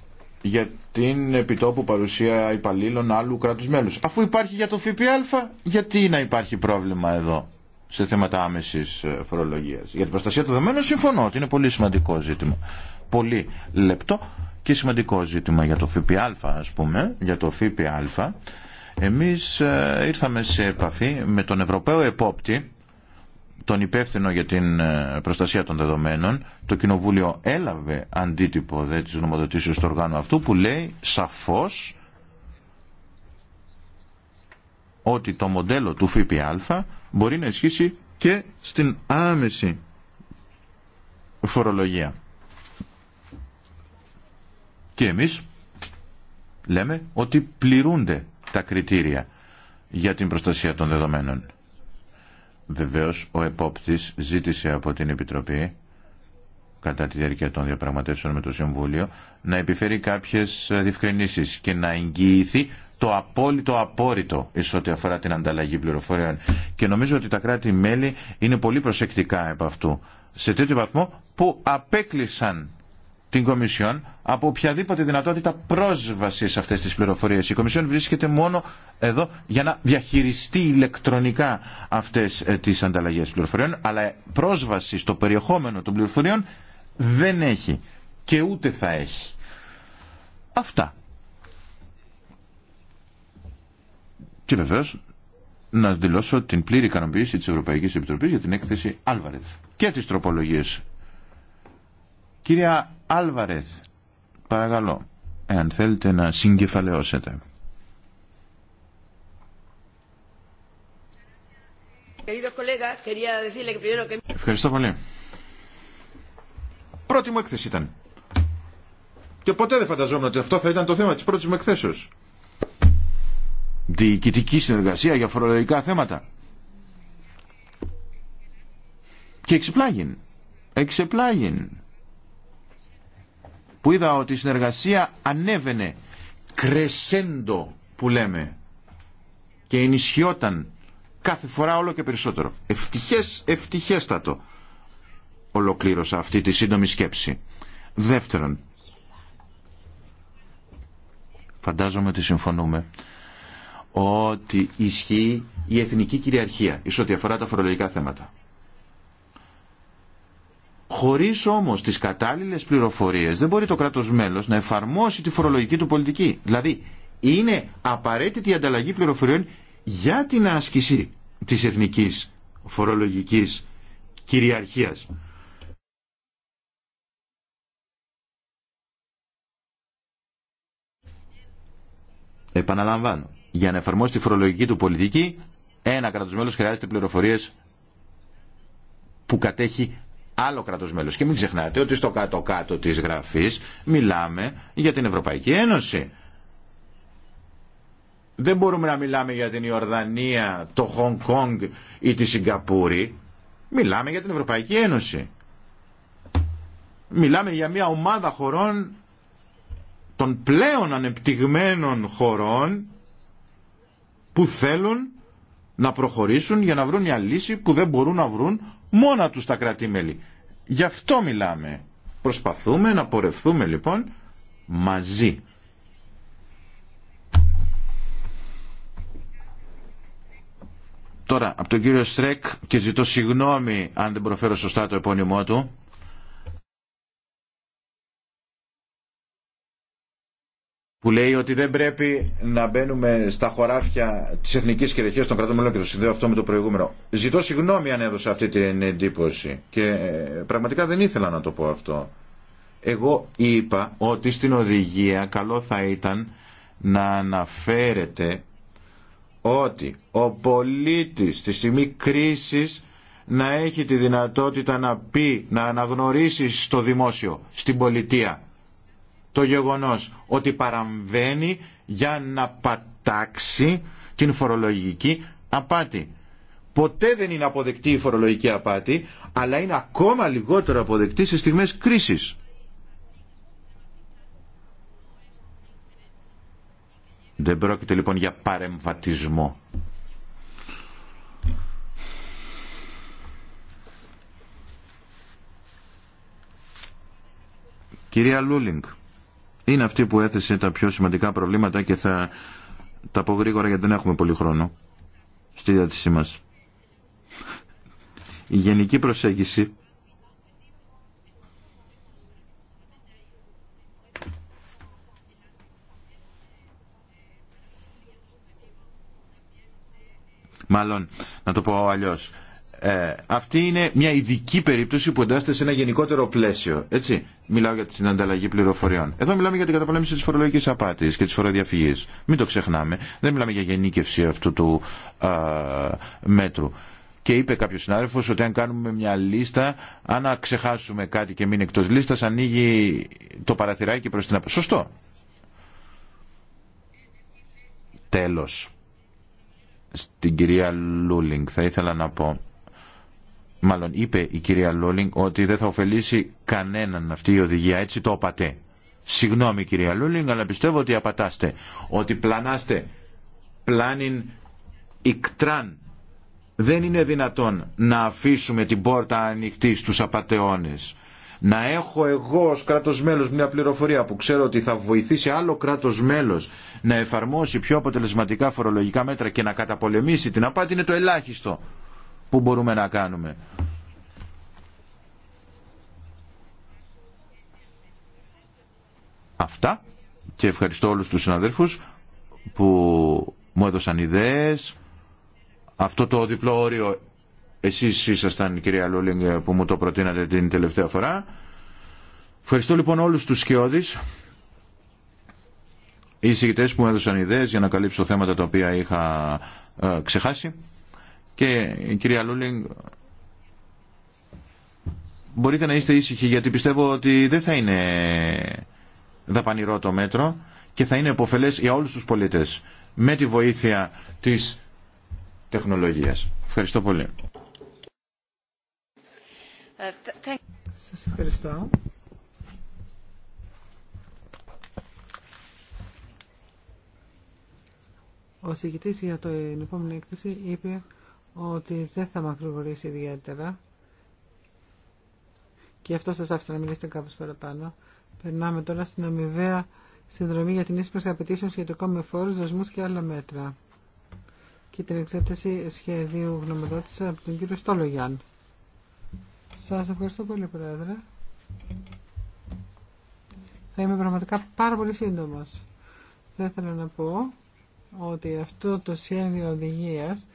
για την επιτόπου παρουσία υπαλλήλων άλλου κράτους μέλους. Αφού υπάρχει για το ΦΠΑ, γιατί να υπάρχει πρόβλημα εδώ σε θέματα άμεση ε, φορολογία. Για την προστασία των δεδομένων συμφωνώ ότι είναι πολύ σημαντικό ζήτημα. Πολύ λεπτό και σημαντικό ζήτημα για το ΦΠΑ, α πούμε, για το ΦΠΑ. Εμείς ε, ήρθαμε σε επαφή με τον Ευρωπαίο Επόπτη, τον υπεύθυνο για την ε, προστασία των δεδομένων. Το Κοινοβούλιο έλαβε αντίτυπο τη της του οργάνου αυτού που λέει σαφώ ότι το μοντέλο του ΦΠΑ μπορεί να ισχύσει και στην άμεση φορολογία. Και εμείς λέμε ότι πληρούνται τα κριτήρια για την προστασία των δεδομένων. Βεβαίως ο επόπτης ζήτησε από την Επιτροπή κατά τη διάρκεια των διαπραγματεύσεων με το Συμβούλιο να επιφέρει κάποιες διευκρινήσεις και να εγγυηθεί το απόλυτο απόρριτο εις ό,τι αφορά την ανταλλαγή πληροφοριών. Και νομίζω ότι τα κράτη-μέλη είναι πολύ προσεκτικά επ' αυτού. Σε τέτοιο βαθμό που απέκλεισαν την Κομισιόν από οποιαδήποτε δυνατότητα πρόσβαση σε αυτές τι πληροφορίες. Η Κομισιόν βρίσκεται μόνο εδώ για να διαχειριστεί ηλεκτρονικά αυτές ε, τις ανταλλαγέ πληροφοριών, αλλά πρόσβαση στο περιεχόμενο των πληροφοριών δεν έχει και ούτε θα έχει. Αυτά. Και βεβαίω να δηλώσω την πλήρη ικανοποίηση τη Ευρωπαϊκή Επιτροπή για την έκθεση Άλβαρεθ και τι τροπολογίε. Κυρία Άλβαρεθ, παρακαλώ, εάν θέλετε να συγκεφαλαιώσετε. Ευχαριστώ πολύ. Πρώτη μου έκθεση ήταν. Και ποτέ δεν φανταζόμουν ότι αυτό θα ήταν το θέμα της πρώτης μου εκθέσεως διοικητική συνεργασία για φορολογικά θέματα. Και εξεπλάγιν. Εξεπλάγιν. Που είδα ότι η συνεργασία ανέβαινε κρεσέντο που λέμε και ενισχυόταν κάθε φορά όλο και περισσότερο. Ευτυχές, ευτυχέστατο ολοκλήρωσα αυτή τη σύντομη σκέψη. Δεύτερον, φαντάζομαι ότι συμφωνούμε ότι ισχύει η εθνική κυριαρχία, εις ό,τι αφορά τα φορολογικά θέματα. Χωρίς όμως τις κατάλληλες πληροφορίες δεν μπορεί το κράτος μέλος να εφαρμόσει τη φορολογική του πολιτική. Δηλαδή είναι απαραίτητη η ανταλλαγή πληροφοριών για την άσκηση της εθνικής φορολογικής κυριαρχίας. Επαναλαμβάνω για να εφαρμόσει τη φορολογική του πολιτική, ένα κράτος μέλος χρειάζεται πληροφορίες που κατέχει άλλο κράτος μέλος. Και μην ξεχνάτε ότι στο κάτω-κάτω της γραφής μιλάμε για την Ευρωπαϊκή Ένωση. Δεν μπορούμε να μιλάμε για την Ιορδανία, το Χονγκ Κόνγκ ή τη Σιγκαπούρη. Μιλάμε για την Ευρωπαϊκή Ένωση. Μιλάμε για μια ομάδα χωρών των πλέον ανεπτυγμένων χωρών που θέλουν να προχωρήσουν για να βρουν μια λύση που δεν μπορούν να βρουν μόνα τους τα κρατήμελη. Γι' αυτό μιλάμε. Προσπαθούμε να πορευθούμε λοιπόν μαζί. Τώρα, από τον κύριο Στρέκ και ζητώ συγγνώμη αν δεν προφέρω σωστά το επώνυμό του. που λέει ότι δεν πρέπει να μπαίνουμε στα χωράφια τη εθνική κυριαρχία των κρατών μελών και το συνδέω αυτό με το προηγούμενο. Ζητώ συγγνώμη αν έδωσα αυτή την εντύπωση και ε, πραγματικά δεν ήθελα να το πω αυτό. Εγώ είπα ότι στην οδηγία καλό θα ήταν να αναφέρεται ότι ο πολίτης στη στιγμή κρίσης να έχει τη δυνατότητα να πει, να αναγνωρίσει στο δημόσιο, στην πολιτεία το γεγονός ότι παραμβαίνει για να πατάξει την φορολογική απάτη. Ποτέ δεν είναι αποδεκτή η φορολογική απάτη, αλλά είναι ακόμα λιγότερο αποδεκτή σε στιγμές κρίσης. Δεν πρόκειται λοιπόν για παρεμβατισμό. Κυρία Λούλινγκ είναι αυτή που έθεσε τα πιο σημαντικά προβλήματα και θα τα πω γρήγορα γιατί δεν έχουμε πολύ χρόνο στη διάθεσή μας. Η γενική προσέγγιση Μάλλον, να το πω αλλιώς, ε, αυτή είναι μια ειδική περίπτωση που εντάσσεται σε ένα γενικότερο πλαίσιο. Έτσι, μιλάω για την ανταλλαγή πληροφοριών. Εδώ μιλάμε για την καταπολέμηση τη φορολογική απάτη και τη φοροδιαφυγή. Μην το ξεχνάμε. Δεν μιλάμε για γενίκευση αυτού του α, μέτρου. Και είπε κάποιο συνάδελφο ότι αν κάνουμε μια λίστα, αν ξεχάσουμε κάτι και μείνει εκτό λίστα, ανοίγει το παραθυράκι προ την απάτη. Σωστό. Τέλος, στην κυρία Λούλινγκ θα ήθελα να πω μάλλον είπε η κυρία Λούλινγκ ότι δεν θα ωφελήσει κανέναν αυτή η οδηγία. Έτσι το απατέ. Συγγνώμη κυρία Λούλινγκ, αλλά πιστεύω ότι απατάστε. Ότι πλανάστε. Πλάνιν ικτράν. Δεν είναι δυνατόν να αφήσουμε την πόρτα ανοιχτή στους απατεώνες. Να έχω εγώ ως κράτος μέλος μια πληροφορία που ξέρω ότι θα βοηθήσει άλλο κράτος μέλος να εφαρμόσει πιο αποτελεσματικά φορολογικά μέτρα και να καταπολεμήσει την απάτη είναι το ελάχιστο που μπορούμε να κάνουμε. Αυτά και ευχαριστώ όλους τους συναδέλφους που μου έδωσαν ιδέες. Αυτό το διπλό όριο εσείς ήσασταν κυρία Λούλινγκ που μου το προτείνατε την τελευταία φορά. Ευχαριστώ λοιπόν όλους τους σκιώδεις οι συγκεκριτές που μου έδωσαν ιδέες για να καλύψω θέματα τα οποία είχα ε, ξεχάσει. Και κυρία Λούλινγκ, μπορείτε να είστε ήσυχοι γιατί πιστεύω ότι δεν θα είναι δαπανηρό το μέτρο και θα είναι επωφελές για όλους τους πολίτες με τη βοήθεια της τεχνολογίας. Ευχαριστώ πολύ. Σας ευχαριστώ. Ο συγκητής για την επόμενη έκθεση είπε ότι δεν θα μακρηγορήσει ιδιαίτερα και αυτό σας άφησα να μιλήσετε κάπως παραπάνω. Περνάμε τώρα στην αμοιβαία συνδρομή για την ίσπραση απαιτήσεων σχετικών με φόρους, δοσμούς και άλλα μέτρα και την εξέταση σχεδίου γνωμοδότηση από τον κύριο Στόλογιάν. Σας ευχαριστώ πολύ, Πρόεδρε. Θα είμαι πραγματικά πάρα πολύ σύντομος. Θα ήθελα να πω ότι αυτό το σχέδιο οδηγίας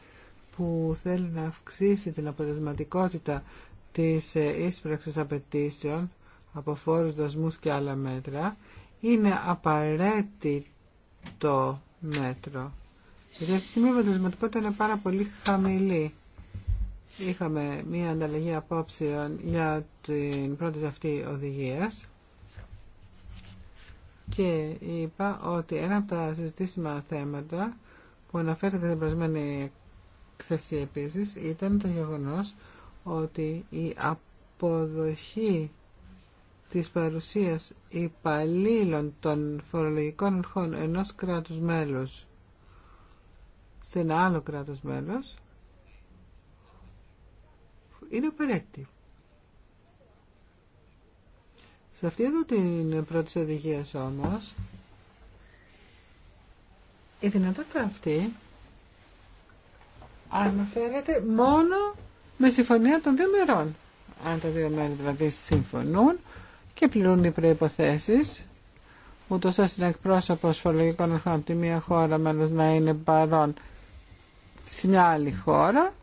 που θέλει να αυξήσει την αποτελεσματικότητα της ε, ίσπραξης απαιτήσεων από φόρους, δασμούς και άλλα μέτρα είναι απαραίτητο μέτρο. Γιατί αυτή τη στιγμή η αποτελεσματικότητα είναι πάρα πολύ χαμηλή. Είχαμε μία ανταλλαγή απόψεων για την πρώτη αυτή οδηγίας και είπα ότι ένα από τα συζητήσιμα θέματα που αναφέρεται στην προηγούμενη έκθεση επίσης ήταν το γεγονός ότι η αποδοχή της παρουσίας υπαλλήλων των φορολογικών αρχών ενός κράτους μέλους σε ένα άλλο κράτος μέλος είναι απαραίτητη. Σε αυτή εδώ την πρώτη οδηγία όμως η δυνατότητα αυτή αναφέρεται μόνο με συμφωνία των δύο μερών. Αν τα δύο μέρη δηλαδή συμφωνούν και πληρούν οι προποθέσει ούτω ώστε να εκπρόσωπος φορολογικών αρχών από τη μία χώρα μέλος να είναι παρόν σε μια άλλη χώρα,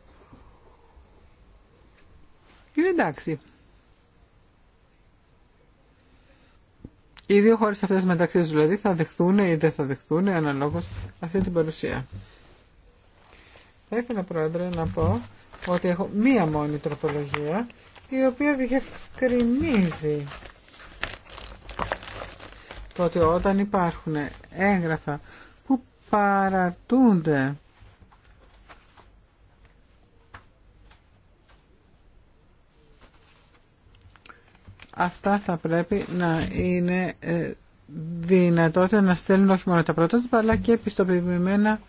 είναι εντάξει. Οι δύο χώρες αυτές μεταξύ τους δηλαδή θα δεχθούν ή δεν θα δεχθούν αναλόγως αυτή την παρουσία. Θα ήθελα, Πρόεδρε, να πω ότι έχω μία μόνη τροπολογία η οποία διευκρινίζει το ότι όταν υπάρχουν έγγραφα που παρατούνται αυτά θα πρέπει να είναι ε, δυνατότητα να στέλνουν όχι μόνο τα πρωτότυπα αλλά και επιστοποιημένα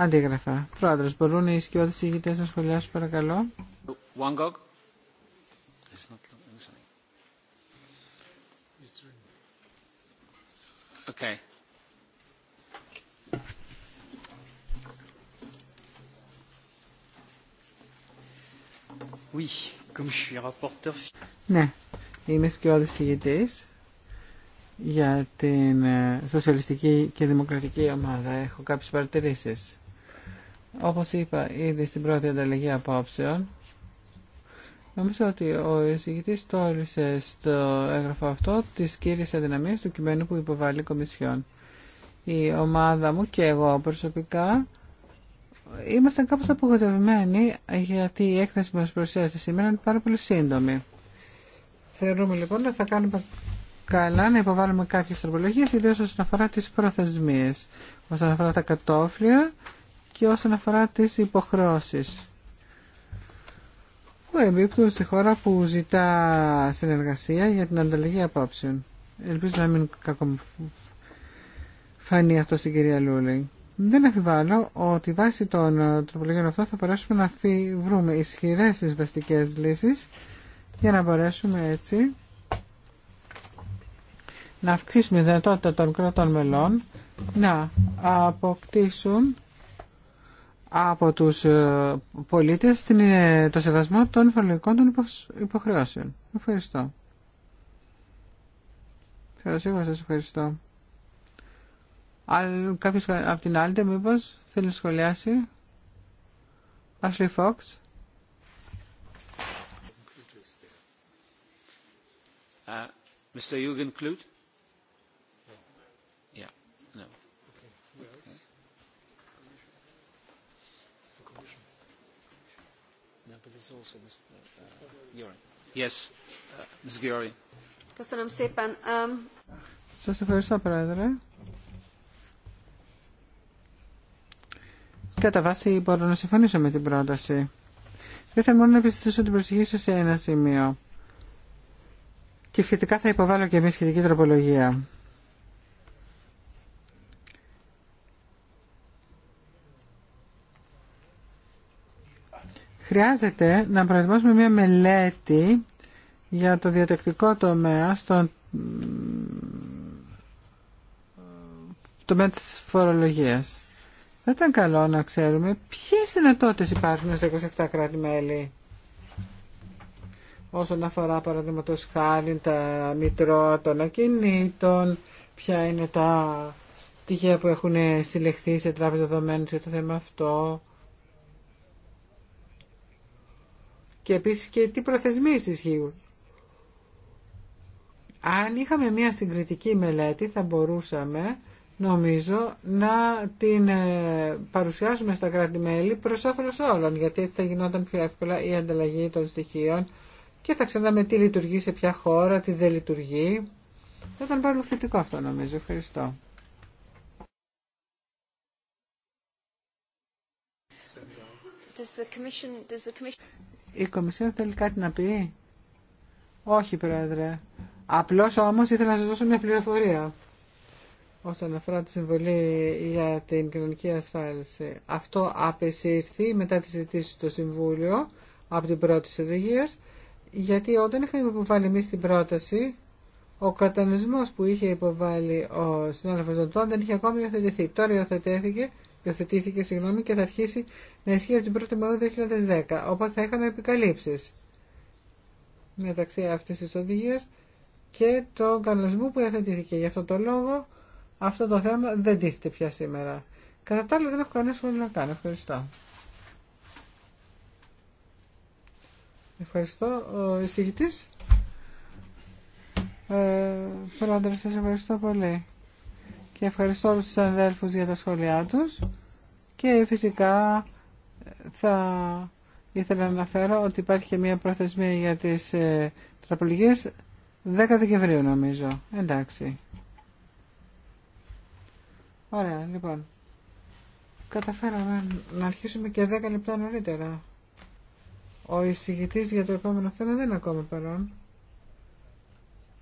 αντίγραφα. Πρόεδρος, μπορούν οι σκιώδεις ηγητές να σχολιάσουν παρακαλώ. Okay. Oui, comme Ναι, είμαι σκιώδης ηγητής για την ε, σοσιαλιστική και δημοκρατική ομάδα. Έχω κάποιες παρατηρήσεις. Όπως είπα ήδη στην πρώτη ανταλλαγή απόψεων, νομίζω ότι ο εισηγητής τόλισε στο έγγραφο αυτό τις κύριες αδυναμίες του κειμένου που υποβάλλει η Κομισιόν. Η ομάδα μου και εγώ προσωπικά ήμασταν κάπως απογοητευμένοι γιατί η έκθεση που μας παρουσιάζεται σήμερα είναι πάρα πολύ σύντομη. Θεωρούμε λοιπόν ότι θα κάνουμε καλά να υποβάλουμε κάποιες τροπολογίες, ιδίως όσον αφορά τις προθεσμίες, όσον αφορά τα κατόφλια και όσον αφορά τις υποχρεώσεις που εμπίπτουν στη χώρα που ζητά συνεργασία για την ανταλλαγή απόψεων. Ελπίζω να μην φανεί αυτό στην κυρία Λούλη. Δεν αφιβάλλω ότι βάσει των τροπολογιών αυτών θα μπορέσουμε να βρούμε ισχυρές βαστικές λύσεις για να μπορέσουμε έτσι να αυξήσουμε η δυνατότητα των κρατών μελών να αποκτήσουν από τους ε, πολίτες ε, το σεβασμό των φορολογικών των υποχρεώσεων. Ευχαριστώ. Σας ευχαριστώ. Αν κάποιος από την άλλη μήπως θέλει να σχολιάσει. Ashley Fox. Uh, Mr. Jürgen Uh, um, σας ευχαριστώ, Πρόεδρε. Κατά βάση μπορώ να συμφωνήσω με την πρόταση. Δεν θα μόνο να επιστήσω την προσοχή σας σε ένα σημείο. Και σχετικά θα υποβάλω και μια σχετική τροπολογία. Χρειάζεται να προετοιμάσουμε μια μελέτη για το διατεκτικό τομέα στο τομέα της φορολογίας. Θα ήταν καλό να ξέρουμε ποιες δυνατότητες υπάρχουν στα 27 κράτη-μέλη όσον αφορά παραδείγματο χάρη τα μητρώα των ακινήτων, ποια είναι τα στοιχεία που έχουν συλλεχθεί σε τράπεζα δεδομένου για το θέμα αυτό. και επίσης και τι προθεσμίες ισχύουν. Αν είχαμε μια συγκριτική μελέτη θα μπορούσαμε νομίζω να την ε, παρουσιάσουμε στα κράτη-μέλη προς όφελος όλων γιατί θα γινόταν πιο εύκολα η ανταλλαγή των στοιχείων και θα ξέραμε τι λειτουργεί σε ποια χώρα, τι δεν λειτουργεί. Θα ήταν πάρα θετικό αυτό νομίζω. Ευχαριστώ. Η Κομισιόν θέλει κάτι να πει. Όχι, Πρόεδρε. Απλώς όμως ήθελα να σας δώσω μια πληροφορία όσον αφορά τη συμβολή για την κοινωνική ασφάλιση. Αυτό απεσύρθη μετά τις συζητήσει στο Συμβούλιο από την πρώτη οδηγία, γιατί όταν είχαμε υποβάλει εμεί την πρόταση, ο κατανοησμός που είχε υποβάλει ο συνάδελφος Ζωντών δεν είχε ακόμη υιοθετηθεί. Τώρα υιοθετήθηκε υιοθετήθηκε συγγνώμη, και θα αρχίσει να ισχύει από την 1η Μαΐου 2010, οπότε θα είχαμε επικαλύψεις μεταξύ αυτής της οδηγίας και των κανονισμού που υιοθετήθηκε. Γι' αυτό το λόγο αυτό το θέμα δεν τίθεται πια σήμερα. Κατά τα άλλα δεν έχω κανένα σχόλιο να κάνω. Ευχαριστώ. Ευχαριστώ. Ο εισηγητής. Ε, πρόεδρε, σας ευχαριστώ πολύ και ευχαριστώ όλους τους αδέλφους για τα σχόλιά τους και φυσικά θα ήθελα να αναφέρω ότι υπάρχει και μια προθεσμία για τις ε, 10 Δεκεμβρίου νομίζω. Εντάξει. Ωραία, λοιπόν. Καταφέραμε να αρχίσουμε και 10 λεπτά νωρίτερα. Ο εισηγητής για το επόμενο θέμα δεν είναι ακόμα παρόν.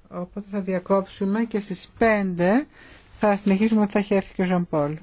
Οπότε θα διακόψουμε και στις 5 θα συνεχίσουμε, θα έχει έρθει και ο Ζων Πολ.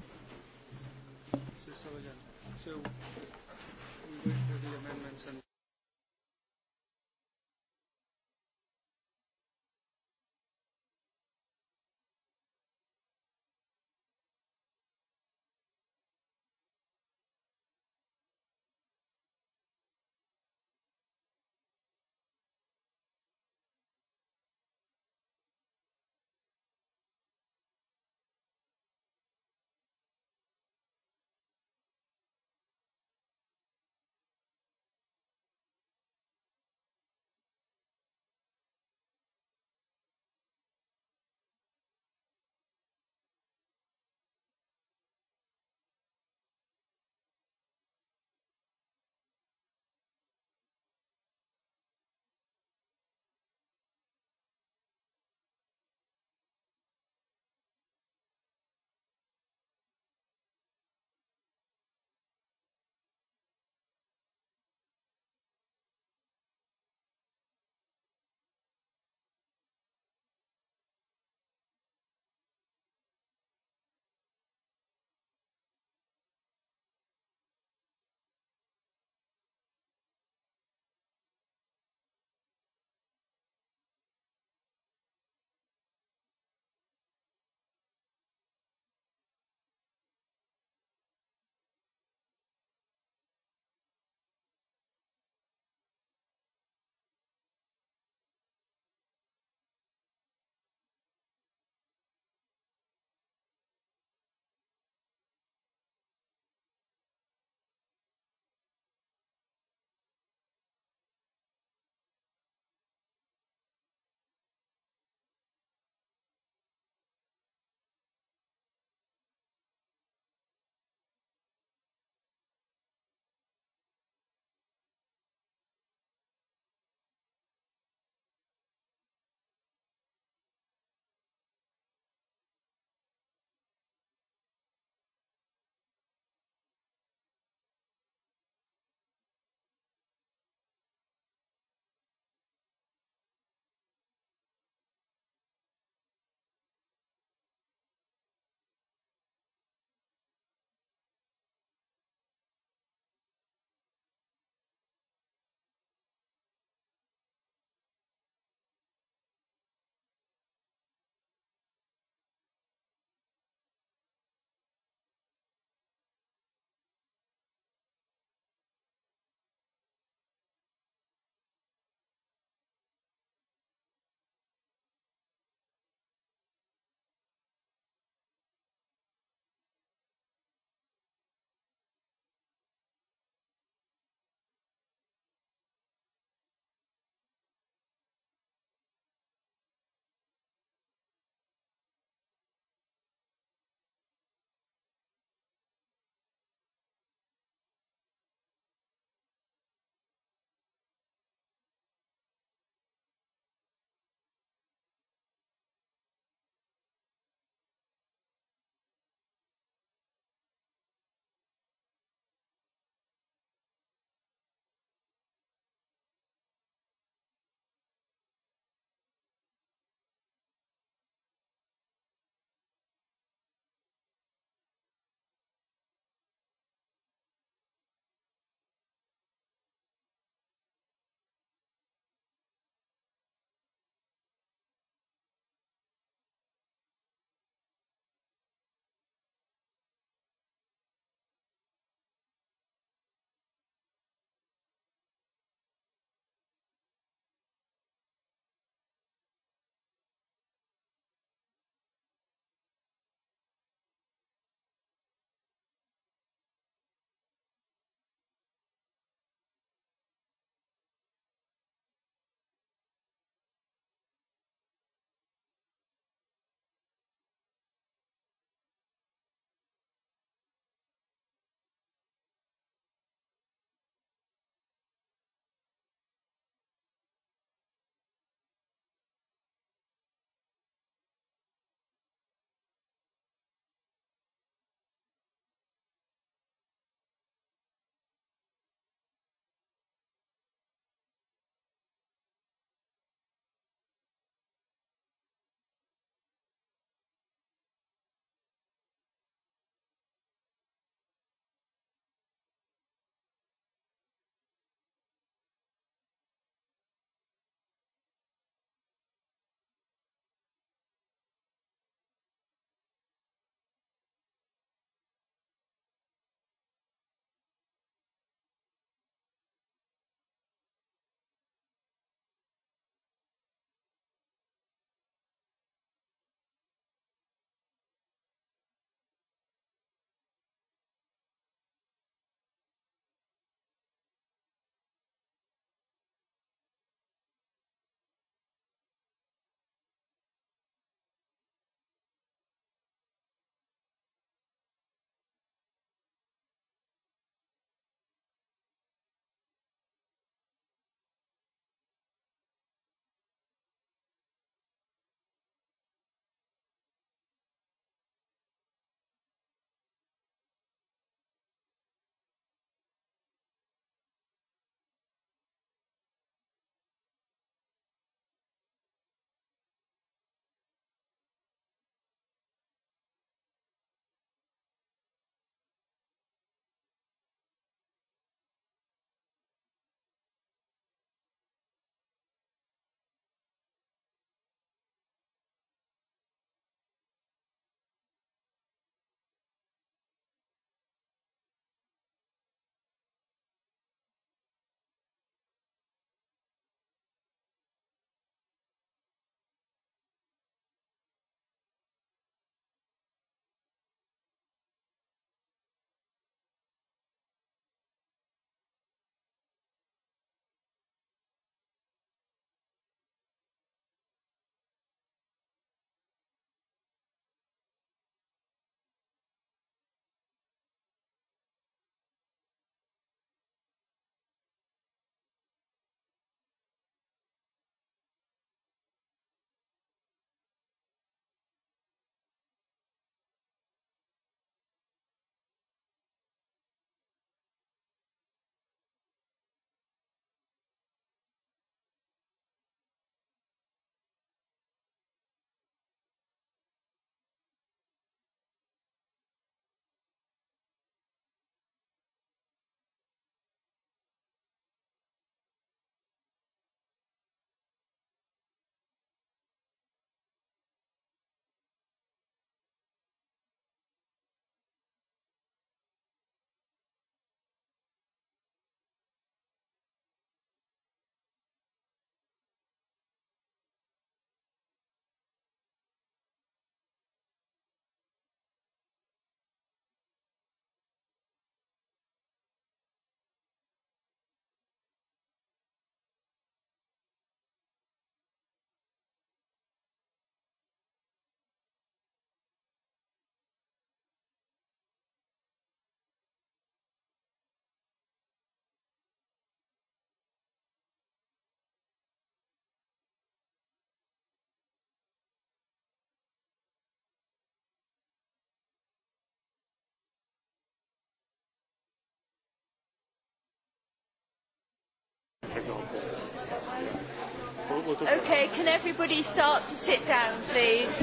Okay, can everybody start to sit down, please?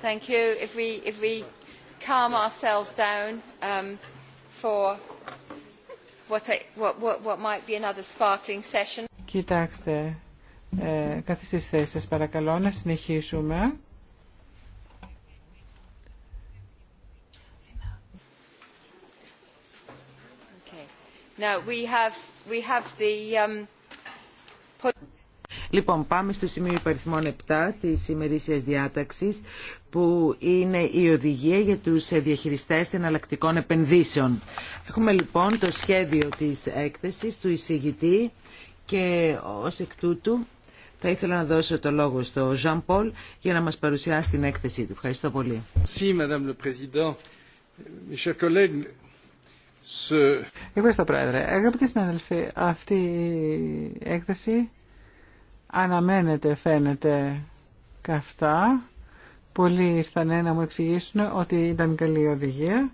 Thank you. If we if we calm ourselves down um, for what, I, what, what, what might be another sparkling session. Κοιτάξτε, ε, καθίστε στις θέσεις σας παρακαλώ να συνεχίσουμε. Um, λοιπόν, πάμε στο σημείο υπαριθμών 7 της ημερήσιας διάταξης που είναι η οδηγία για τους διαχειριστές εναλλακτικών επενδύσεων. Έχουμε λοιπόν το σχέδιο της έκθεσης του εισηγητή και ως εκ τούτου θα ήθελα να δώσω το λόγο στο Ζαν Πολ για να μας παρουσιάσει την έκθεσή του. Ευχαριστώ πολύ. Ευχαριστώ Πρόεδρε. Αγαπητοί συναδελφοί, αυτή η έκθεση αναμένεται φαίνεται καυτά. Πολλοί ήρθαν να μου εξηγήσουν ότι ήταν καλή οδηγία.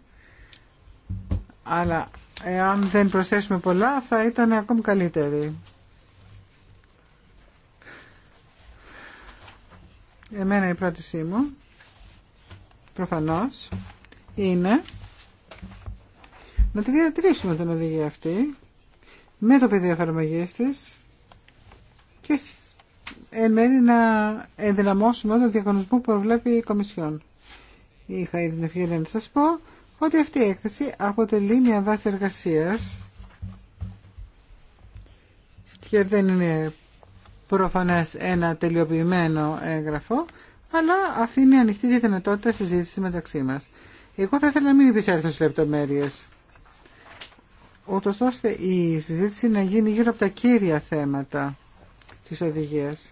Αλλά εάν δεν προσθέσουμε πολλά θα ήταν ακόμη καλύτερη. Εμένα η πρότασή μου προφανώς είναι να τη διατηρήσουμε την οδηγία αυτή με το πεδίο εφαρμογή τη και εν να ενδυναμώσουμε τον διαγωνισμό που προβλέπει η Κομισιόν. Είχα ήδη την ευκαιρία να σας πω ότι αυτή η έκθεση αποτελεί μια βάση εργασίας και δεν είναι προφανές ένα τελειοποιημένο έγγραφο, αλλά αφήνει ανοιχτή τη δυνατότητα συζήτηση μεταξύ μας. Εγώ θα ήθελα να μην επισέλθω στις λεπτομέρειες ούτως ώστε η συζήτηση να γίνει γύρω από τα κύρια θέματα της οδηγίας.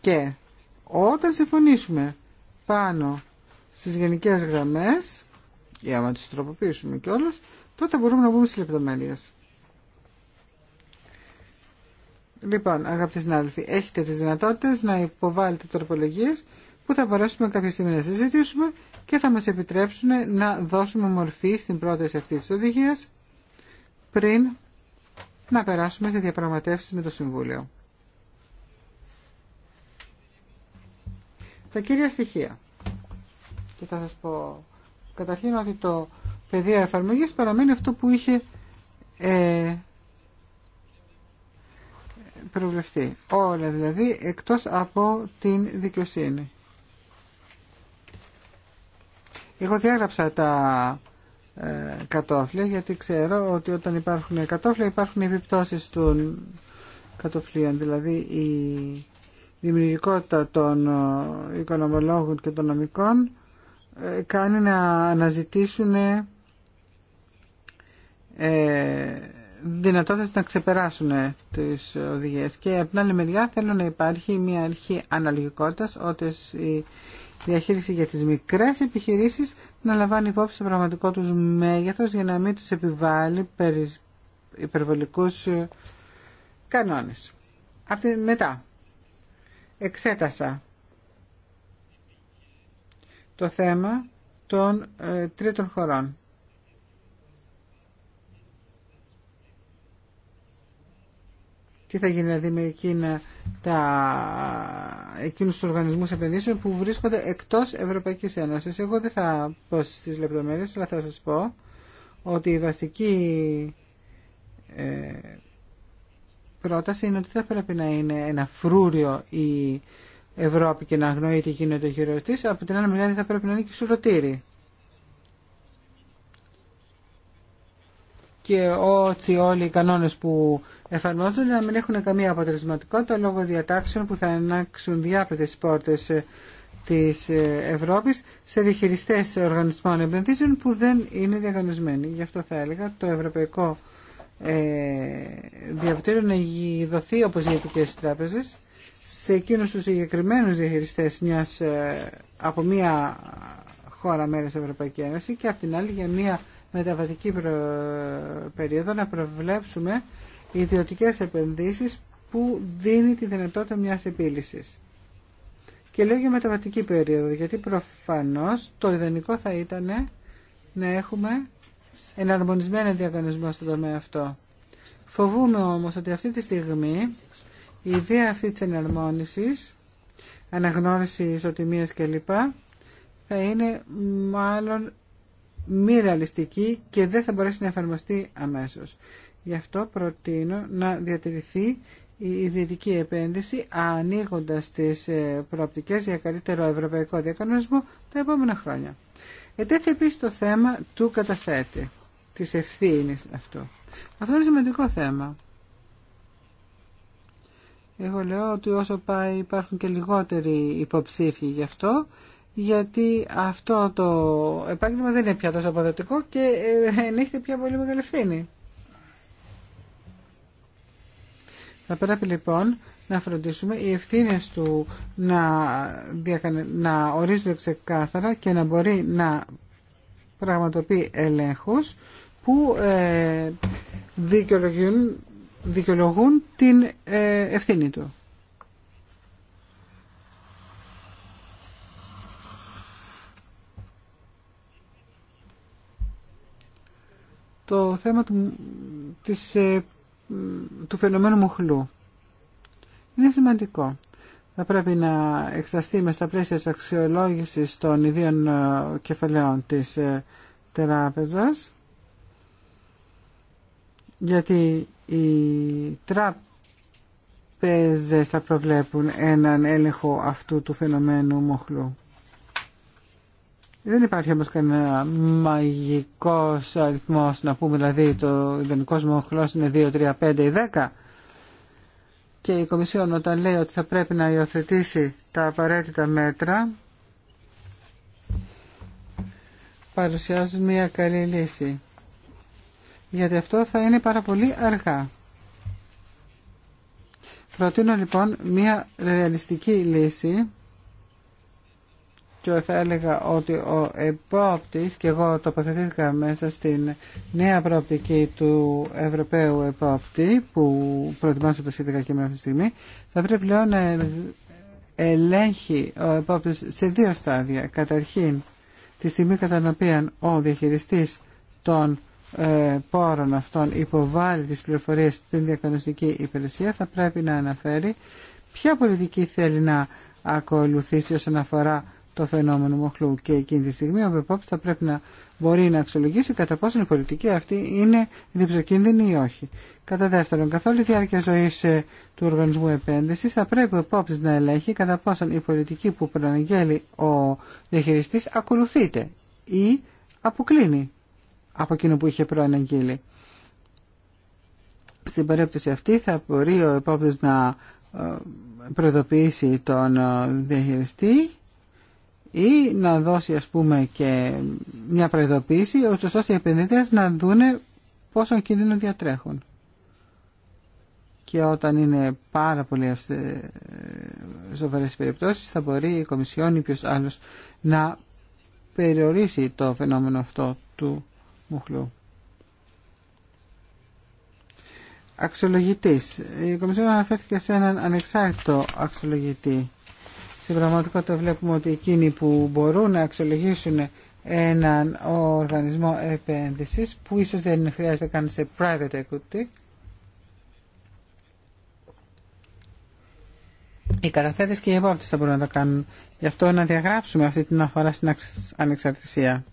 Και όταν συμφωνήσουμε πάνω στις γενικές γραμμές, ή άμα τις τροποποιήσουμε κιόλας, τότε μπορούμε να μπούμε στις λεπτομέρειες. Λοιπόν, αγαπητοί συνάδελφοι, έχετε τις δυνατότητες να υποβάλλετε τροπολογίες που θα μπορέσουμε κάποια στιγμή να συζητήσουμε και θα μας επιτρέψουν να δώσουμε μορφή στην πρόταση αυτή της οδηγίας πριν να περάσουμε σε διαπραγματεύσεις με το Συμβούλιο. Τα κύρια στοιχεία. Και θα σας πω καταρχήν ότι το πεδίο εφαρμογής παραμένει αυτό που είχε ε, προβλεφτεί. Όλα δηλαδή εκτός από την δικαιοσύνη. Εγώ διάγραψα τα κατόφλια γιατί ξέρω ότι όταν υπάρχουν κατόφλια υπάρχουν επιπτώσεις των κατοφλίων δηλαδή η δημιουργικότητα των ε, οικονομολόγων και των νομικών ε, κάνει να αναζητήσουν ε, δυνατότητες να ξεπεράσουν τις οδηγίες και από την άλλη μεριά θέλω να υπάρχει μια αρχή αναλογικότητας ότι διαχείριση για τις μικρές επιχειρήσεις να λαμβάνει υπόψη το πραγματικό τους μέγεθος για να μην τους επιβάλλει υπερβολικούς ε, κανόνες. Αυτή μετά εξέτασα το θέμα των ε, τρίτων χωρών. Τι θα γίνει δηλαδή με εκείνα, τα, εκείνους τους οργανισμούς επενδύσεων που βρίσκονται εκτός Ευρωπαϊκής Ένωσης. Εγώ δεν θα πω στις λεπτομέρειες, αλλά θα σας πω ότι η βασική ε, πρόταση είναι ότι θα πρέπει να είναι ένα φρούριο η Ευρώπη και να αγνοεί τι γίνεται γύρω τη, από την άλλη μεριά θα πρέπει να είναι και σουρωτήρι. Και ό,τι όλοι οι κανόνες που εφαρμόζονται να μην έχουν καμία αποτελεσματικότητα λόγω διατάξεων που θα ανάξουν διάπλετες πόρτες ε, της ε, Ευρώπης σε διαχειριστές οργανισμών επενδύσεων που δεν είναι διαγωνισμένοι. Γι' αυτό θα έλεγα το Ευρωπαϊκό ε, Διαβητήριο να δοθεί όπως ειδικές τράπεζες σε εκείνους τους συγκεκριμένους διαχειριστές μιας, ε, από μια χώρα μέρες Ευρωπαϊκή Ένωση και από την άλλη για μια μεταβατική περίοδο να προβλέψουμε ιδιωτικές επενδύσεις που δίνει τη δυνατότητα μιας επίλυσης. Και λέω για μεταβατική περίοδο, γιατί προφανώς το ιδανικό θα ήταν να έχουμε εναρμονισμένο διαγωνισμό στον τομέα αυτό. Φοβούμε όμως ότι αυτή τη στιγμή η ιδέα αυτή της εναρμόνισης, αναγνώριση ισοτιμίας κλπ. θα είναι μάλλον μη ρεαλιστική και δεν θα μπορέσει να εφαρμοστεί αμέσως. Γι' αυτό προτείνω να διατηρηθεί η ιδιωτική επένδυση ανοίγοντα τις ε, προοπτικές για καλύτερο ευρωπαϊκό διακανονισμό τα επόμενα χρόνια. Ετέθη επίση το θέμα του καταθέτη, της ευθύνη αυτού. Αυτό είναι σημαντικό θέμα. Εγώ λέω ότι όσο πάει υπάρχουν και λιγότεροι υποψήφοι γι' αυτό, γιατί αυτό το επάγγελμα δεν είναι πια τόσο αποδοτικό και ε, ενέχεται πια πολύ μεγάλη ευθύνη. Θα πρέπει λοιπόν να φροντίσουμε οι ευθύνε του να, διακανε... να ορίζονται ξεκάθαρα και να μπορεί να πραγματοποιεί ελέγχους που ε, δικαιολογούν, την ε, ευθύνη του. Το θέμα του, της ε, του φαινομένου μοχλού Είναι σημαντικό. Θα πρέπει να εξασθεί με στα πλαίσια της αξιολόγησης των ιδίων ε, κεφαλαίων της ε, τράπεζας, γιατί οι τράπεζες θα προβλέπουν έναν έλεγχο αυτού του φαινομένου μοχλού. Δεν υπάρχει όμως κανένα μαγικός αριθμός να πούμε δηλαδή το ιδανικό μου είναι 2, 3, 5 ή 10 και η Κομισιόν όταν λέει ότι θα πρέπει να υιοθετήσει τα απαραίτητα μέτρα παρουσιάζει μια καλή λύση γιατί αυτό θα είναι πάρα πολύ αργά. Προτείνω λοιπόν μια ρεαλιστική λύση και θα έλεγα ότι ο επόπτης και εγώ τοποθετήθηκα μέσα στην νέα προοπτική του Ευρωπαίου επόπτη που προετοιμάζω το σχετικά κείμενα αυτή τη στιγμή θα πρέπει πλέον να ελέγχει ο επόπτης σε δύο στάδια. Καταρχήν τη στιγμή κατά την οποία ο διαχειριστής των ε, πόρων αυτών υποβάλλει τις πληροφορίες στην διακτονιστική υπηρεσία θα πρέπει να αναφέρει ποια πολιτική θέλει να ακολουθήσει όσον αφορά το φαινόμενο μοχλού και εκείνη τη στιγμή ο Βεπόπ θα πρέπει να μπορεί να αξιολογήσει κατά πόσο η πολιτική αυτή είναι διψοκίνδυνη ή όχι. Κατά δεύτερον, καθ' όλη τη διάρκεια ζωή ε, του οργανισμού επένδυση θα πρέπει ο Επόπτη να ελέγχει κατά πόσον η πολιτική που προαναγγέλει ο διαχειριστή ακολουθείται ή αποκλίνει από εκείνο που είχε προαναγγείλει. Στην περίπτωση αυτή θα μπορεί ο Επόπτη να ελεγχει κατα ποσον η πολιτικη που προαναγγελει ο διαχειριστη ακολουθειται η αποκλινει απο εκεινο που ειχε προαναγγειλει στην περιπτωση αυτη θα μπορει ο εποπτης να προειδοποιησει τον ε, διαχειριστή ή να δώσει ας πούμε και μια προειδοποίηση ώστε οι επενδυτές να δούνε πόσο κίνδυνο διατρέχουν. Και όταν είναι πάρα πολύ σοβαρές περιπτώσεις θα μπορεί η Κομισιόν ή ποιος άλλος να περιορίσει το φαινόμενο αυτό του μουχλού. Αξιολογητής. Η Κομισιόν αναφέρθηκε σε έναν ανεξάρτητο αξιολογητή στην πραγματικότητα βλέπουμε ότι εκείνοι που μπορούν να αξιολογήσουν έναν οργανισμό επένδυσης που ίσως δεν χρειάζεται καν σε private equity Οι καταθέτες και οι επόπτες θα μπορούν να τα κάνουν. Γι' αυτό να διαγράψουμε αυτή την αφορά στην ανεξαρτησία.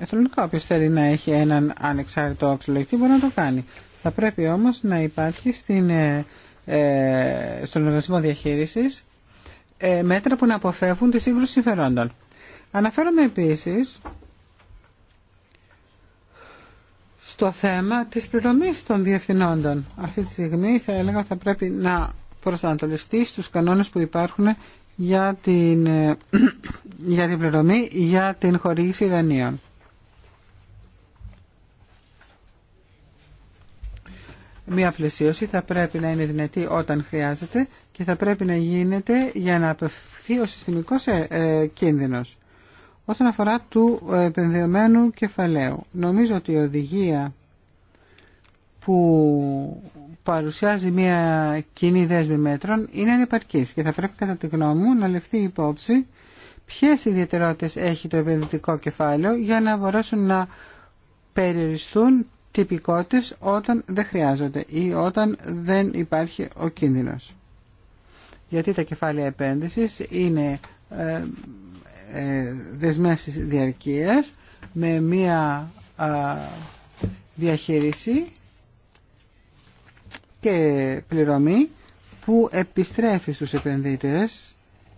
Εθνικά όποιος θέλει να έχει έναν ανεξάρτητο αξιολογητή μπορεί να το κάνει. Θα πρέπει όμως να υπάρχει στην, ε, ε στον οργανισμό διαχείρισης ε, μέτρα που να αποφεύγουν τη σύγκρουση συμφερόντων. Αναφέρομαι επίσης στο θέμα της πληρωμής των διευθυνόντων. Αυτή τη στιγμή θα έλεγα θα πρέπει να προσανατολιστεί στους κανόνες που υπάρχουν για την, ε, [clears throat] για την πληρωμή, για την χορήγηση δανείων. Μία πλαισίωση θα πρέπει να είναι δυνατή όταν χρειάζεται και θα πρέπει να γίνεται για να απευθεί ο συστημικός ε, ε, κίνδυνος. Όσον αφορά του επενδυωμένου κεφαλαίου, νομίζω ότι η οδηγία που παρουσιάζει μια κοινή δέσμη μέτρων είναι ανεπαρκής και θα πρέπει κατά τη γνώμη μου να λεφθεί υπόψη ποιες ιδιαιτερότητες έχει το επενδυτικό κεφάλαιο για να μπορέσουν να περιοριστούν τυπικότητες όταν δεν χρειάζονται ή όταν δεν υπάρχει ο κίνδυνος. Γιατί τα κεφάλαια επένδυσης είναι ε, ε, δεσμεύσεις διαρκείας με μία διαχείριση και πληρωμή που επιστρέφει στους επενδυτές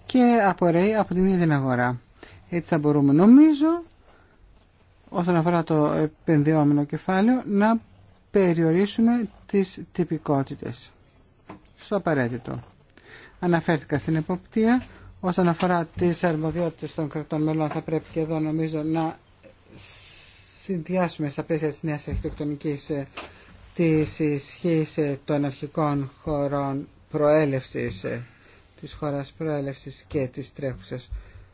και απορρέει από την ίδια την αγορά. Έτσι θα μπορούμε νομίζω όσον αφορά το επενδυόμενο κεφάλαιο να περιορίσουμε τις τυπικότητες στο απαραίτητο. Αναφέρθηκα στην εποπτεία όσον αφορά τις αρμοδιότητες των κρατών μελών θα πρέπει και εδώ νομίζω να συνδυάσουμε στα πλαίσια της νέας αρχιτεκτονικής ε, της ισχύς ε, των αρχικών χωρών προέλευσης ε, της χώρας προέλευσης και της τρέχουσας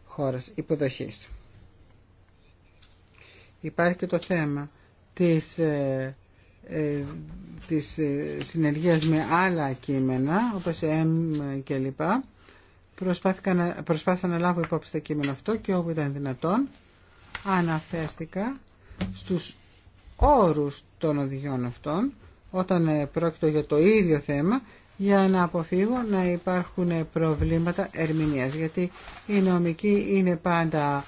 χώρας υποδοχής υπάρχει και το θέμα της, ε, ε της ε, συνεργίας με άλλα κείμενα, όπως M και λοιπά. Να, προσπάθησα να λάβω υπόψη τα κείμενα αυτό και όπου ήταν δυνατόν αναφέρθηκα στους όρους των οδηγιών αυτών όταν ε, πρόκειται για το ίδιο θέμα για να αποφύγω να υπάρχουν προβλήματα ερμηνείας γιατί η νομική είναι πάντα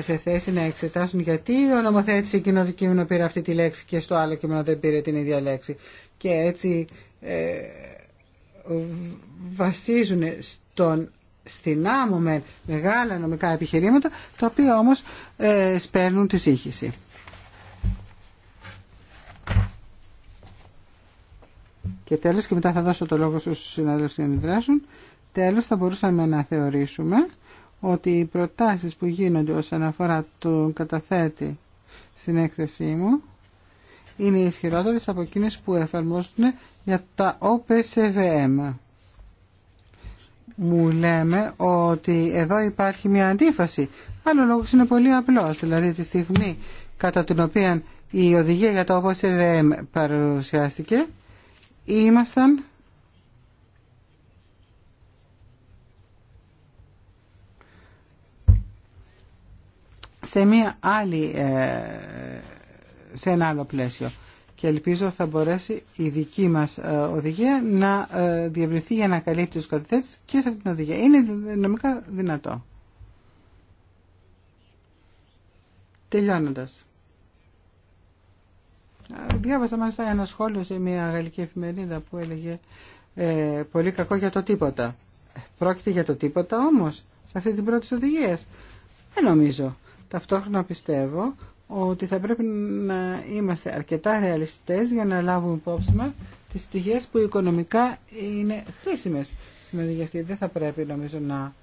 σε θέση να εξετάσουν γιατί ο νομοθέτης εκείνο δικείμενο πήρε αυτή τη λέξη και στο άλλο κείμενο δεν πήρε την ίδια λέξη. Και έτσι ε, βασίζουν στον στην άμμο με μεγάλα νομικά επιχειρήματα, τα οποία όμως ε, σπέρνουν τη σύγχυση. Και τέλος, και μετά θα δώσω το λόγο στους συναδέλφους να αντιδράσουν, τέλος θα μπορούσαμε να θεωρήσουμε ότι οι προτάσεις που γίνονται όσον αφορά τον καταθέτη στην έκθεσή μου είναι ισχυρότερες από εκείνες που εφαρμόζουν για τα OPCVM. Μου λέμε ότι εδώ υπάρχει μια αντίφαση. Άλλο λόγο είναι πολύ απλός, δηλαδή τη στιγμή κατά την οποία η οδηγία για τα OPCVM παρουσιάστηκε, ήμασταν σε μία άλλη ε, σε ένα άλλο πλαίσιο και ελπίζω θα μπορέσει η δική μας ε, οδηγία να ε, διευρυνθεί για να καλύπτει τους καταθέτες και σε αυτή την οδηγία. Είναι νομικά δυνατό. Τελειώνοντας. Διάβασα μάλιστα ένα σχόλιο σε μια γαλλική κατηθετες και σε αυτη την οδηγια ειναι νομικα δυνατο τελειωνοντας διαβασα μαλιστα ενα σχολιο σε μια γαλλικη εφημεριδα που έλεγε ε, πολύ κακό για το τίποτα. Πρόκειται για το τίποτα όμως σε αυτή την πρώτη οδηγία. Δεν νομίζω. Ταυτόχρονα πιστεύω ότι θα πρέπει να είμαστε αρκετά ρεαλιστές για να λάβουμε υπόψη μας τις πτυχές που οικονομικά είναι χρήσιμες. Σημαίνει γιατί δεν θα πρέπει νομίζω να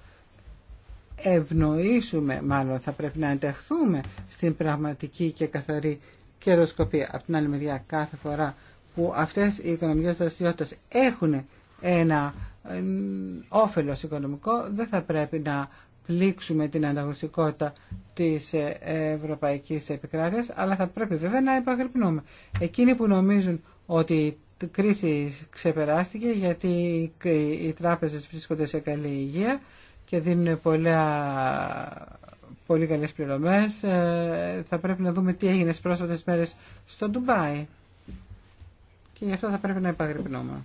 ευνοήσουμε, μάλλον θα πρέπει να εντεχθούμε στην πραγματική και καθαρή κερδοσκοπία. Από την άλλη μεριά κάθε φορά που αυτές οι οικονομικές δραστηριότητες έχουν ένα ε, όφελος οικονομικό δεν θα πρέπει να πλήξουμε την ανταγωνιστικότητα της ε, ευρωπαϊκής επικράτειας, αλλά θα πρέπει βέβαια να επαγρυπνούμε. Εκείνοι που νομίζουν ότι η κρίση ξεπεράστηκε γιατί οι τράπεζες βρίσκονται σε καλή υγεία και δίνουν πολλά, πολύ καλές πληρωμές. Ε, θα πρέπει να δούμε τι έγινε στις πρόσφατες μέρες στο Ντουμπάι. Και γι' αυτό θα πρέπει να επαγρυπνούμε.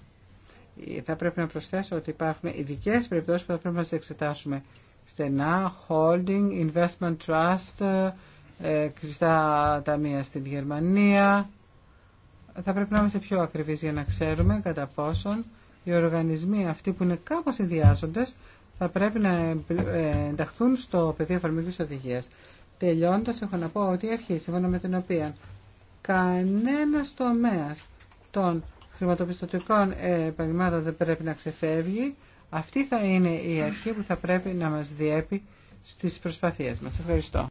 Ε, θα πρέπει να προσθέσω ότι υπάρχουν ειδικέ περιπτώσεις που θα πρέπει να τι εξετάσουμε στενά, holding, investment trust, ε, κρυστά ταμεία στην Γερμανία. Θα πρέπει να είμαστε πιο ακριβείς για να ξέρουμε κατά πόσον οι οργανισμοί αυτοί που είναι κάπως ιδιάζοντες θα πρέπει να ε, ενταχθούν στο πεδίο εφαρμογής οδηγίας. Τελειώντας, έχω να πω ότι η αρχή, σύμφωνα με την οποία κανένας τομέας των χρηματοπιστωτικών επαγγελμάτων δεν πρέπει να ξεφεύγει, αυτή θα είναι η αρχή που θα πρέπει να μας διέπει στις προσπαθίες μας. Ευχαριστώ.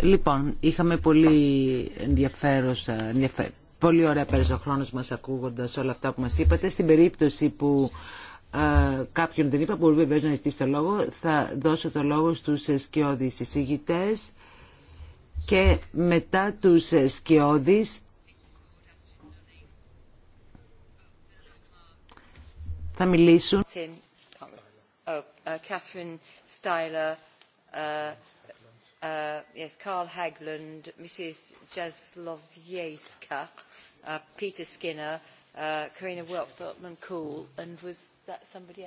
Λοιπόν, είχαμε πολύ ενδιαφέρουσα, πολύ ωραία πέρασε ο χρόνος μας ακούγοντας όλα αυτά που μας είπατε. Στην περίπτωση που κάποιον δεν είπα, μπορεί βεβαίως να ζητήσει το λόγο, θα δώσω το λόγο στους σκιώδεις εισηγητές και μετά τους σκιώδεις θα μιλήσουν. Peter Skinner, Cool, uh, was somebody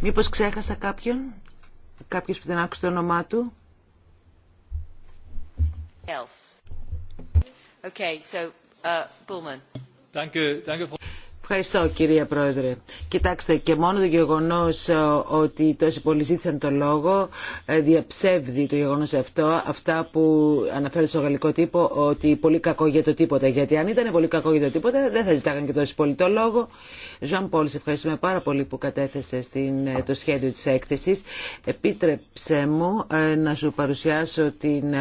Μήπως ξέχασα κάποιον, κάποιος που δεν άκουσε το όνομά του. Okay, so, uh, Ευχαριστώ κυρία Πρόεδρε. Κοιτάξτε και μόνο το γεγονός ε, ότι τόσοι πολλοί ζήτησαν το λόγο ε, διαψεύδει το γεγονός αυτό αυτά που αναφέρει στο γαλλικό τύπο ότι πολύ κακό για το τίποτα. Γιατί αν ήταν πολύ κακό για το τίποτα δεν θα ζητάγαν και τόσοι πολλοί το λόγο. Ζωάν Πόλ, ευχαριστούμε πάρα πολύ που κατέθεσε στην, ε, το σχέδιο της έκθεσης. Επίτρεψε μου να σου παρουσιάσω την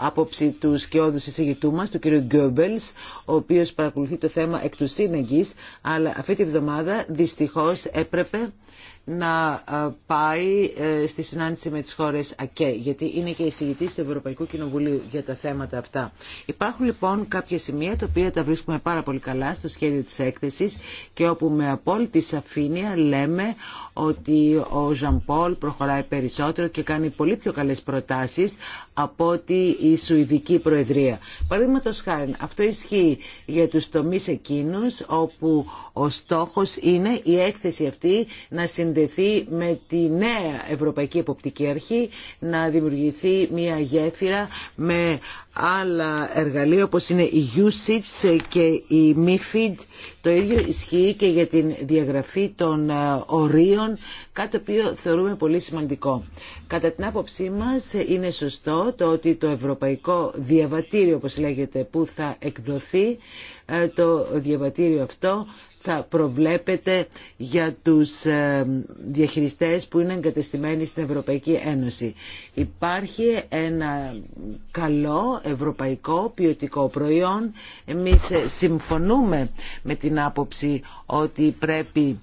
άποψη του σκιώδου συζητητού μας, του κ. Γκέμπελς, ο οποίος παρακολουθεί το θέμα εκ του σύνεγγης, αλλά αυτή τη βδομάδα δυστυχώς έπρεπε να ε, πάει ε, στη συνάντηση με τις χώρες ΑΚΕ, γιατί είναι και εισηγητής του Ευρωπαϊκού Κοινοβουλίου για τα θέματα αυτά. Υπάρχουν λοιπόν κάποια σημεία τα οποία τα βρίσκουμε πάρα πολύ καλά στο σχέδιο της έκθεσης και όπου με απόλυτη σαφήνεια λέμε ότι ο Ζαν Πολ προχωράει περισσότερο και κάνει πολύ πιο καλές προτάσεις από ότι η Σουηδική Προεδρία. Παραδείγματο χάρη, αυτό ισχύει για τους τομείς εκείνους όπου ο στόχος είναι η έκθεση αυτή να συνδέει συνδεθεί με τη νέα Ευρωπαϊκή Εποπτική Αρχή, να δημιουργηθεί μια γέφυρα με άλλα εργαλεία όπως είναι η USITS και η MIFID. Το ίδιο ισχύει και για την διαγραφή των ε, ορίων, κάτι το οποίο θεωρούμε πολύ σημαντικό. Κατά την άποψή μας είναι σωστό το ότι το ευρωπαϊκό διαβατήριο, όπως λέγεται, που θα εκδοθεί, ε, το διαβατήριο αυτό θα προβλέπεται για τους ε, διαχειριστές που είναι εγκατεστημένοι στην Ευρωπαϊκή Ένωση. Υπάρχει ένα καλό ευρωπαϊκό ποιοτικό προϊόν. Εμείς ε, συμφωνούμε με την άποψη ότι πρέπει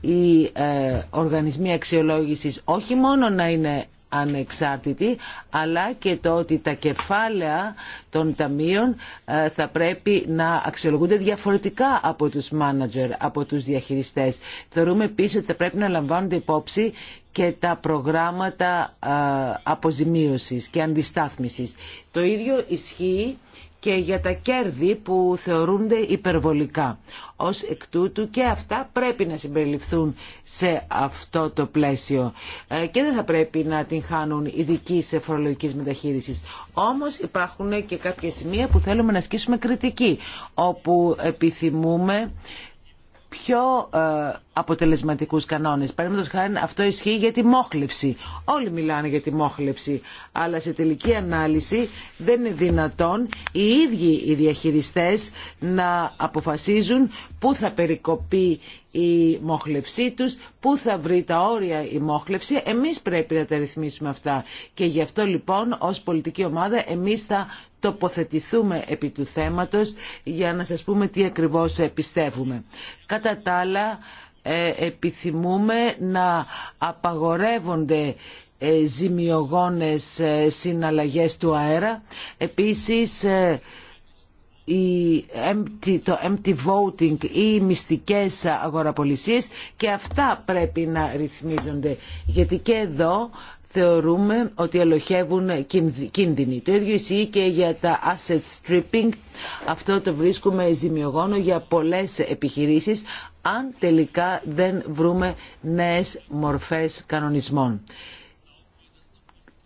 οι ε, οργανισμοί αξιολόγησης όχι μόνο να είναι ανεξάρτητη αλλά και το ότι τα κεφάλαια των ταμείων ε, θα πρέπει να αξιολογούνται διαφορετικά από τους μάνατζερ, από τους διαχειριστές. Θεωρούμε επίσης ότι θα πρέπει να λαμβάνονται υπόψη και τα προγράμματα ε, αποζημίωσης και αντιστάθμισης. Το ίδιο ισχύει και για τα κέρδη που θεωρούνται υπερβολικά. Ως εκ τούτου και αυτά πρέπει να συμπεριληφθούν σε αυτό το πλαίσιο ε, και δεν θα πρέπει να την χάνουν ειδική σε φορολογικής μεταχείρισης. Όμως υπάρχουν και κάποια σημεία που θέλουμε να ασκήσουμε κριτική, όπου επιθυμούμε πιο ε, αποτελεσματικούς κανόνες. Παραδείγματο χάρη αυτό ισχύει για τη μόχλευση. Όλοι μιλάνε για τη μόχλευση, αλλά σε τελική ανάλυση δεν είναι δυνατόν οι ίδιοι οι διαχειριστές να αποφασίζουν πού θα περικοπεί η μόχλευσή τους, πού θα βρει τα όρια η μόχλευση. Εμείς πρέπει να τα ρυθμίσουμε αυτά. Και γι' αυτό λοιπόν ως πολιτική ομάδα εμείς θα τοποθετηθούμε επί του θέματος για να σας πούμε τι ακριβώς ε, πιστεύουμε. Κατά τα άλλα, ε, επιθυμούμε να απαγορεύονται ε, ζημιογόνες ε, συναλλαγές του αέρα. Επίσης, το empty voting ή οι μυστικές αγοραπολισίες και αυτά πρέπει να ρυθμίζονται γιατί και εδώ θεωρούμε ότι ελοχεύουν κίνδυνοι. Το ίδιο ισχύει και για τα asset stripping. Αυτό το βρίσκουμε ζημιογόνο για πολλές επιχειρήσεις αν τελικά δεν βρούμε νέες μορφές κανονισμών.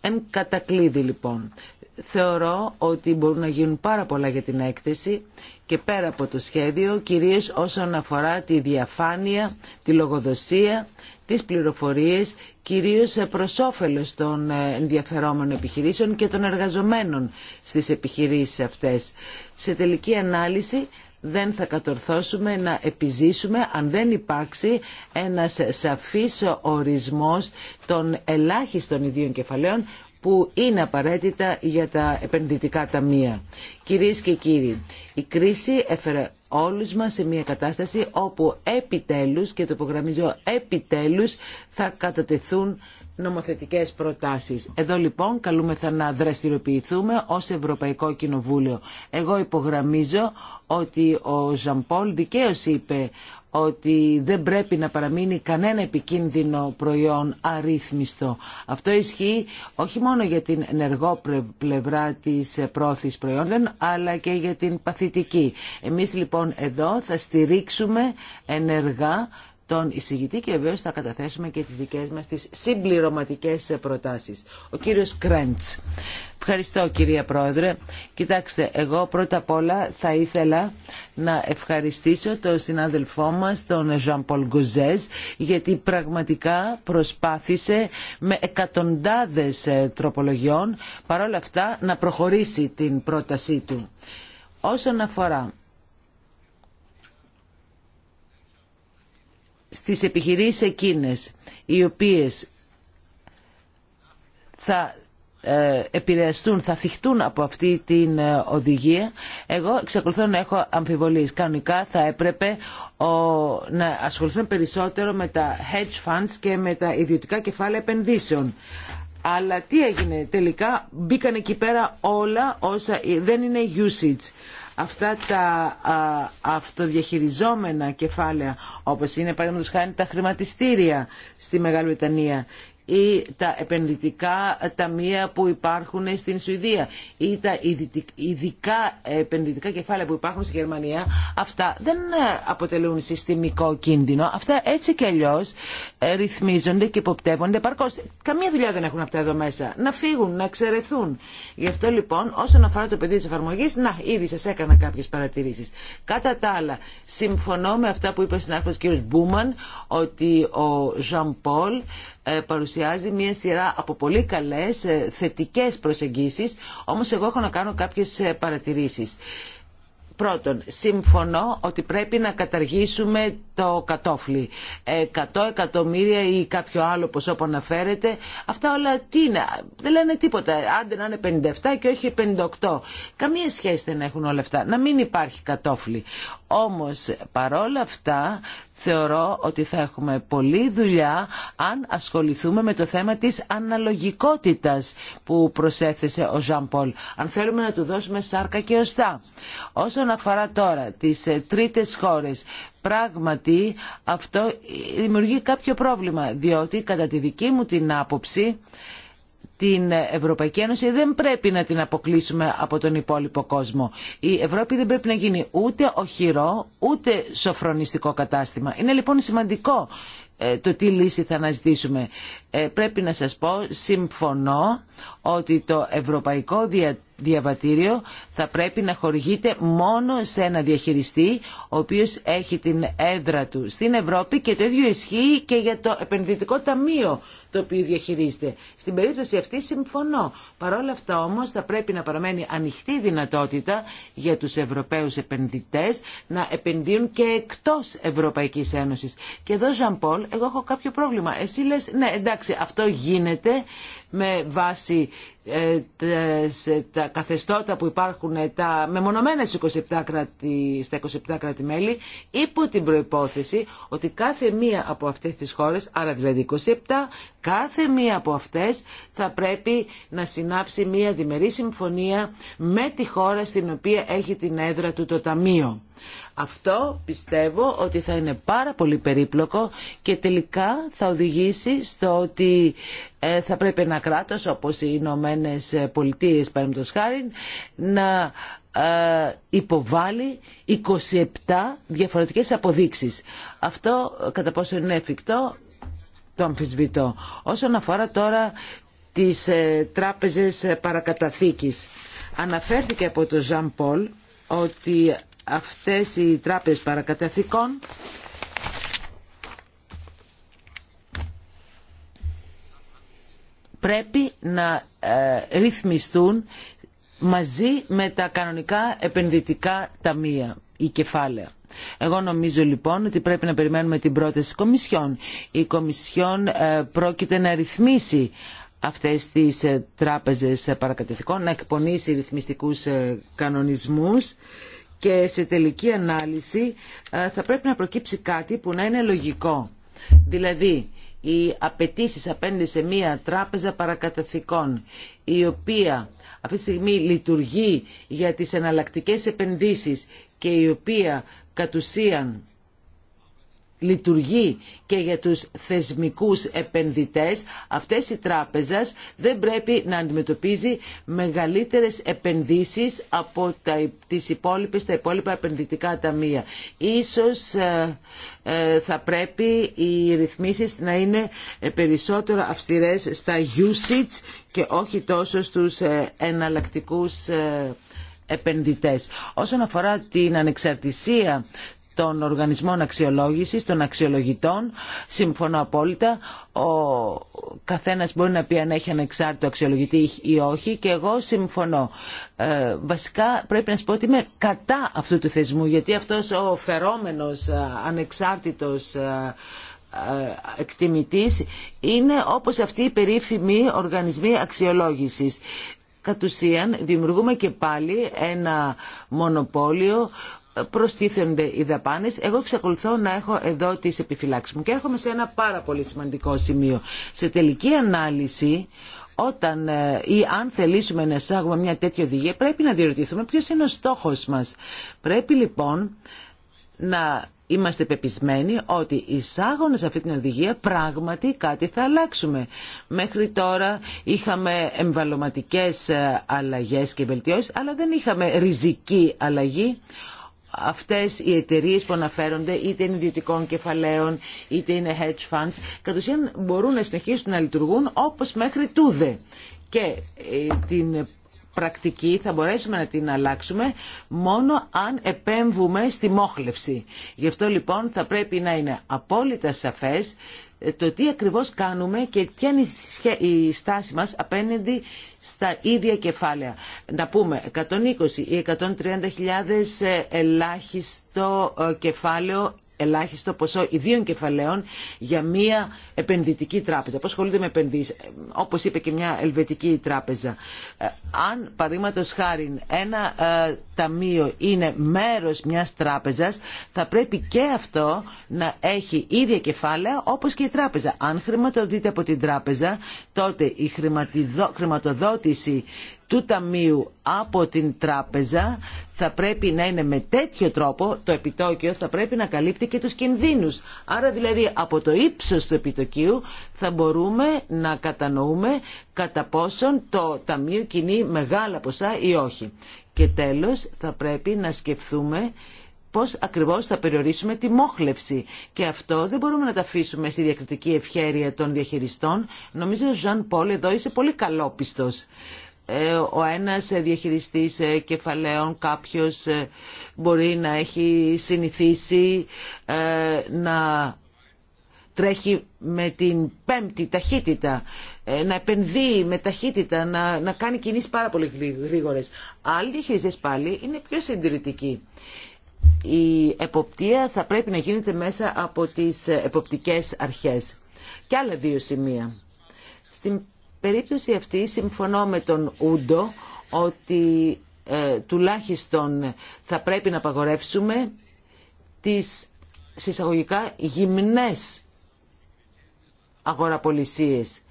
Εν κατακλείδη λοιπόν, θεωρώ ότι μπορούν να γίνουν πάρα πολλά για την έκθεση και πέρα από το σχέδιο, κυρίως όσον αφορά τη διαφάνεια, τη λογοδοσία, τις πληροφορίες, κυρίως προς όφελος των ε, ενδιαφερόμενων επιχειρήσεων και των εργαζομένων στις επιχειρήσεις αυτές. Σε τελική ανάλυση δεν θα κατορθώσουμε να επιζήσουμε αν δεν υπάρξει ένας σαφής ορισμός των ελάχιστων ιδίων κεφαλαίων που είναι απαραίτητα για τα επενδυτικά ταμεία. Κυρίες και κύριοι, η κρίση έφερε όλους μας σε μια κατάσταση όπου επιτέλους, και το υπογραμμίζω επιτέλους, θα κατατεθούν νομοθετικές προτάσεις. Εδώ λοιπόν καλούμεθα να δραστηριοποιηθούμε ως Ευρωπαϊκό Κοινοβούλιο. Εγώ υπογραμμίζω ότι ο Ζαμπόλ δικαίως είπε ότι δεν πρέπει να παραμείνει κανένα επικίνδυνο προϊόν αρρύθμιστο. Αυτό ισχύει όχι μόνο για την ενεργό πλευρά της πρόθεσης προϊόντων, αλλά και για την παθητική. Εμείς λοιπόν εδώ θα στηρίξουμε ενεργά τον εισηγητή και βεβαίω θα καταθέσουμε και τις δικές μας τις συμπληρωματικές προτάσεις. Ο κύριος Κρέντς. Ευχαριστώ κυρία Πρόεδρε. Κοιτάξτε, εγώ πρώτα απ' όλα θα ήθελα να ευχαριστήσω τον συνάδελφό μας, τον Ζαν Πολ Γκουζές, γιατί πραγματικά προσπάθησε με εκατοντάδες ε, τροπολογιών παρόλα αυτά να προχωρήσει την πρότασή του. Όσον αφορά στις επιχειρήσεις εκείνες οι οποίες θα ε, επηρεαστούν, θα θυχτούν από αυτή την ε, οδηγία εγώ εξακολουθώ να έχω αμφιβολίες κανονικά θα έπρεπε να ασχοληθούμε περισσότερο με τα hedge funds και με τα ιδιωτικά κεφάλαια επενδύσεων αλλά τι έγινε τελικά μπήκαν εκεί πέρα όλα όσα ε, δεν είναι usage αυτά τα αυτοδιαχειριζόμενα κεφάλαια όπως είναι παραδείγματος χάρη τα χρηματιστήρια στη Μεγάλη Βρετανία ή τα επενδυτικά ταμεία που υπάρχουν στην Σουηδία ή τα ειδικά επενδυτικά κεφάλαια που υπάρχουν στη Γερμανία, αυτά δεν αποτελούν συστημικό κίνδυνο. Αυτά έτσι και αλλιώ ε, ρυθμίζονται και υποπτεύονται παρκώ. Καμία δουλειά δεν έχουν αυτά εδώ μέσα. Να φύγουν, να εξαιρεθούν. Γι' αυτό λοιπόν, όσον αφορά το πεδίο τη εφαρμογή, να, ήδη σα έκανα κάποιε παρατηρήσει. Κατά τα άλλα, συμφωνώ με αυτά που είπε ο συνάδελφο κ. Μπούμαν, ότι ο Ζαν Πολ ε, παρουσιάζει μια σειρά από πολύ καλές ε, θετικές προσεγγίσεις, όμως εγώ έχω να κάνω κάποιες ε, παρατηρήσεις. Πρώτον, συμφωνώ ότι πρέπει να καταργήσουμε το κατόφλι. 100 εκατομμύρια ή κάποιο άλλο ποσό που αναφέρεται. Αυτά όλα τι είναι, δεν λένε τίποτα. Άντε να είναι 57 και όχι 58. Καμία σχέση δεν έχουν όλα αυτά. Να μην υπάρχει κατόφλι. Όμως παρόλα αυτά θεωρώ ότι θα έχουμε πολλή δουλειά αν ασχοληθούμε με το θέμα της αναλογικότητας που προσέθεσε ο Ζαν Πολ. Αν θέλουμε να του δώσουμε σάρκα και οστά. Όσον αφορά τώρα τις ε, τρίτες χώρες, πράγματι αυτό δημιουργεί κάποιο πρόβλημα, διότι κατά τη δική μου την άποψη την Ευρωπαϊκή Ένωση δεν πρέπει να την αποκλείσουμε από τον υπόλοιπο κόσμο. Η Ευρώπη δεν πρέπει να γίνει ούτε οχυρό ούτε σοφρονιστικό κατάστημα. Είναι λοιπόν σημαντικό ε, το τι λύση θα αναζητήσουμε. Ε, πρέπει να σας πω, συμφωνώ ότι το Ευρωπαϊκό Διαβατήριο θα πρέπει να χορηγείται μόνο σε ένα διαχειριστή ο οποίος έχει την έδρα του στην Ευρώπη και το ίδιο ισχύει και για το επενδυτικό ταμείο το οποίο διαχειρίζεται. Στην περίπτωση αυτή συμφωνώ. Παρ' όλα αυτά όμως θα πρέπει να παραμένει ανοιχτή δυνατότητα για τους Ευρωπαίους επενδυτές να επενδύουν και εκτός Ευρωπαϊκής Ένωσης. Και εδώ εγώ έχω κάποιο πρόβλημα. Εσύ λες, ναι εντάξει αυτό γίνεται με βάση ε, τα καθεστώτα που υπάρχουν ε, τα μεμονωμένα 27 στα 27 κράτη-μέλη υπό την προϋπόθεση ότι κάθε μία από αυτές τις χώρες, άρα δηλαδή 27, κάθε μία από αυτές θα πρέπει να συνάψει μία διμερή συμφωνία με τη χώρα στην οποία έχει την έδρα του το Ταμείο. Αυτό πιστεύω ότι θα είναι πάρα πολύ περίπλοκο και τελικά θα οδηγήσει στο ότι ε, θα πρέπει ένα κράτος όπως οι Ηνωμένε Πολιτείες παραδείγματο χάρη να ε, υποβάλει 27 διαφορετικές αποδείξεις. Αυτό κατά πόσο είναι εφικτό το αμφισβητώ. Όσον αφορά τώρα τις ε, τράπεζες παρακαταθήκης. Αναφέρθηκε από τον Ζαν Πολ ότι αυτές οι τράπεζες παρακαταθήκων πρέπει να ε, ρυθμιστούν μαζί με τα κανονικά επενδυτικά ταμεία ή κεφάλαια. Εγώ νομίζω λοιπόν ότι πρέπει να περιμένουμε την πρόταση της Κομισιόν. Η Κομισιόν ε, πρόκειται να ρυθμίσει αυτές τις ε, τράπεζες παρακατευτικών, να εκπονήσει ρυθμιστικούς κανονισμούς και σε τελική ανάλυση θα πρέπει να προκύψει κάτι που να είναι λογικό. Δηλαδή οι απαιτήσει απέναντι σε μια τράπεζα παρακαταθήκων η οποία αυτή τη στιγμή λειτουργεί για τις εναλλακτικές επενδύσεις και η οποία κατ' ουσίαν λειτουργεί και για τους θεσμικούς επενδυτές, αυτές οι τράπεζες δεν πρέπει να αντιμετωπίζει μεγαλύτερες επενδύσεις από τα, τις υπόλοιπες, τα υπόλοιπα επενδυτικά ταμεία. Ίσως ε, ε, θα πρέπει οι ρυθμίσεις να είναι ε, περισσότερο αυστηρές στα usage και όχι τόσο στους εναλλακτικούς επενδυτές. Όσον αφορά την ανεξαρτησία των οργανισμών αξιολόγησης, των αξιολογητών. Συμφωνώ απόλυτα. Ο καθένας μπορεί να πει αν έχει ανεξάρτητο αξιολογητή ή όχι και εγώ συμφωνώ. Ε, βασικά πρέπει να σας πω ότι είμαι κατά αυτού του θεσμού γιατί αυτός ο φερόμενος ε, ανεξάρτητος ε, εκτιμητής είναι όπως αυτη οι περίφημοι οργανισμοί αξιολόγησης. Κατ' ουσίαν δημιουργούμε και πάλι ένα μονοπόλιο προστίθενται οι δαπάνε. Εγώ εξακολουθώ να έχω εδώ τι επιφυλάξει. μου και έρχομαι σε ένα πάρα πολύ σημαντικό σημείο. Σε τελική ανάλυση όταν ε, ή αν θελήσουμε να εισάγουμε μια τέτοια οδηγία πρέπει να διερωτηθούμε ποιο είναι ο στόχο μα. Πρέπει λοιπόν να είμαστε πεπισμένοι ότι εισάγοντα αυτή την οδηγία πράγματι κάτι θα αλλάξουμε. Μέχρι τώρα είχαμε εμβαλωματικές ε, αλλαγές και βελτιώσεις αλλά δεν είχαμε ριζική αλλαγή αυτές οι εταιρείε που αναφέρονται, είτε είναι ιδιωτικών κεφαλαίων, είτε είναι hedge funds, κατ' ουσίαν μπορούν να συνεχίσουν να λειτουργούν όπως μέχρι τούδε. Και ε, την πρακτική θα μπορέσουμε να την αλλάξουμε μόνο αν επέμβουμε στη μόχλευση. Γι' αυτό λοιπόν θα πρέπει να είναι απόλυτα σαφές το τι ακριβώς κάνουμε και ποια είναι η στάση μας απέναντι στα ίδια κεφάλαια. Να πούμε 120 ή 130 χιλιάδες ε, ελάχιστο ε, κεφάλαιο ελάχιστο ποσό ιδίων κεφαλαίων για μια επενδυτική τράπεζα Πώς ασχολούνται με επενδύσεις, όπως είπε και μια ελβετική τράπεζα. Ε, αν, παραδείγματο χάρη, ένα ε, ταμείο είναι μέρος μιας τράπεζας, θα πρέπει και αυτό να έχει ίδια κεφάλαια όπως και η τράπεζα. Αν χρηματοδοτείται από την τράπεζα, τότε η χρηματοδότηση του Ταμείου από την Τράπεζα θα πρέπει να είναι με τέτοιο τρόπο το επιτόκιο θα πρέπει να καλύπτει και τους κινδύνους. Άρα δηλαδή από το ύψος του επιτοκίου θα μπορούμε να κατανοούμε κατά πόσον το Ταμείο κινεί μεγάλα ποσά ή όχι. Και τέλος θα πρέπει να σκεφτούμε πώς ακριβώς θα περιορίσουμε τη μόχλευση. Και αυτό δεν μπορούμε να τα αφήσουμε στη διακριτική ευχέρεια των διαχειριστών. Νομίζω ο Ζαν Πολ εδώ είσαι πολύ καλόπιστος. Ε, ο ένας διαχειριστής ε, κεφαλαίων, κάποιος ε, μπορεί να έχει συνηθίσει να τρέχει με την πέμπτη ταχύτητα, να επενδύει με ταχύτητα, να, να κάνει κινήσεις πάρα πολύ γρήγορες. Άλλοι διαχειριστές πάλι είναι πιο συντηρητικοί. Η εποπτεία θα πρέπει να γίνεται μέσα από τις εποπτικές αρχές. Και άλλα δύο σημεία. Στην περίπτωση αυτή συμφωνώ με τον Ούντο ότι ε, τουλάχιστον θα πρέπει να απαγορεύσουμε τις συσσαγωγικά γυμνές αγοραπολισίες.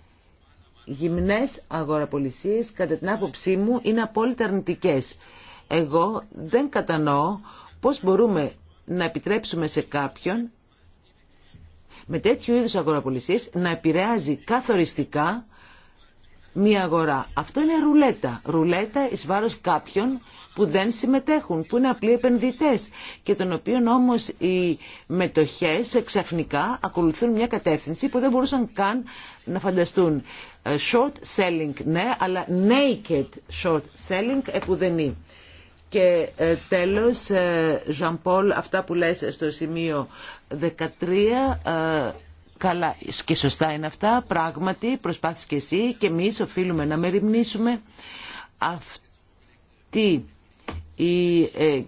Γυμνές αγοραπολισίες κατά την άποψή μου είναι απόλυτα αρνητικές. Εγώ δεν κατανοώ πώς μπορούμε να επιτρέψουμε σε κάποιον με τέτοιου είδους αγοραπολισίες να επηρεάζει καθοριστικά μία αγορά. Αυτό είναι ρουλέτα. Ρουλέτα εις βάρος κάποιων που δεν συμμετέχουν, που είναι απλοί επενδυτές και των οποίων όμως οι μετοχές ξαφνικά ακολουθούν μια κατεύθυνση που δεν μπορούσαν καν να φανταστούν. Ε, short selling, ναι, αλλά naked short selling επουδενή. Και ε, τέλος, ε, Jean αυτά που λες στο σημείο 13 Καλά και σωστά είναι αυτά, πράγματι προσπάθησε και εσύ και εμείς οφείλουμε να μεριμνήσουμε αυτή ε,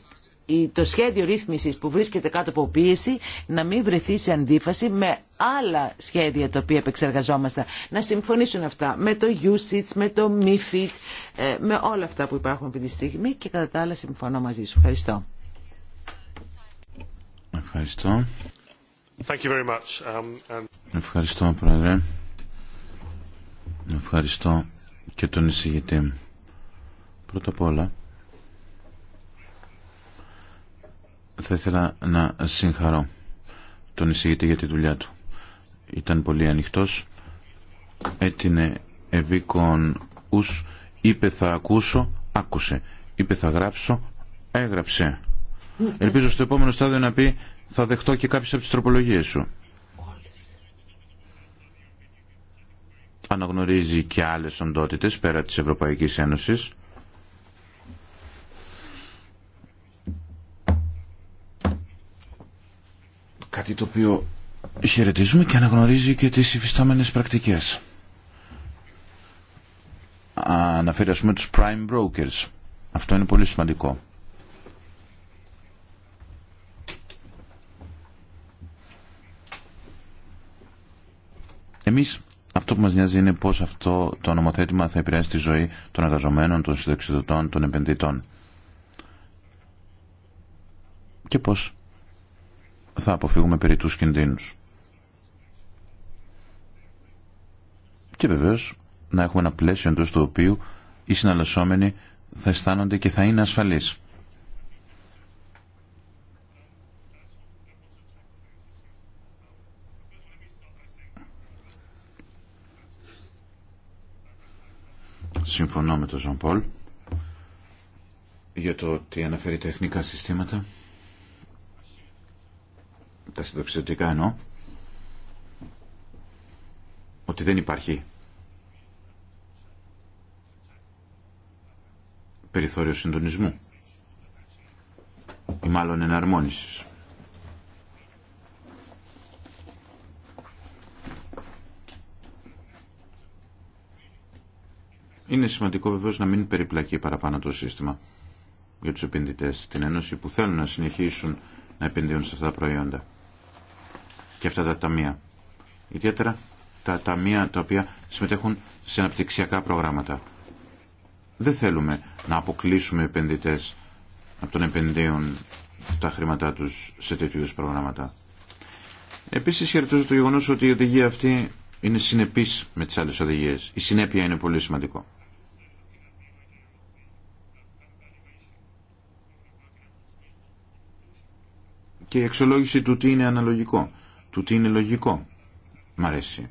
η, το σχέδιο ρύθμισης που βρίσκεται κάτω από πίεση να μην βρεθεί σε αντίφαση με άλλα σχέδια τα οποία επεξεργαζόμαστε. Να συμφωνήσουν αυτά με το usage, με το MIFID, ε, με όλα αυτά που υπάρχουν αυτή τη στιγμή και κατά τα άλλα συμφωνώ μαζί σου. Ευχαριστώ. Ευχαριστώ. Um, Ευχαριστώ, Πρόεδρε. Ευχαριστώ και τον εισηγητή μου. Πρώτα απ' όλα, θα ήθελα να συγχαρώ τον εισηγητή για τη δουλειά του. Ήταν πολύ ανοιχτός, έτεινε ευήκον ους, είπε θα ακούσω, άκουσε. Είπε θα γράψω, έγραψε. Ελπίζω στο επόμενο στάδιο να πει θα δεχτώ και κάποιες από τις τροπολογίες σου. Αναγνωρίζει και άλλες οντότητες πέρα της Ευρωπαϊκής Ένωσης. Κάτι το οποίο χαιρετίζουμε και αναγνωρίζει και τις υφιστάμενες πρακτικές. Αναφέρει ας πούμε τους prime brokers. Αυτό είναι πολύ σημαντικό. Εμείς αυτό που μας νοιάζει είναι πώς αυτό το νομοθέτημα θα επηρεάσει τη ζωή των εργαζομένων, των συνταξιδοτών, των επενδυτών. Και πώς θα αποφύγουμε περί του κινδύνου. Και βεβαίω, να έχουμε ένα πλαίσιο εντό του οποίου οι συναλλασσόμενοι θα αισθάνονται και θα είναι ασφαλείς. Συμφωνώ με τον Ζων Πολ για το ότι αναφέρει τα εθνικά συστήματα τα συντοξιδοτικά εννοώ ότι δεν υπάρχει περιθώριο συντονισμού ή μάλλον εναρμόνισης. Είναι σημαντικό βεβαίω να μην περιπλακεί παραπάνω το σύστημα για τους επενδυτές στην Ένωση που θέλουν να συνεχίσουν να επενδύουν σε αυτά τα προϊόντα και αυτά τα ταμεία. Ιδιαίτερα τα ταμεία τα οποία συμμετέχουν σε αναπτυξιακά προγράμματα. Δεν θέλουμε να αποκλείσουμε επενδυτές από τον επενδύουν τα χρήματά τους σε τέτοιου προγράμματα. Επίση χαιρετίζω το γεγονό ότι η οδηγία αυτή είναι συνεπής με τις άλλες οδηγίες. Η συνέπεια είναι πολύ σημαντικό. και η εξολόγηση του τι είναι αναλογικό, του τι είναι λογικό. Μ' αρέσει.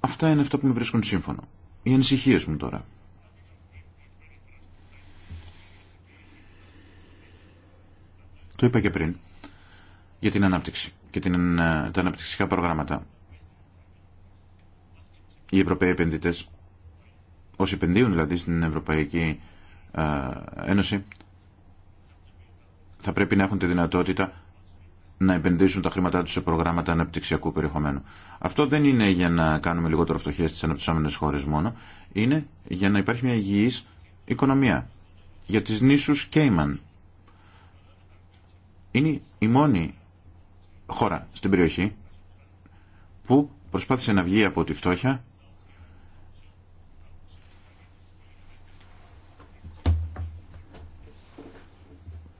Αυτά είναι αυτά που με βρίσκουν σύμφωνο. Οι ανησυχίε μου τώρα. Το είπα και πριν για την ανάπτυξη και την, ε, τα αναπτυξιακά προγράμματα. Οι Ευρωπαίοι επενδυτές ...ως επενδύουν δηλαδή στην Ευρωπαϊκή Ένωση θα πρέπει να έχουν τη δυνατότητα να επενδύσουν τα χρήματά τους σε προγράμματα αναπτυξιακού περιεχομένου. Αυτό δεν είναι για να κάνουμε λιγότερο φτωχές στις αναπτυσσόμενες χώρες μόνο, είναι για να υπάρχει μια υγιής οικονομία. Για τις νήσους Κέιμαν είναι η μόνη χώρα στην περιοχή που προσπάθησε να βγει από τη φτώχεια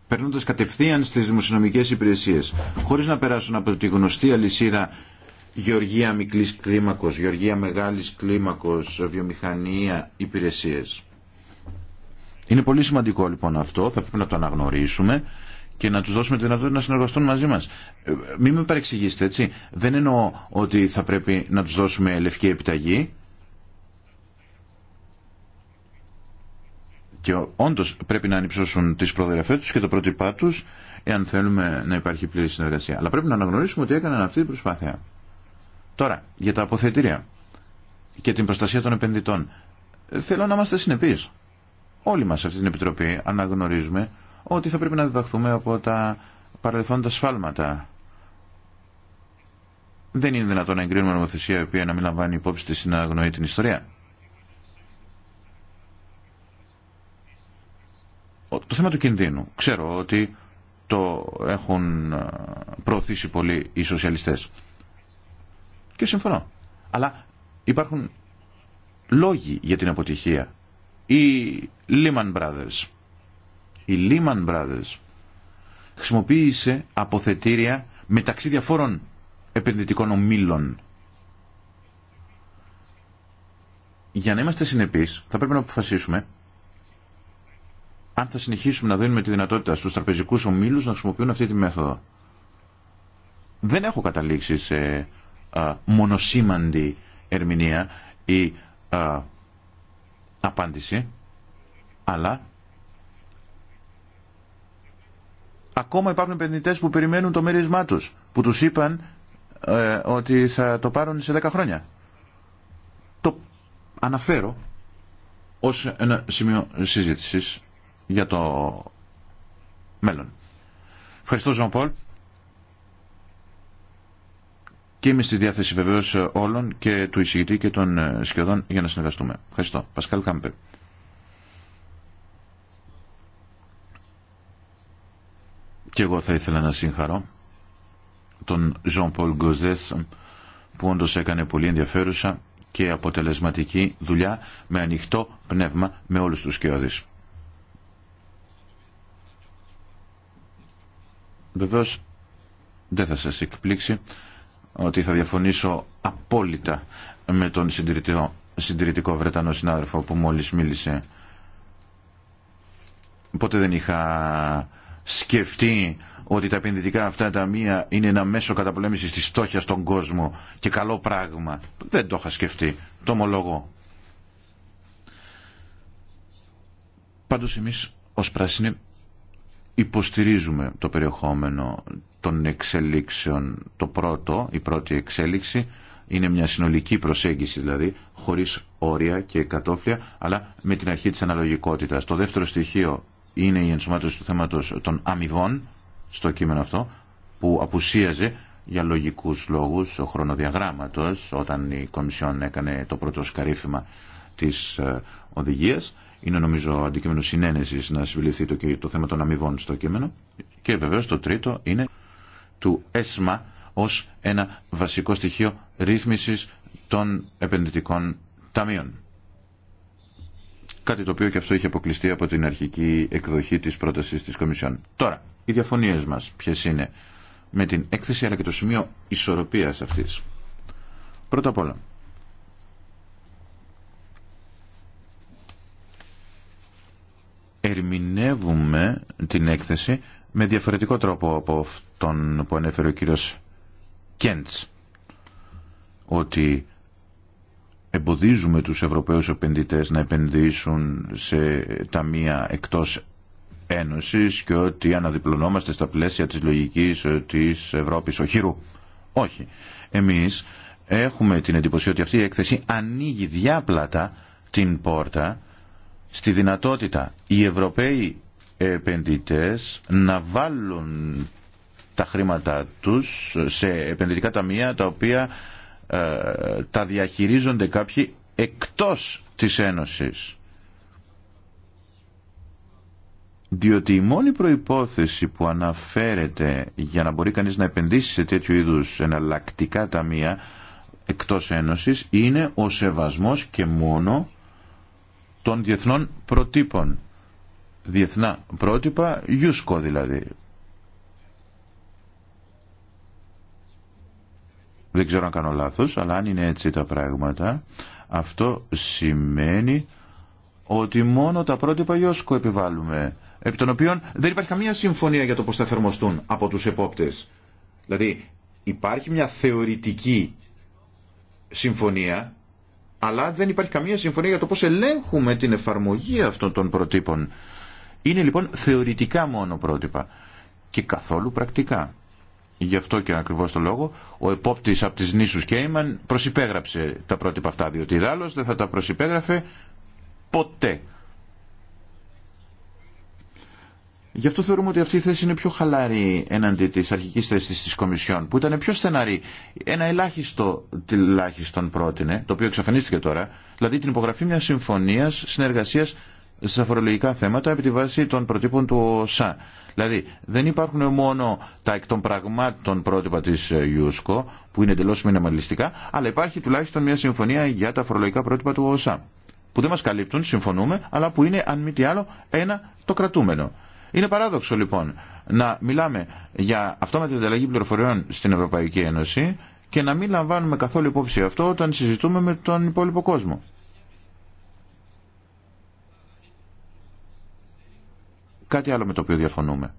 περνώντας κατευθείαν στις δημοσιονομικέ υπηρεσίες, χωρίς να περάσουν από τη γνωστή αλυσίδα γεωργία μικρή κλίμακο, γεωργία μεγάλης κλίμακο, βιομηχανία, υπηρεσίες. Είναι πολύ σημαντικό λοιπόν αυτό, θα πρέπει να το αναγνωρίσουμε και να τους δώσουμε τη δυνατότητα να συνεργαστούν μαζί μας. Ε, Μην με παρεξηγήσετε, έτσι. Δεν εννοώ ότι θα πρέπει να του δώσουμε λευκή επιταγή, και όντω πρέπει να ανυψώσουν τι προδιαγραφέ του και το πρότυπά του εάν θέλουμε να υπάρχει πλήρη συνεργασία. Αλλά πρέπει να αναγνωρίσουμε ότι έκαναν αυτή την προσπάθεια. Τώρα, για τα αποθετήρια και την προστασία των επενδυτών. Θέλω να είμαστε συνεπεί. Όλοι μα σε αυτή την Επιτροπή αναγνωρίζουμε ότι θα πρέπει να διδαχθούμε από τα παρελθόντα σφάλματα. Δεν είναι δυνατόν να εγκρίνουμε νομοθεσία η οποία να μην λαμβάνει υπόψη τη να την ιστορία. Το θέμα του κινδύνου. Ξέρω ότι το έχουν ε, προωθήσει πολύ οι σοσιαλιστές. Και συμφωνώ. Αλλά υπάρχουν λόγοι για την αποτυχία. Οι Lehman Brothers. Οι Lehman Brothers χρησιμοποίησε αποθετήρια μεταξύ διαφόρων επενδυτικών ομίλων. Για να είμαστε συνεπείς, θα πρέπει να αποφασίσουμε αν θα συνεχίσουμε να δίνουμε τη δυνατότητα στους τραπεζικούς ομίλους να χρησιμοποιούν αυτή τη μέθοδο. Δεν έχω καταλήξει σε α, μονοσήμαντη ερμηνεία ή απάντηση, αλλά ακόμα υπάρχουν επενδυτές που περιμένουν το μερισμά τους, που τους είπαν ε, ότι θα το πάρουν σε 10 χρόνια. Το αναφέρω ως ένα σημείο συζήτησης για το μέλλον. Ευχαριστώ, Ζων Πολ. Και είμαι στη διάθεση βεβαίω όλων και του εισηγητή και των ε, σχεδόν για να συνεργαστούμε. Ευχαριστώ. Πασκάλ Κάμπερ. Και εγώ θα ήθελα να συγχαρώ τον Ζων Πολ Γκοζέθ που όντως έκανε πολύ ενδιαφέρουσα και αποτελεσματική δουλειά με ανοιχτό πνεύμα με όλους τους σκιώδεις. Βεβαίω, δεν θα σα εκπλήξει ότι θα διαφωνήσω απόλυτα με τον συντηρητικό, Βρετανό συνάδελφο που μόλις μίλησε. Ποτέ δεν είχα σκεφτεί ότι τα επενδυτικά αυτά τα μία είναι ένα μέσο καταπολέμησης της στόχιας στον κόσμο και καλό πράγμα. Δεν το είχα σκεφτεί. Το ομολογώ. Πάντως εμείς ως πράσινοι υποστηρίζουμε το περιεχόμενο των εξελίξεων. Το πρώτο, η πρώτη εξέλιξη είναι μια συνολική προσέγγιση δηλαδή, χωρίς όρια και κατόφλια, αλλά με την αρχή της αναλογικότητας. Το δεύτερο στοιχείο είναι η ενσωμάτωση του θέματος των αμοιβών στο κείμενο αυτό, που απουσίαζε για λογικούς λόγους ο χρονοδιαγράμματος όταν η Κομισιόν έκανε το πρώτο σκαρίφημα της ε, οδηγίας είναι νομίζω αντικείμενο συνένεση να συμβληθεί το, το θέμα των αμοιβών στο κείμενο. Και βεβαίω το τρίτο είναι του ΕΣΜΑ ω ένα βασικό στοιχείο ρύθμιση των επενδυτικών ταμείων. Κάτι το οποίο και αυτό είχε αποκλειστεί από την αρχική εκδοχή της πρόταση της Κομισιόν. Τώρα, οι διαφωνίες μας ποιε είναι με την έκθεση αλλά και το σημείο ισορροπία αυτή. Πρώτα απ' όλα, ερμηνεύουμε την έκθεση με διαφορετικό τρόπο από αυτόν που ανέφερε ο κύριος Κέντς ότι εμποδίζουμε τους Ευρωπαίους επενδυτές να επενδύσουν σε ταμεία εκτός Ένωσης και ότι αναδιπλωνόμαστε στα πλαίσια της λογικής της Ευρώπης οχυρού. Όχι. Εμείς έχουμε την εντυπωσία ότι αυτή η έκθεση ανοίγει διάπλατα την πόρτα στη δυνατότητα οι Ευρωπαίοι επενδυτές να βάλουν τα χρήματά τους σε επενδυτικά ταμεία τα οποία ε, τα διαχειρίζονται κάποιοι εκτός της Ένωσης. Διότι η μόνη προϋπόθεση που αναφέρεται για να μπορεί κανείς να επενδύσει σε τέτοιου είδους εναλλακτικά ταμεία εκτός Ένωσης είναι ο σεβασμός και μόνο των διεθνών προτύπων. Διεθνά πρότυπα, γιούσκο δηλαδή. Δεν ξέρω αν κάνω λάθος, αλλά αν είναι έτσι τα πράγματα, αυτό σημαίνει ότι μόνο τα πρότυπα γιούσκο επιβάλλουμε, επί των οποίων δεν υπάρχει καμία συμφωνία για το πώς θα εφαρμοστούν από τους επόπτες. Δηλαδή υπάρχει μια θεωρητική συμφωνία αλλά δεν υπάρχει καμία συμφωνία για το πώς ελέγχουμε την εφαρμογή αυτών των προτύπων. Είναι λοιπόν θεωρητικά μόνο πρότυπα και καθόλου πρακτικά. Γι' αυτό και ακριβώ το λόγο, ο επόπτης από τι νήσου Κέιμαν προσυπέγραψε τα πρότυπα αυτά, διότι ιδάλω δεν θα τα προσυπέγραφε ποτέ. Γι' αυτό θεωρούμε ότι αυτή η θέση είναι πιο χαλαρή εναντί τη αρχική θέση τη Κομισιόν, που ήταν πιο στεναρή. Ένα ελάχιστο τουλάχιστον πρότεινε, το οποίο εξαφανίστηκε τώρα, δηλαδή την υπογραφή μια συμφωνία συνεργασία στα φορολογικά θέματα επί τη βάση των προτύπων του ΟΣΑ. Δηλαδή δεν υπάρχουν μόνο τα εκ των πραγμάτων πρότυπα τη Ιούσκο που είναι εντελώ μινεμαλιστικά αλλά υπάρχει τουλάχιστον μια συμφωνία για τα φορολογικά πρότυπα του ΟΣΑ που δεν μα καλύπτουν, συμφωνούμε, αλλά που είναι αν μη τι άλλο ένα το κρατούμενο. Είναι παράδοξο λοιπόν να μιλάμε για αυτό με την ανταλλαγή πληροφοριών στην Ευρωπαϊκή Ένωση και να μην λαμβάνουμε καθόλου υπόψη αυτό όταν συζητούμε με τον υπόλοιπο κόσμο. Κάτι άλλο με το οποίο διαφωνούμε.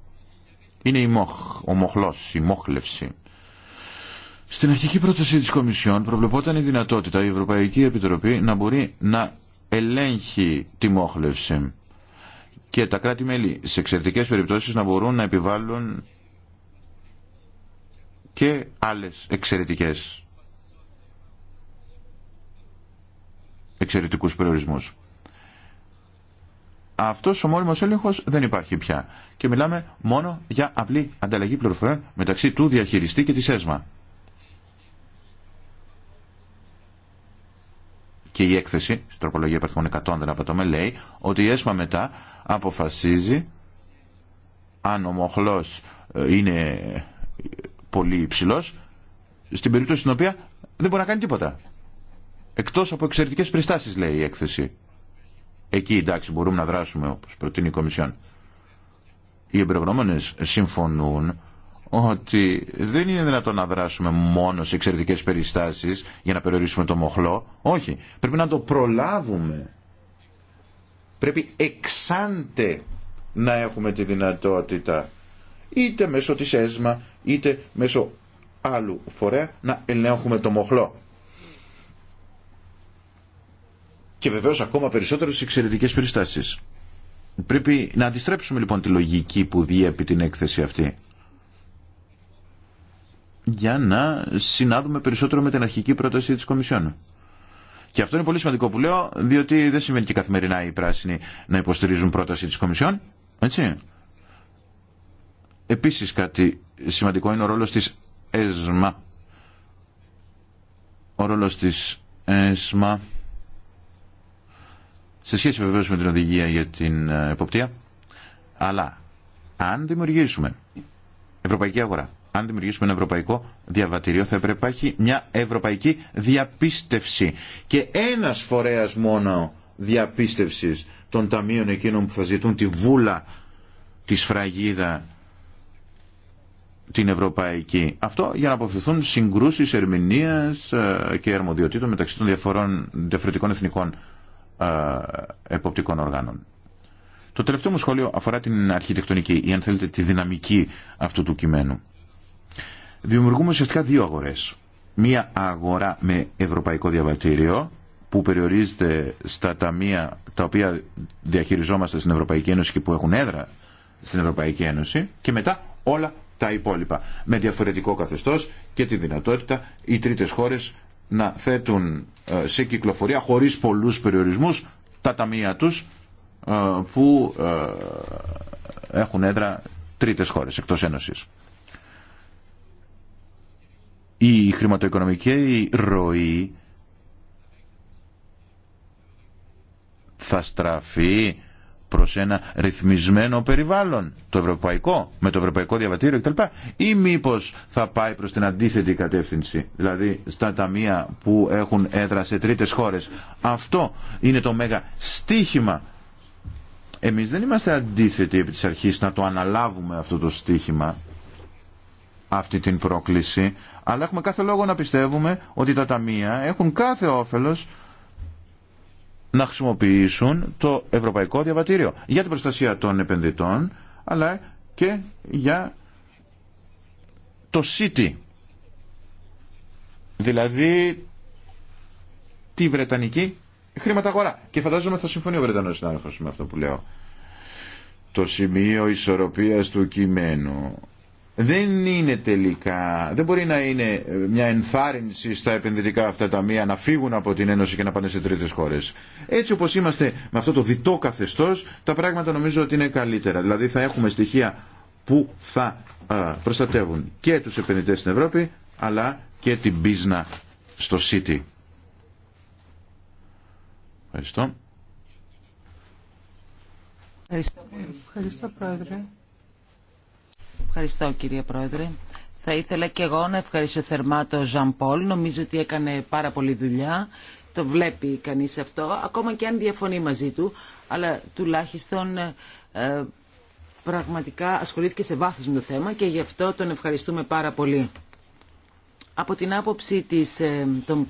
Είναι η μοχ, ο μοχλός, η μόχλευση. Στην αρχική πρόταση της Κομισιόν προβλεπόταν η δυνατότητα η Ευρωπαϊκή Επιτροπή να μπορεί να ελέγχει τη μόχλευση και τα κράτη-μέλη σε εξαιρετικές περιπτώσεις να μπορούν να επιβάλλουν και άλλες εξαιρετικές εξαιρετικούς περιορισμούς. Αυτός ο μόνιμος έλεγχος δεν υπάρχει πια και μιλάμε μόνο για απλή ανταλλαγή πληροφοριών μεταξύ του διαχειριστή και της ΕΣΜΑ. Και η έκθεση, στην τροπολογία υπερθμών 100 δεν απατώμε, λέει ότι η ΕΣΜΑ μετά αποφασίζει αν ο μοχλός ε, είναι ε, πολύ υψηλό, στην περίπτωση στην οποία δεν μπορεί να κάνει τίποτα. Εκτός από εξαιρετικέ περιστάσεις, λέει η έκθεση. Εκεί, εντάξει, μπορούμε να δράσουμε, όπως προτείνει η Κομισιόν. Οι εμπειρογνώμονες συμφωνούν ότι δεν είναι δυνατόν να δράσουμε μόνο σε εξαιρετικέ περιστάσει για να περιορίσουμε το μοχλό. Όχι. Πρέπει να το προλάβουμε. Πρέπει εξάντε να έχουμε τη δυνατότητα είτε μέσω της ΕΣΜΑ είτε μέσω άλλου φορέα να ελέγχουμε το μοχλό. Και βεβαίως ακόμα περισσότερο στις εξαιρετικές περιστάσεις. Πρέπει να αντιστρέψουμε λοιπόν τη λογική που διέπει την έκθεση αυτή για να συνάδουμε περισσότερο με την αρχική πρόταση της Κομισιόν. Και αυτό είναι πολύ σημαντικό που λέω, διότι δεν σημαίνει και καθημερινά οι πράσινοι να υποστηρίζουν πρόταση της Κομισιόν. Έτσι. Επίσης κάτι σημαντικό είναι ο ρόλος της ΕΣΜΑ. Ο ρόλος της ΕΣΜΑ σε σχέση βεβαίω με την οδηγία για την ε, εποπτεία. Αλλά αν δημιουργήσουμε ευρωπαϊκή αγορά αν δημιουργήσουμε ένα ευρωπαϊκό διαβατήριο θα έπρεπε να υπάρχει μια ευρωπαϊκή διαπίστευση και ένας φορέας μόνο διαπίστευση των ταμείων εκείνων που θα ζητούν τη βούλα, τη σφραγίδα την ευρωπαϊκή. Αυτό για να αποφευθούν συγκρούσει ερμηνεία ε, και αρμοδιοτήτων μεταξύ των διαφορών, διαφορετικών εθνικών ε, εποπτικών οργάνων. Το τελευταίο μου σχόλιο αφορά την αρχιτεκτονική ή αν θέλετε τη δυναμική αυτού του κειμένου. Δημιουργούμε ουσιαστικά δύο αγορές. Μία αγορά με ευρωπαϊκό διαβατήριο που περιορίζεται στα ταμεία τα οποία διαχειριζόμαστε στην Ευρωπαϊκή Ένωση και που έχουν έδρα στην Ευρωπαϊκή Ένωση και μετά όλα τα υπόλοιπα με διαφορετικό καθεστώς και τη δυνατότητα οι τρίτες χώρες να θέτουν ε, σε κυκλοφορία χωρίς πολλούς περιορισμούς τα ταμεία τους ε, που ε, έχουν έδρα τρίτες χώρες εκτός Ένωσης η χρηματοοικονομική ροή θα στραφεί προς ένα ρυθμισμένο περιβάλλον, το ευρωπαϊκό, με το ευρωπαϊκό διαβατήριο κτλ. Ή μήπω θα πάει προς την αντίθετη κατεύθυνση, δηλαδή στα ταμεία που έχουν έδρα σε τρίτες χώρες. Αυτό είναι το μέγα στίχημα. Εμείς δεν είμαστε αντίθετοι επί της αρχής να το αναλάβουμε αυτό το στίχημα αυτή την πρόκληση, αλλά έχουμε κάθε λόγο να πιστεύουμε ότι τα ταμεία έχουν κάθε όφελος να χρησιμοποιήσουν το Ευρωπαϊκό Διαβατήριο για την προστασία των επενδυτών, αλλά και για το City, δηλαδή τη Βρετανική χρηματαγορά. Και φαντάζομαι θα συμφωνεί ο Βρετανός συνάδελφος με αυτό που λέω. Το σημείο ισορροπίας του κειμένου δεν είναι τελικά, δεν μπορεί να είναι μια ενθάρρυνση στα επενδυτικά αυτά τα μία να φύγουν από την Ένωση και να πάνε σε τρίτες χώρες. Έτσι όπως είμαστε με αυτό το διτό καθεστώς, τα πράγματα νομίζω ότι είναι καλύτερα. Δηλαδή θα έχουμε στοιχεία που θα προστατεύουν και τους επενδυτές στην Ευρώπη, αλλά και την πίσνα στο City. Ευχαριστώ. Ευχαριστώ, Ευχαριστώ Πρόεδρε. Ευχαριστώ κύριε Πρόεδρε. Θα ήθελα και εγώ να ευχαριστήσω θερμά τον Ζαν Πολ. Νομίζω ότι έκανε πάρα πολύ δουλειά. Το βλέπει κανείς αυτό, ακόμα και αν διαφωνεί μαζί του. Αλλά τουλάχιστον ε, πραγματικά ασχολήθηκε σε βάθος με το θέμα και γι' αυτό τον ευχαριστούμε πάρα πολύ. Από την άποψη της, ε, των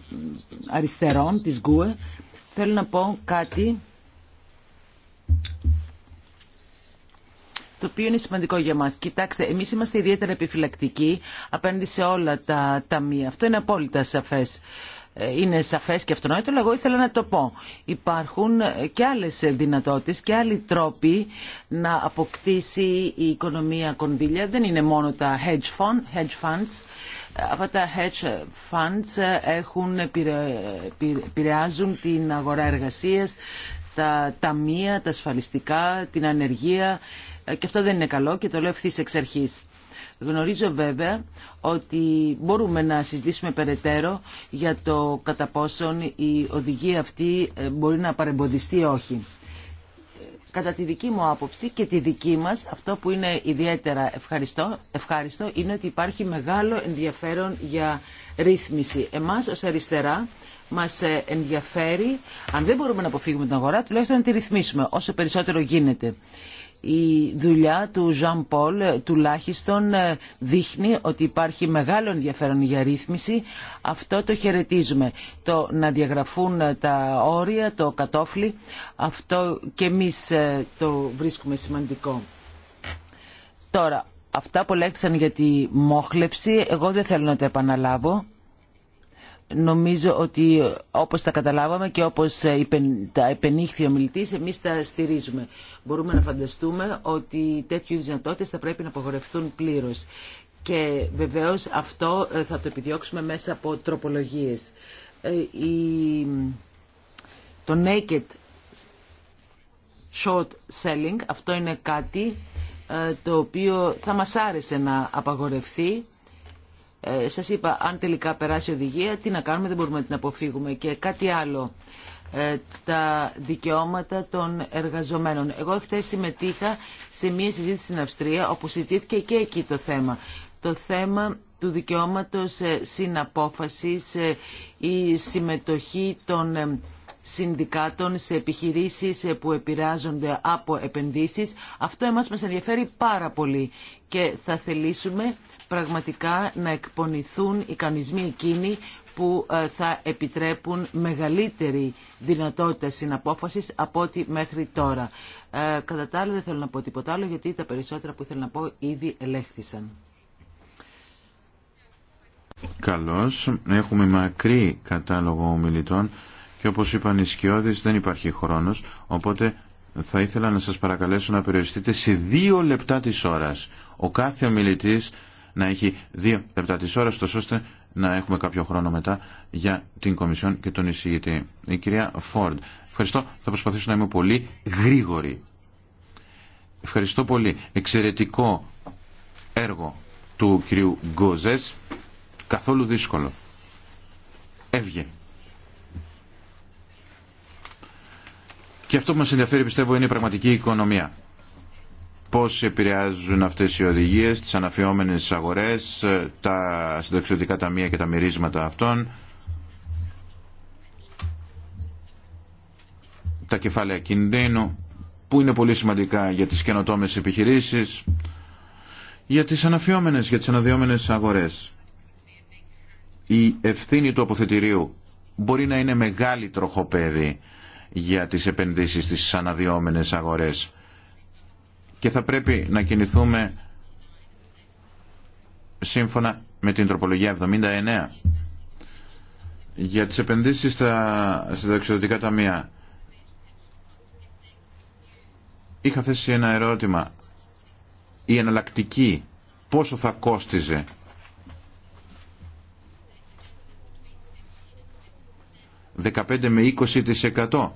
αριστερών, της ΓΚΟΕ, θέλω να πω κάτι το οποίο είναι σημαντικό για μας. Κοιτάξτε, εμείς είμαστε ιδιαίτερα επιφυλακτικοί απέναντι σε όλα τα ταμεία. Αυτό είναι απόλυτα σαφές. Ε, είναι σαφές και αυτονόητο, αλλά εγώ ήθελα να το πω. Υπάρχουν ε, και άλλες δυνατότητες και άλλοι τρόποι να αποκτήσει η οικονομία κονδύλια. Δεν είναι μόνο τα hedge, fund, hedge funds. Αυτά τα hedge funds ε, έχουν, επηρεάζουν την αγορά εργασίας, τα ταμεία, τα ασφαλιστικά, την ανεργία και αυτό δεν είναι καλό και το λέω ευθύ εξ αρχή. Γνωρίζω βέβαια ότι μπορούμε να συζητήσουμε περαιτέρω για το κατά πόσον η οδηγία αυτή ε, μπορεί να παρεμποδιστεί ή όχι. Κατά τη δική μου άποψη και τη δική μας, αυτό που είναι ιδιαίτερα ευχαριστώ, ευχάριστο είναι ότι υπάρχει μεγάλο ενδιαφέρον για ρύθμιση. Εμάς ως αριστερά μας ε, ενδιαφέρει, αν δεν μπορούμε να αποφύγουμε την αγορά, τουλάχιστον να τη ρυθμίσουμε όσο περισσότερο γίνεται η δουλειά του Ζαν Πολ ε, τουλάχιστον ε, δείχνει ότι υπάρχει μεγάλο ενδιαφέρον για ρύθμιση. Αυτό το χαιρετίζουμε. Το να διαγραφούν ε, τα όρια, το κατόφλι, αυτό και εμείς το βρίσκουμε σημαντικό. Τώρα, αυτά που λέξαν για τη μόχλεψη, εγώ δεν θέλω να τα επαναλάβω νομίζω ότι όπως τα καταλάβαμε και όπως τα επενήχθη ο μιλητής, εμείς τα στηρίζουμε. Μπορούμε να φανταστούμε ότι τέτοιου δυνατότητες θα πρέπει να απογορευθούν πλήρως. Και βεβαίως αυτό ε, θα το επιδιώξουμε μέσα από τροπολογίες. Ε, το naked short selling, αυτό είναι κάτι ε, το οποίο θα μας άρεσε να απογορευθεί. Ε, σας είπα, αν τελικά περάσει η οδηγία, τι να κάνουμε, δεν μπορούμε να την αποφύγουμε. Και κάτι άλλο, ε, τα δικαιώματα των εργαζομένων. Εγώ χθε συμμετείχα σε μία συζήτηση στην Αυστρία, όπου συζητήθηκε και εκεί το θέμα. Το θέμα του δικαιώματος ε, συναπόφασης, ε, η συμμετοχή των συνδικάτων σε επιχειρήσεις ε, που επηρεάζονται από επενδύσεις. Αυτό εμάς μας ενδιαφέρει πάρα πολύ και θα θελήσουμε πραγματικά να εκπονηθούν οι κανισμοί εκείνοι που ε, θα επιτρέπουν μεγαλύτερη δυνατότητα συναπόφασης από ό,τι μέχρι τώρα. Ε, κατά τα άλλα δεν θέλω να πω τίποτα άλλο γιατί τα περισσότερα που θέλω να πω ήδη ελέγχθησαν. Καλώς. Έχουμε μακρύ κατάλογο ομιλητών και όπως είπαν οι σκιώδεις δεν υπάρχει χρόνος, οπότε θα ήθελα να σας παρακαλέσω να περιοριστείτε σε δύο λεπτά της ώρας. Ο κάθε ομιλητής να έχει δύο λεπτά της ώρας, τόσο ώστε να έχουμε κάποιο χρόνο μετά για την Κομισιόν και τον εισηγητή. Η κυρία Φόρντ. Ευχαριστώ. Θα προσπαθήσω να είμαι πολύ γρήγορη. Ευχαριστώ πολύ. Εξαιρετικό έργο του κυρίου Γκόζες. Καθόλου δύσκολο. Έβγε Και αυτό που μας ενδιαφέρει πιστεύω είναι η πραγματική οικονομία. Πώς επηρεάζουν αυτές οι οδηγίες, τις αναφιόμενες αγορές, τα συνταξιωτικά ταμεία και τα μυρίσματα αυτών, τα κεφάλαια κινδύνου, που είναι πολύ σημαντικά για τις καινοτόμες επιχειρήσεις, για τις αναφιόμενες, για τις αναδιόμενες αγορές. Η ευθύνη του αποθετηρίου μπορεί να είναι μεγάλη τροχοπέδη για τις επενδύσεις στις αναδυόμενες αγορές. Και θα πρέπει να κινηθούμε σύμφωνα με την τροπολογία 79 για τις επενδύσεις στα, στα εξωτερικά ταμεία. Είχα θέσει ένα ερώτημα. Η εναλλακτική πόσο θα κόστιζε 15 με 20%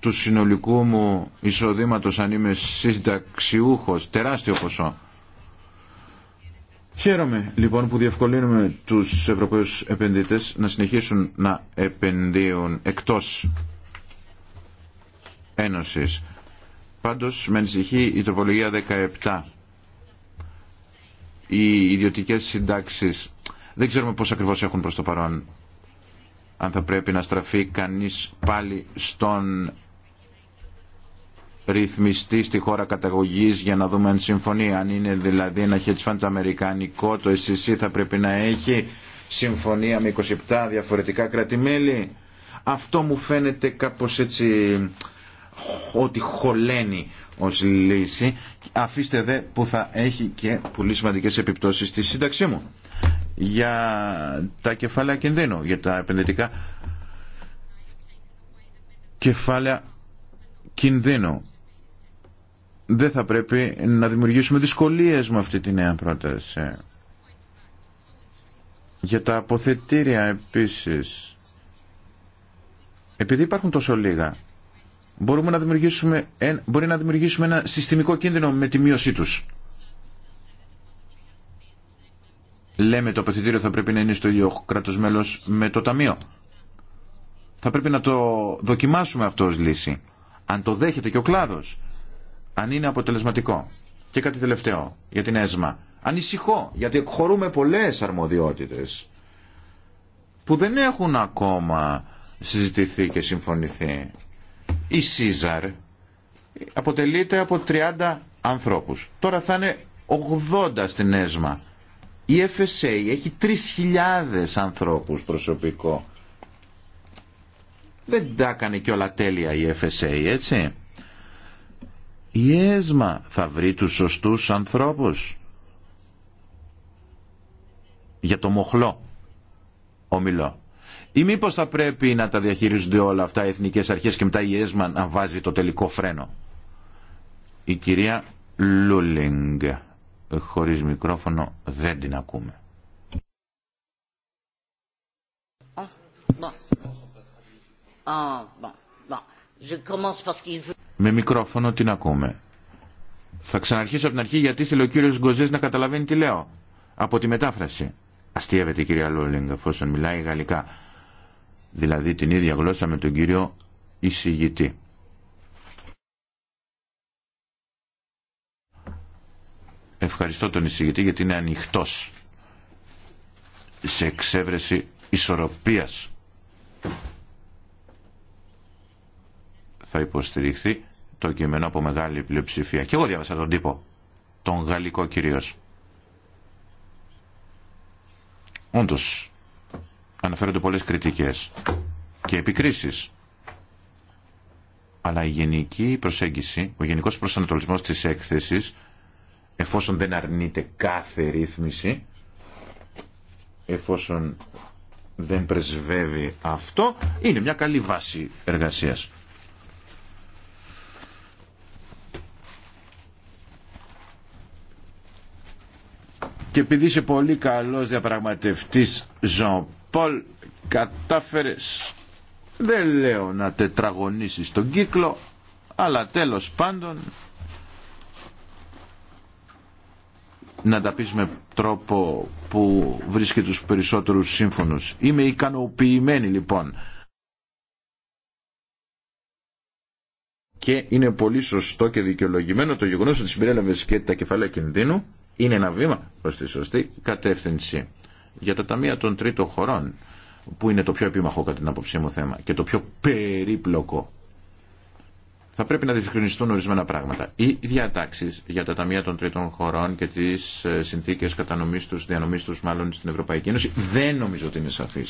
του συνολικού μου εισοδήματος αν είμαι συνταξιούχος, τεράστιο ποσό. Χαίρομαι λοιπόν που διευκολύνουμε τους Ευρωπαίους επενδυτές να συνεχίσουν να επενδύουν εκτός Ένωσης. Πάντως με ανησυχεί η τροπολογία 17. Οι ιδιωτικές συντάξεις δεν ξέρουμε πώς ακριβώς έχουν προς το παρόν αν θα πρέπει να στραφεί κανείς πάλι στον ρυθμιστή στη χώρα καταγωγής για να δούμε αν συμφωνεί. Αν είναι δηλαδή ένα hedge fund το αμερικανικό, το SEC θα πρέπει να έχει συμφωνία με 27 διαφορετικά κρατημέλη. Αυτό μου φαίνεται κάπως έτσι ότι χωλαίνει ως λύση. Αφήστε δε που θα έχει και πολύ σημαντικές επιπτώσεις στη σύνταξή μου για τα κεφάλαια κινδύνου, για τα επενδυτικά κεφάλαια κινδύνου. Δεν θα πρέπει να δημιουργήσουμε δυσκολίες με αυτή τη νέα πρόταση. Για τα αποθετήρια επίσης, επειδή υπάρχουν τόσο λίγα, μπορούμε να δημιουργήσουμε, μπορεί να δημιουργήσουμε ένα συστημικό κίνδυνο με τη μείωσή τους. λέμε το απευθυντήριο θα πρέπει να είναι στο ίδιο κράτο μέλο με το ταμείο. Θα πρέπει να το δοκιμάσουμε αυτό ως λύση. Αν το δέχεται και ο κλάδος, αν είναι αποτελεσματικό. Και κάτι τελευταίο για την ΕΣΜΑ. Ανησυχώ, γιατί εκχωρούμε πολλέ αρμοδιότητες που δεν έχουν ακόμα συζητηθεί και συμφωνηθεί. Η ΣΥΖΑΡ αποτελείται από 30 ανθρώπους. Τώρα θα είναι 80 στην ΕΣΜΑ. Η FSA έχει 3.000 ανθρώπους προσωπικό. Δεν τα έκανε και όλα τέλεια η FSA, έτσι. Η ΕΣΜΑ θα βρει τους σωστούς ανθρώπους. Για το μοχλό, ομιλώ. Ή μήπως θα πρέπει να τα διαχειρίζονται όλα αυτά οι εθνικές αρχές και μετά η ΕΣΜΑ να βάζει το τελικό φρένο. Η κυρία Λούλινγκ χωρίς μικρόφωνο δεν την ακούμε. Με μικρόφωνο την ακούμε. Θα ξαναρχίσω από την αρχή γιατί θέλει ο κύριο Γκοζέ να καταλαβαίνει τι λέω. Από τη μετάφραση. Αστείευεται η κυρία Λόλινγκ εφόσον μιλάει γαλλικά. Δηλαδή την ίδια γλώσσα με τον κύριο εισηγητή. Ευχαριστώ τον εισηγητή γιατί είναι ανοιχτός σε εξέβρεση ισορροπίας. Θα υποστηριχθεί το κείμενο από μεγάλη πλειοψηφία. Και εγώ διάβασα τον τύπο, τον γαλλικό κυρίως. Όντως, αναφέρονται πολλές κριτικές και επικρίσεις. Αλλά η γενική προσέγγιση, ο γενικός προσανατολισμός της έκθεσης εφόσον δεν αρνείται κάθε ρύθμιση, εφόσον δεν πρεσβεύει αυτό, είναι μια καλή βάση εργασίας. Και επειδή είσαι πολύ καλός διαπραγματευτής, Ζων Πολ, κατάφερες, δεν λέω να τετραγωνίσεις τον κύκλο, αλλά τέλος πάντων να τα πεις με τρόπο που βρίσκει τους περισσότερους σύμφωνους. Είμαι ικανοποιημένη λοιπόν. Και είναι πολύ σωστό και δικαιολογημένο το γεγονός ότι συμπεριέλαβε και τα κεφάλαια κινδύνου είναι ένα βήμα προς τη σωστή κατεύθυνση. Για τα ταμεία των τρίτων χωρών, που είναι το πιο επίμαχο κατά την άποψή μου θέμα και το πιο περίπλοκο θα πρέπει να διευκρινιστούν ορισμένα πράγματα. Οι διατάξει για τα ταμεία των τρίτων χωρών και τι ε, συνθήκε κατανομή του, διανομή του μάλλον στην Ευρωπαϊκή Ένωση δεν νομίζω ότι είναι σαφεί.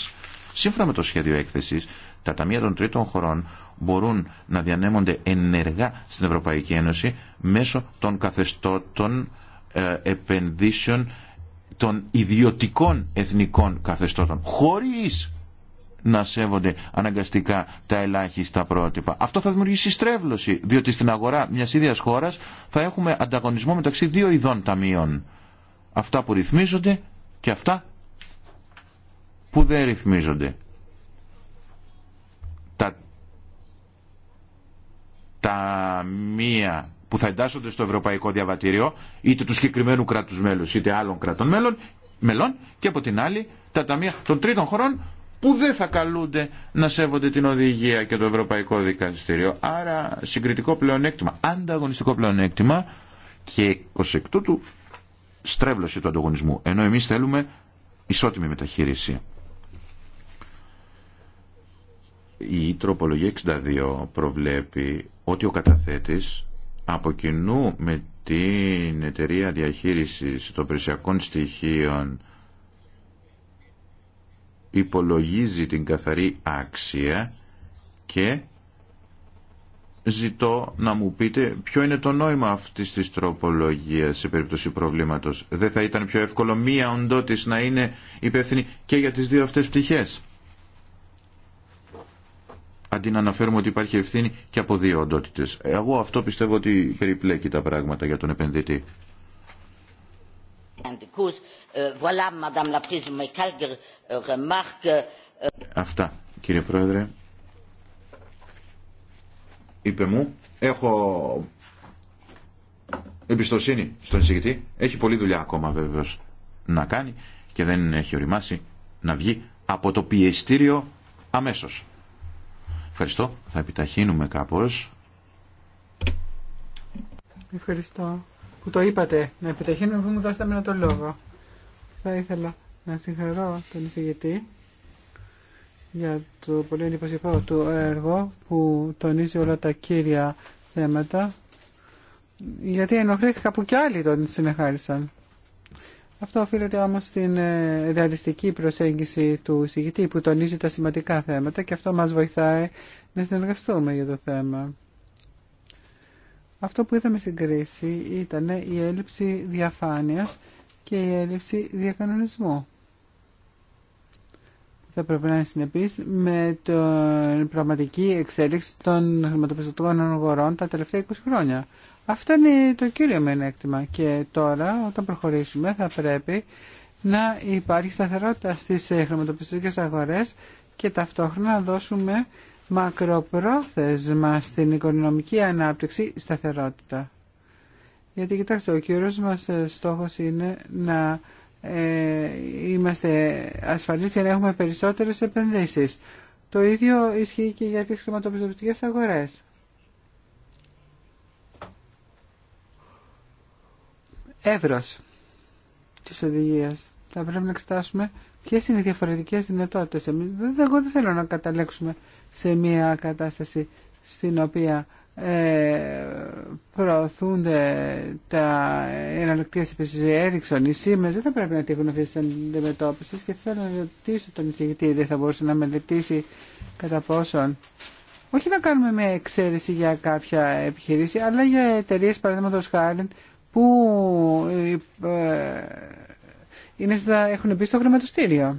Σύμφωνα με το σχέδιο έκθεση, τα ταμεία των τρίτων χωρών μπορούν να διανέμονται ενεργά στην Ευρωπαϊκή Ένωση μέσω των καθεστώτων ε, επενδύσεων των ιδιωτικών εθνικών καθεστώτων, χωρίς να σέβονται αναγκαστικά τα ελάχιστα πρότυπα. Αυτό θα δημιουργήσει στρέβλωση, διότι στην αγορά μια ίδια χώρα θα έχουμε ανταγωνισμό μεταξύ δύο ειδών ταμείων. Αυτά που ρυθμίζονται και αυτά που δεν ρυθμίζονται. Τα μία που θα εντάσσονται στο Ευρωπαϊκό Διαβατήριο, είτε του συγκεκριμένου κράτου μέλου είτε άλλων κρατών μέλων, μελών, και από την άλλη τα ταμεία των τρίτων χωρών που δεν θα καλούνται να σέβονται την οδηγία και το Ευρωπαϊκό Δικαστήριο. Άρα συγκριτικό πλεονέκτημα, ανταγωνιστικό πλεονέκτημα και ως εκ τούτου στρέβλωση του ανταγωνισμού. Ενώ εμείς θέλουμε ισότιμη μεταχείριση. Η τροπολογία 62 προβλέπει ότι ο καταθέτης από κοινού με την εταιρεία διαχείρισης των περισσιακών στοιχείων υπολογίζει την καθαρή άξια και ζητώ να μου πείτε ποιο είναι το νόημα αυτής της τροπολογίας σε περίπτωση προβλήματος. Δεν θα ήταν πιο εύκολο μία οντότης να είναι υπεύθυνη και για τις δύο αυτές πτυχές. Αντί να αναφέρουμε ότι υπάρχει ευθύνη και από δύο οντότητες. Εγώ αυτό πιστεύω ότι περιπλέκει τα πράγματα για τον επενδυτή. Αυτά, κύριε Πρόεδρε. Είπε μου, έχω εμπιστοσύνη στον εισηγητή. Έχει πολλή δουλειά ακόμα βέβαιως να κάνει και δεν έχει οριμάσει να βγει από το πιεστήριο αμέσως. Ευχαριστώ. Θα επιταχύνουμε κάπως. Ευχαριστώ που το είπατε. Να επιταχύνουμε που μου δώσετε με τον λόγο. Θα ήθελα να συγχαρώ τον εισηγητή για το πολύ εντυπωσιακό του έργο που τονίζει όλα τα κύρια θέματα γιατί ενοχλήθηκα που κι άλλοι τον συνεχάρισαν. Αυτό οφείλεται όμως στην ε, ρεαλιστική προσέγγιση του εισηγητή που τονίζει τα σημαντικά θέματα και αυτό μας βοηθάει να συνεργαστούμε για το θέμα. Αυτό που είδαμε στην κρίση ήταν η έλλειψη διαφάνειας και η έλλειψη διακανονισμού. Θα πρέπει να είναι συνεπής με την πραγματική εξέλιξη των χρηματοπιστωτικών αγορών τα τελευταία 20 χρόνια. Αυτό είναι το κύριο μενέκτημα και τώρα όταν προχωρήσουμε θα πρέπει να υπάρχει σταθερότητα στις χρηματοπιστωτικές αγορές και ταυτόχρονα να δώσουμε μακροπρόθεσμα στην οικονομική ανάπτυξη σταθερότητα. Γιατί κοιτάξτε, ο κύριος μας ε, στόχος είναι να ε, είμαστε ασφαλείς για να έχουμε περισσότερες επενδύσεις. Το ίδιο ισχύει και για τις χρηματοπιστωτικές αγορές. Εύρος της οδηγίας. Θα πρέπει να εξετάσουμε ποιες είναι οι διαφορετικές δυνατότητες. Εμείς, εγώ δεν θέλω να καταλέξουμε σε μια κατάσταση στην οποία ε, προωθούνται τα εναλλακτικέ επίσης Έριξον. Οι σήμε δεν θα πρέπει να τύχουν αυτή τη αντιμετώπιση και θέλω να ρωτήσω τον εισηγητή, δεν θα μπορούσε να μελετήσει κατά πόσον. Όχι να κάνουμε μια εξαίρεση για κάποια επιχειρήση, αλλά για εταιρείε παραδείγματο χάρη που ε, ε, είναι στα, έχουν μπει στο χρηματοστήριο.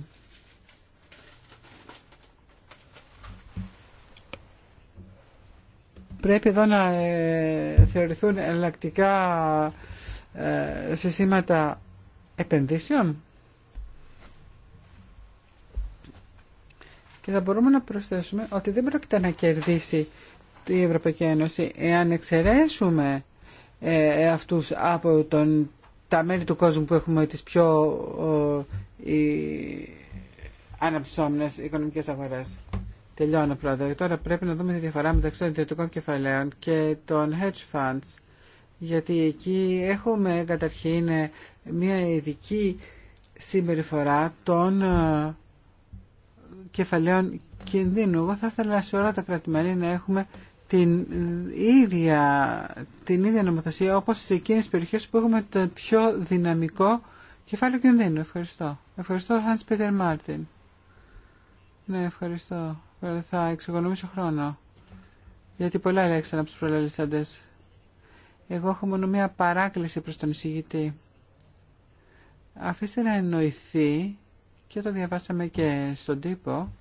πρέπει εδώ να ε, θεωρηθούν εναλλακτικά ε, συστήματα επενδύσεων. Και θα μπορούμε να προσθέσουμε ότι δεν πρόκειται να κερδίσει η Ευρωπαϊκή Ένωση εάν εξαιρέσουμε ε, αυτούς από τον, τα μέλη του κόσμου που έχουμε τις πιο ε, ε, αναπτυσσόμενες Τελειώνω, πρόεδρε. Τώρα πρέπει να δούμε τη διαφορά μεταξύ των ιδιωτικών κεφαλαίων και των hedge funds. Γιατί εκεί έχουμε καταρχήν μια ειδική συμπεριφορά των ε, κεφαλαίων κινδύνου. Εγώ θα ήθελα σε όλα τα κρατημέλη να έχουμε την ίδια, την ίδια νομοθεσία όπως σε εκείνες τις περιοχές που έχουμε το πιο δυναμικό κεφάλαιο κινδύνου. Ευχαριστώ. Ευχαριστώ, Hans Peter Martin. Ναι, ευχαριστώ. Ε, θα εξοικονομήσω χρόνο. Γιατί πολλά ελέγξαν από του προλαλήσαντε. Εγώ έχω μόνο μία παράκληση προς τον εισηγητή. Αφήστε να εννοηθεί και το διαβάσαμε και στον τύπο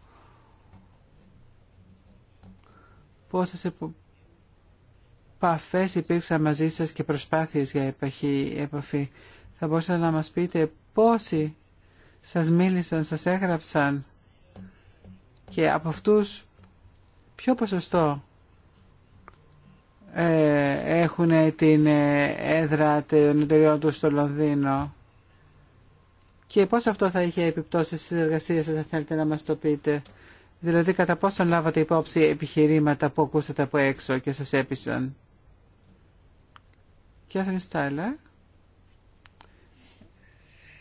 πόσες επαφές υπήρξαν μαζί σας και προσπάθειες για επαχή επαφή. Θα μπορούσατε να μας πείτε πόσοι σας μίλησαν, σας έγραψαν και από αυτούς ποιο ποσοστό ε, έχουν την ε, έδρα των εταιριών τους στο Λονδίνο και πώς αυτό θα είχε επιπτώσει στις εργασίες σας, θα θέλετε να μας το πείτε. Δηλαδή, κατά πόσον λάβατε υπόψη επιχειρήματα που ακούσατε από έξω και σας έπεισαν. Κιάθριν Στάιλερ.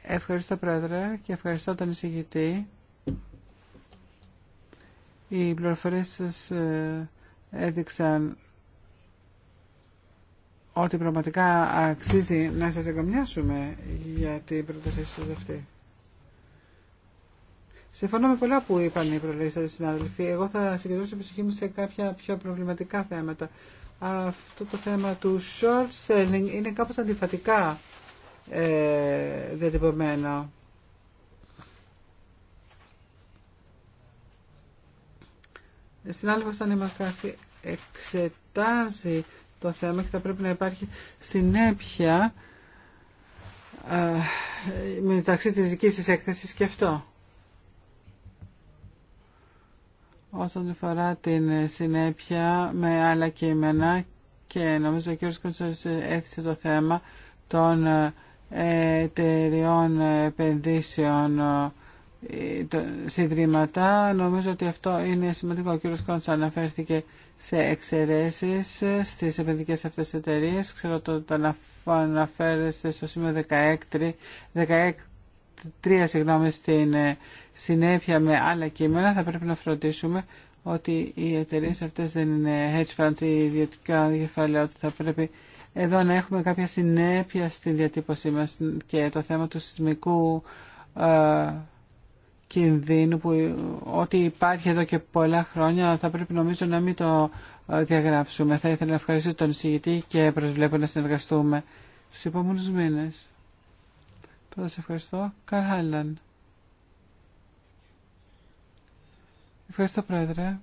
Ευχαριστώ, Πρόεδρε, και ευχαριστώ τον εισηγητή οι πληροφορίες σας ε, έδειξαν ότι πραγματικά αξίζει να σας εγκομιάσουμε για την πρότασή σας αυτή. Συμφωνώ με πολλά που είπαν οι προλαλήσατε συνάδελφοι. Εγώ θα συγκεντρώσω την προσοχή μου σε κάποια πιο προβληματικά θέματα. Αυτό το θέμα του short selling είναι κάπως αντιφατικά ε, διατυπωμένο. συνάδελφο Σάνι Μακάρθη εξετάζει το θέμα και θα πρέπει να υπάρχει συνέπεια ε, μεταξύ της δικής της έκθεσης και αυτό. Όσον αφορά την συνέπεια με άλλα κείμενα και νομίζω ο κ. Κούτσος έθεσε το θέμα των ε, εταιριών επενδύσεων ε, συνδρήματα. Νομίζω ότι αυτό είναι σημαντικό. Ο κύριος Κόντς αναφέρθηκε σε εξαιρέσει στις επενδυτικές αυτές εταιρείε. Ξέρω ότι το αναφέρεστε στο σημείο 16, 16 τρία συγγνώμη στην ε, συνέπεια με άλλα κείμενα θα πρέπει να φροντίσουμε ότι οι εταιρείε αυτές δεν είναι hedge funds ή ιδιωτικά κεφάλαια ότι θα πρέπει εδώ να έχουμε κάποια συνέπεια στην διατύπωσή μας και το θέμα του σεισμικού ε, κινδύνου που ό,τι υπάρχει εδώ και πολλά χρόνια θα πρέπει νομίζω να μην το ε, διαγράψουμε. Θα ήθελα να ευχαριστήσω τον εισηγητή και προσβλέπω να συνεργαστούμε στους επόμενους μήνες. Πρώτα σε ευχαριστώ. Χάιλαν. Ευχαριστώ Πρόεδρε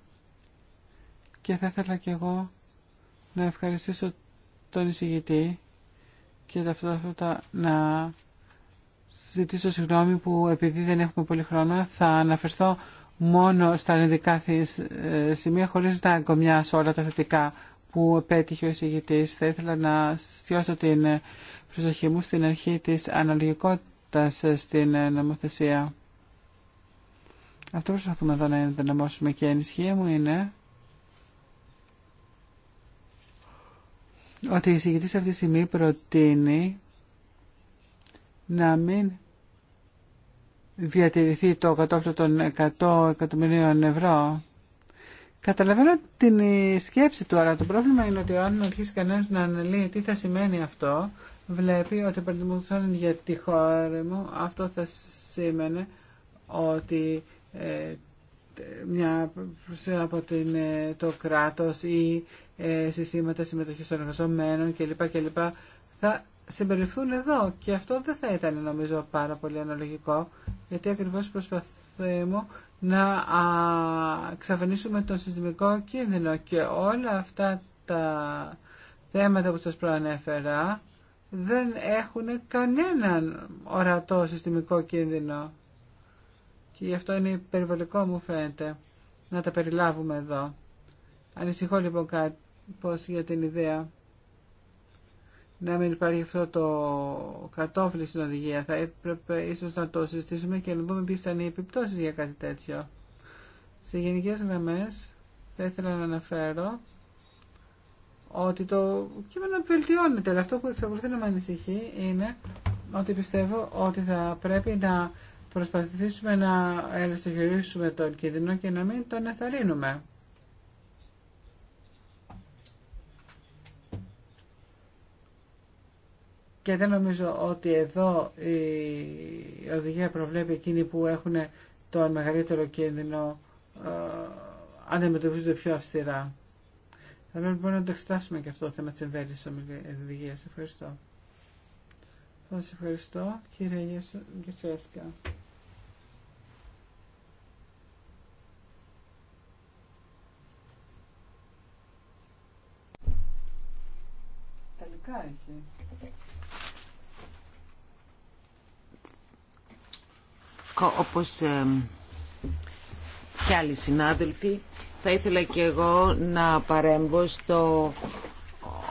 και θα ήθελα και εγώ να ευχαριστήσω τον εισηγητή και ταυτόχρονα να ζητήσω συγγνώμη που επειδή δεν έχουμε πολύ χρόνο θα αναφερθώ μόνο στα αρνητικά ε, σημεία χωρίς να αγκομιάσω όλα τα θετικά που επέτυχε ο εισηγητής. Θα ήθελα να στιώσω την προσοχή μου στην αρχή της αναλογικότητας στην ε, νομοθεσία. Αυτό προσπαθούμε εδώ να ενδυναμώσουμε και η ενισχύα μου είναι ότι η εισηγητής αυτή τη στιγμή προτείνει να μην διατηρηθεί το κατόφλιο των 100 εκατομμυρίων ευρώ. Καταλαβαίνω την σκέψη του, αλλά το πρόβλημα είναι ότι αν αρχίσει κανένα να αναλύει τι θα σημαίνει αυτό, βλέπει ότι παραδείγματος για τη χώρα μου αυτό θα σημαίνει ότι ε, μια από ε, το κράτος ή ε, συστήματα συμμετοχής των εργαζομένων κλπ. κλπ. θα συμπεριληφθούν εδώ και αυτό δεν θα ήταν νομίζω πάρα πολύ αναλογικό γιατί ακριβώς προσπαθούμε να εξαφανίσουμε τον συστημικό κίνδυνο και όλα αυτά τα θέματα που σας προανέφερα δεν έχουν κανέναν ορατό συστημικό κίνδυνο και γι' αυτό είναι περιβολικό μου φαίνεται να τα περιλάβουμε εδώ. Ανησυχώ λοιπόν κάτι για την ιδέα να μην υπάρχει αυτό το κατόφλι στην οδηγία. Θα έπρεπε ίσως να το συζητήσουμε και να δούμε ποιε θα οι επιπτώσει για κάτι τέτοιο. Σε γενικέ γραμμέ, θα ήθελα να αναφέρω ότι το κείμενο βελτιώνεται, αλλά αυτό που εξακολουθεί να με ανησυχεί είναι ότι πιστεύω ότι θα πρέπει να προσπαθήσουμε να ελευθερήσουμε τον κίνδυνο και να μην τον εθαρρύνουμε. και δεν νομίζω ότι εδώ η οδηγία προβλέπει εκείνοι που έχουν τον μεγαλύτερο κίνδυνο ε, αντιμετωπίζονται πιο αυστηρά. Θα πρέπει λοιπόν να το εξετάσουμε και αυτό το θέμα της εμβέλειας της οδηγίας. Ευχαριστώ. σας ευχαριστώ κύριε Γεσέσκα. Όπω Όπως και άλλοι συνάδελφοι, θα ήθελα και εγώ να παρέμβω στο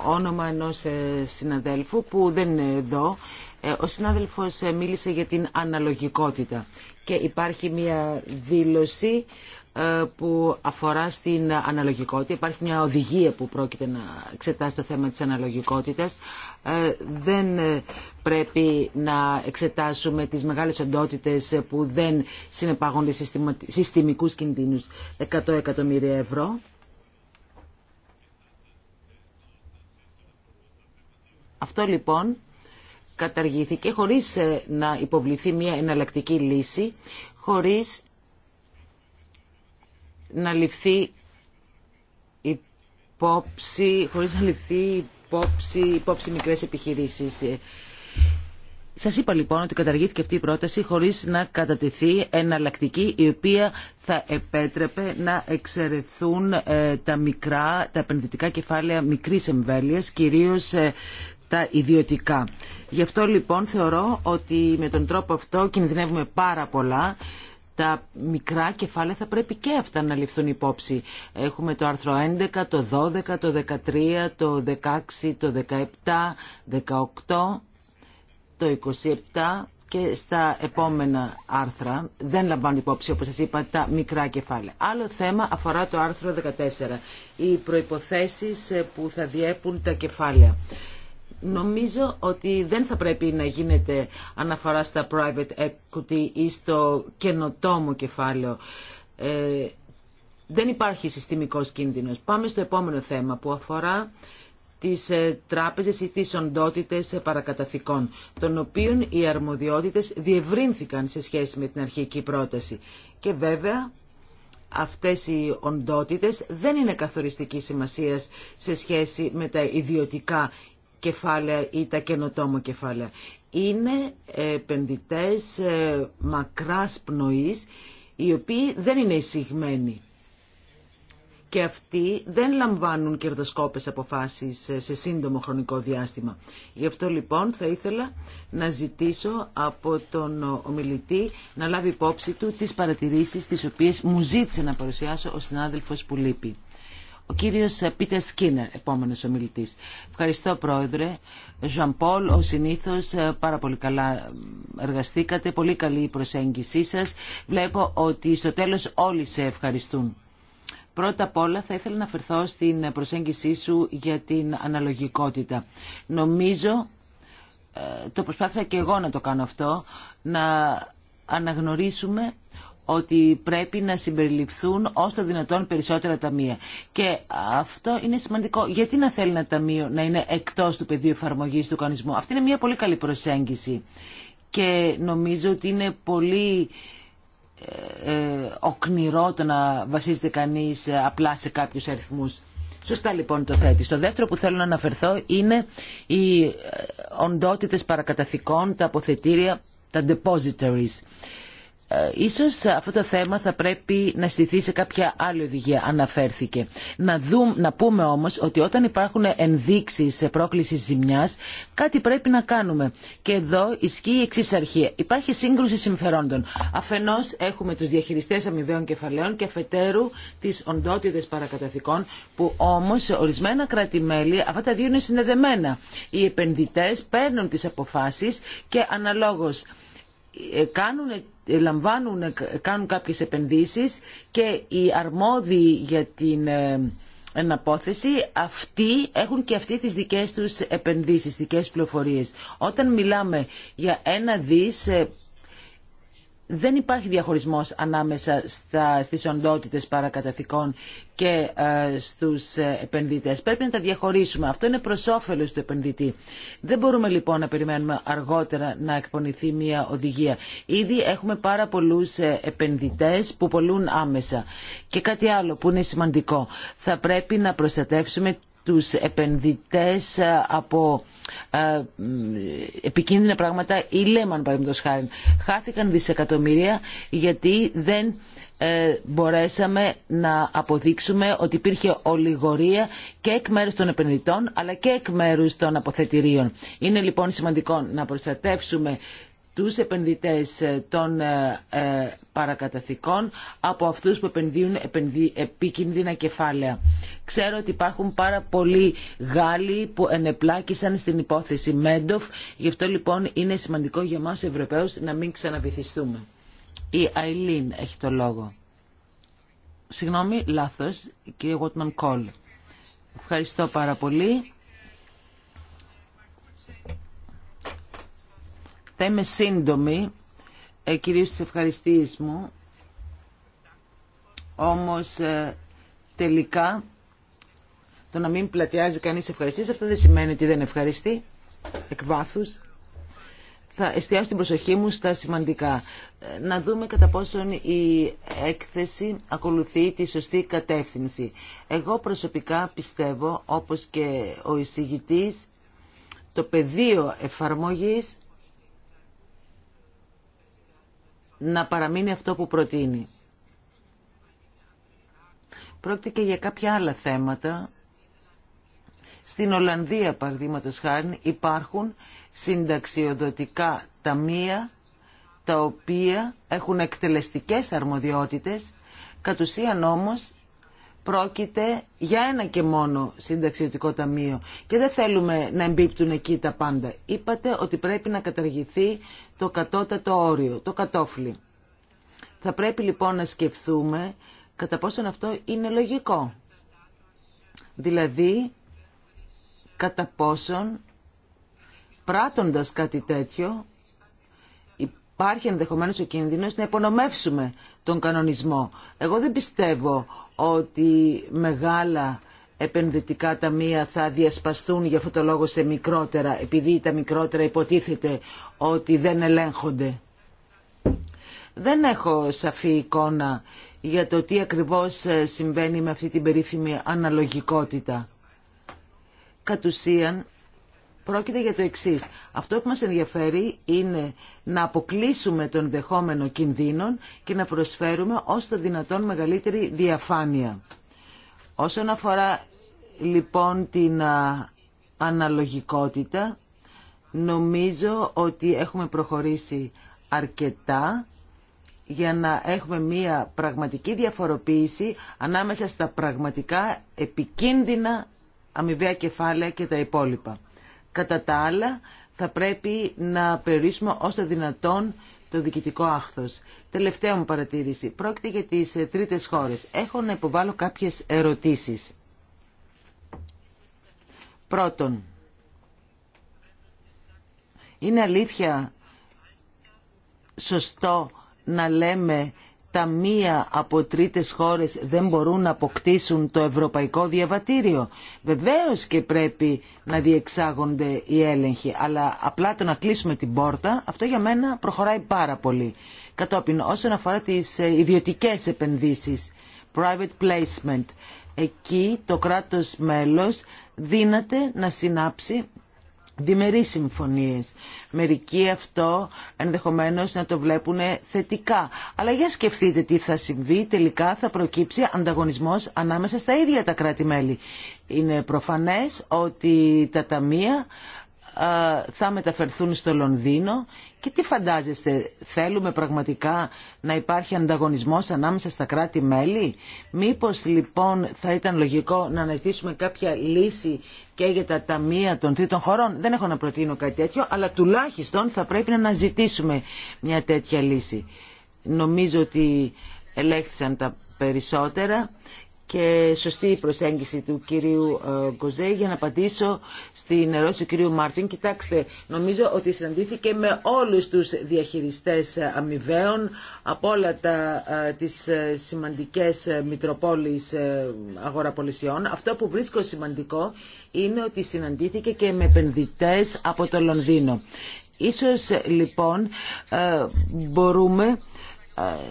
όνομα ενός ε, συναδέλφου που δεν είναι εδώ. Ε, ο συνάδελφος ε, μίλησε για την αναλογικότητα και υπάρχει μια δήλωση ε, που αφορά στην αναλογικότητα. Υπάρχει μια οδηγία που πρόκειται να εξετάσει το θέμα της αναλογικότητας. Ε, δεν ε, πρέπει να εξετάσουμε τις μεγάλες οντότητες που δεν συνεπάγονται συστημικούς κινδύνους 100 εκατομμύρια ευρώ. Αυτό λοιπόν καταργήθηκε χωρίς να υποβληθεί μια εναλλακτική λύση, χωρίς να ληφθεί υπόψη, χωρίς να ληφθεί υπόψη, υπόψη μικρές επιχειρήσεις. Σας είπα λοιπόν ότι καταργήθηκε αυτή η πρόταση χωρίς να κατατεθεί εναλλακτική η οποία θα επέτρεπε να εξαιρεθούν ε, τα μικρά, τα επενδυτικά κεφάλαια μικρής εμβέλειας, κυρίως ε, τα ιδιωτικά. Γι' αυτό λοιπόν θεωρώ ότι με τον τρόπο αυτό κινδυνεύουμε πάρα πολλά τα μικρά κεφάλαια θα πρέπει και αυτά να ληφθούν υπόψη. Έχουμε το άρθρο 11, το 12, το 13, το 16, το 17, 18, το 27 και στα επόμενα άρθρα δεν λαμβάνουν υπόψη, όπως σας είπα, τα μικρά κεφάλαια. Άλλο θέμα αφορά το άρθρο 14, οι προϋποθέσεις που θα διέπουν τα κεφάλαια. Νομίζω ότι δεν θα πρέπει να γίνεται αναφορά στα private equity ή στο καινοτόμο κεφάλαιο. Ε, δεν υπάρχει συστημικός κίνδυνος. Πάμε στο επόμενο θέμα που αφορά τις ε, τράπεζες ή τις οντότητες ε, παρακαταθήκων, των οποίων οι αρμοδιότητες διευρύνθηκαν σε σχέση με την αρχική πρόταση. Και βέβαια αυτές οι οντότητες δεν είναι καθοριστική σημασίας σε σχέση με τα ιδιωτικά κεφάλαια ή τα καινοτόμο κεφάλαια. Είναι επενδυτέ ε, μακράς πνοής, οι οποίοι δεν είναι εισηγμένοι. Και αυτοί δεν λαμβάνουν κερδοσκόπες αποφάσεις ε, σε σύντομο χρονικό διάστημα. Γι' αυτό λοιπόν θα ήθελα να ζητήσω από τον ομιλητή να λάβει υπόψη του τις παρατηρήσεις τις οποίες μου ζήτησε να παρουσιάσω ο συνάδελφος που λείπει. Ο κύριος Πίτερ Σκίνερ, επόμενος ομιλητής. Ευχαριστώ πρόεδρε. Ζαν Πολ, ο συνήθως ε, πάρα πολύ καλά εργαστήκατε, πολύ καλή η προσέγγισή σας. Βλέπω ότι στο τέλος όλοι σε ευχαριστούν. Πρώτα απ' όλα θα ήθελα να αφαιρθώ στην προσέγγισή σου για την αναλογικότητα. Νομίζω, ε, το προσπάθησα και εγώ να το κάνω αυτό, να αναγνωρίσουμε ότι πρέπει να συμπεριληφθούν όσο το δυνατόν περισσότερα ταμεία. Και αυτό είναι σημαντικό. Γιατί να θέλει ένα ταμείο να είναι εκτός του πεδίου εφαρμογή του κανονισμού. Αυτή είναι μια πολύ καλή προσέγγιση. Και νομίζω ότι είναι πολύ ε, ε, οκνηρό το να βασίζεται κανείς ε, απλά σε κάποιους αριθμούς. Σωστά λοιπόν το θέτει. Το δεύτερο που θέλω να αναφερθώ είναι οι οντότητες παρακαταθήκων, τα αποθετήρια, τα depositories. Ε, ίσως αυτό το θέμα θα πρέπει να στηθεί σε κάποια άλλη οδηγία, αναφέρθηκε. Να, να πούμε όμως ότι όταν υπάρχουν ενδείξεις σε πρόκληση ζημιάς, κάτι πρέπει να κάνουμε. Και εδώ ισχύει η εξή αρχή. Υπάρχει σύγκρουση συμφερόντων. Αφενός έχουμε τους διαχειριστές αμοιβαίων κεφαλαίων και αφετέρου τις οντότητες παρακαταθήκων, που όμως σε ορισμένα κράτη-μέλη αυτά τα δύο είναι συνδεδεμένα. Οι επενδυτές παίρνουν τις αποφάσεις και αναλόγως ε, κάνουν λαμβάνουν, κάνουν κάποιες επενδύσεις και οι αρμόδιοι για την ε, εναπόθεση, αυτοί έχουν και αυτοί τις δικές τους επενδύσεις, δικές πληροφορίες. Όταν μιλάμε για ένα δις ε, δεν υπάρχει διαχωρισμός ανάμεσα στα, στις οντότητες παρακαταθήκων και ε, στους ε, επενδυτές. Πρέπει να τα διαχωρίσουμε. Αυτό είναι προς όφελος του επενδυτή. Δεν μπορούμε λοιπόν να περιμένουμε αργότερα να εκπονηθεί μια οδηγία. Ήδη έχουμε πάρα πολλούς ε, επενδυτές που πολλούν άμεσα. Και κάτι άλλο που είναι σημαντικό. Θα πρέπει να προστατεύσουμε τους επενδυτές ε, από ε, επικίνδυνα πράγματα ή Λέμαν παραδείγματος χάρη. Χάθηκαν δισεκατομμύρια γιατί δεν ε, μπορέσαμε να αποδείξουμε ότι υπήρχε ολιγορία και εκ μέρους των επενδυτών αλλά και εκ μέρους των αποθετηρίων. Είναι λοιπόν σημαντικό να προστατεύσουμε τους επενδυτές ε, των ε, ε, παρακαταθήκων από αυτούς που επενδύουν επικίνδυνα κεφάλαια. Ξέρω ότι υπάρχουν πάρα πολλοί Γάλλοι που ενεπλάκησαν στην υπόθεση Μέντοφ, γι' αυτό λοιπόν είναι σημαντικό για μας Ευρωπαίους να μην ξαναβυθιστούμε. Η Αιλίν έχει το λόγο. Συγγνώμη, λάθος, κύριε Γουότμαν Κόλ. Ευχαριστώ πάρα πολύ. Θα είμαι σύντομη, ε, κυρίως στις ευχαριστίες μου, όμως ε, τελικά το να μην πλατιάζει κανείς ευχαριστίες, αυτό δεν σημαίνει ότι δεν ευχαριστεί, εκ βάθους. Θα εστιάσω την προσοχή μου στα σημαντικά. Ε, να δούμε κατά πόσον η έκθεση ακολουθεί τη σωστή κατεύθυνση. Εγώ προσωπικά πιστεύω, όπως και ο εισηγητής, το πεδίο εφαρμογής να παραμείνει αυτό που προτείνει. Πρόκειται και για κάποια άλλα θέματα. Στην Ολλανδία, παραδείγματος χάρη, υπάρχουν συνταξιοδοτικά ταμεία τα οποία έχουν εκτελεστικές αρμοδιότητες, κατ' ουσίαν όμως πρόκειται για ένα και μόνο συνταξιωτικό ταμείο και δεν θέλουμε να εμπίπτουν εκεί τα πάντα. Είπατε ότι πρέπει να καταργηθεί το κατώτατο όριο, το κατόφλι. Θα πρέπει λοιπόν να σκεφτούμε κατά πόσον αυτό είναι λογικό. Δηλαδή, κατά πόσον πράττοντας κάτι τέτοιο, υπάρχει ενδεχομένως ο κίνδυνος να υπονομεύσουμε τον κανονισμό. Εγώ δεν πιστεύω ότι μεγάλα επενδυτικά ταμεία θα διασπαστούν για αυτό το λόγο σε μικρότερα, επειδή τα μικρότερα υποτίθεται ότι δεν ελέγχονται. Δεν έχω σαφή εικόνα για το τι ακριβώς ε, συμβαίνει με αυτή την περίφημη αναλογικότητα. Κατ' ουσίαν, πρόκειται για το εξής. Αυτό που μας ενδιαφέρει είναι να αποκλείσουμε τον δεχόμενο κινδύνων και να προσφέρουμε ως το δυνατόν μεγαλύτερη διαφάνεια. Όσον αφορά λοιπόν την αναλογικότητα. Νομίζω ότι έχουμε προχωρήσει αρκετά για να έχουμε μία πραγματική διαφοροποίηση ανάμεσα στα πραγματικά επικίνδυνα αμοιβαία κεφάλαια και τα υπόλοιπα. Κατά τα άλλα, θα πρέπει να περιορίσουμε ως δυνατόν το διοικητικό άχθος. Τελευταία μου παρατήρηση. Πρόκειται για τις ε, τρίτες χώρες. Έχω να υποβάλω κάποιες ερωτήσεις. Πρώτον, είναι αλήθεια σωστό να λέμε τα μία από τρίτες χώρες δεν μπορούν να αποκτήσουν το ευρωπαϊκό διαβατήριο. Βεβαίως και πρέπει να διεξάγονται οι έλεγχοι, αλλά απλά το να κλείσουμε την πόρτα, αυτό για μένα προχωράει πάρα πολύ. Κατόπιν όσον αφορά τις ε, ιδιωτικές επενδύσεις, private placement, Εκεί το κράτος μέλος δύναται να συνάψει διμερείς συμφωνίες. Μερικοί αυτό ενδεχομένως να το βλέπουν θετικά. Αλλά για σκεφτείτε τι θα συμβεί, τελικά θα προκύψει ανταγωνισμός ανάμεσα στα ίδια τα κράτη-μέλη. Είναι προφανές ότι τα ταμεία θα μεταφερθούν στο Λονδίνο και τι φαντάζεστε, θέλουμε πραγματικά να υπάρχει ανταγωνισμός ανάμεσα στα κράτη-μέλη. Μήπως λοιπόν θα ήταν λογικό να αναζητήσουμε κάποια λύση και για τα ταμεία των τρίτων χωρών. Δεν έχω να προτείνω κάτι τέτοιο, αλλά τουλάχιστον θα πρέπει να αναζητήσουμε μια τέτοια λύση. Νομίζω ότι ελέγχθησαν τα περισσότερα και σωστή προσέγγιση του κυρίου ε, Γκοζέ... για να απαντήσω στην ερώτηση του κυρίου Μάρτιν. Κοιτάξτε, νομίζω ότι συναντήθηκε με όλους τους διαχειριστές αμοιβαίων από όλα τα, ε, τις ε, σημαντικές μητροπόλεις αγοραπολισιών. Αυτό που βρίσκω σημαντικό είναι ότι συναντήθηκε και με επενδυτέ από το Λονδίνο. Ίσως λοιπόν μπορούμε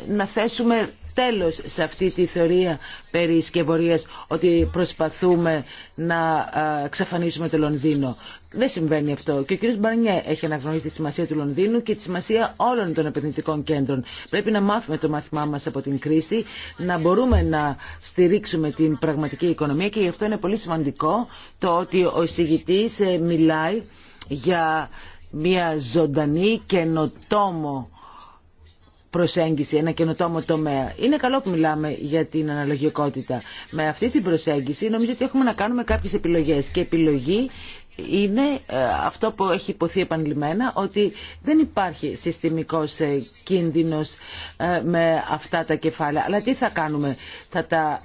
να θέσουμε τέλος σε αυτή τη θεωρία περί σκευωρίας ότι προσπαθούμε να εξαφανίσουμε το Λονδίνο. Δεν συμβαίνει αυτό. Και ο κ. Μπαρνιέ έχει αναγνωρίσει τη σημασία του Λονδίνου και τη σημασία όλων των επενδυτικών κέντρων. Πρέπει να μάθουμε το μάθημά μας από την κρίση, να μπορούμε να στηρίξουμε την πραγματική οικονομία και γι' αυτό είναι πολύ σημαντικό το ότι ο εισηγητής ε, μιλάει για μια ζωντανή καινοτόμο προσέγγιση, ένα καινοτόμο τομέα. Είναι καλό που μιλάμε για την αναλογικότητα. Με αυτή την προσέγγιση νομίζω ότι έχουμε να κάνουμε κάποιες επιλογές και επιλογή είναι ε, αυτό που έχει υποθεί επανειλημμένα ότι δεν υπάρχει συστημικός ε, κίνδυνος ε, με αυτά τα κεφάλαια. Αλλά τι θα κάνουμε, θα τα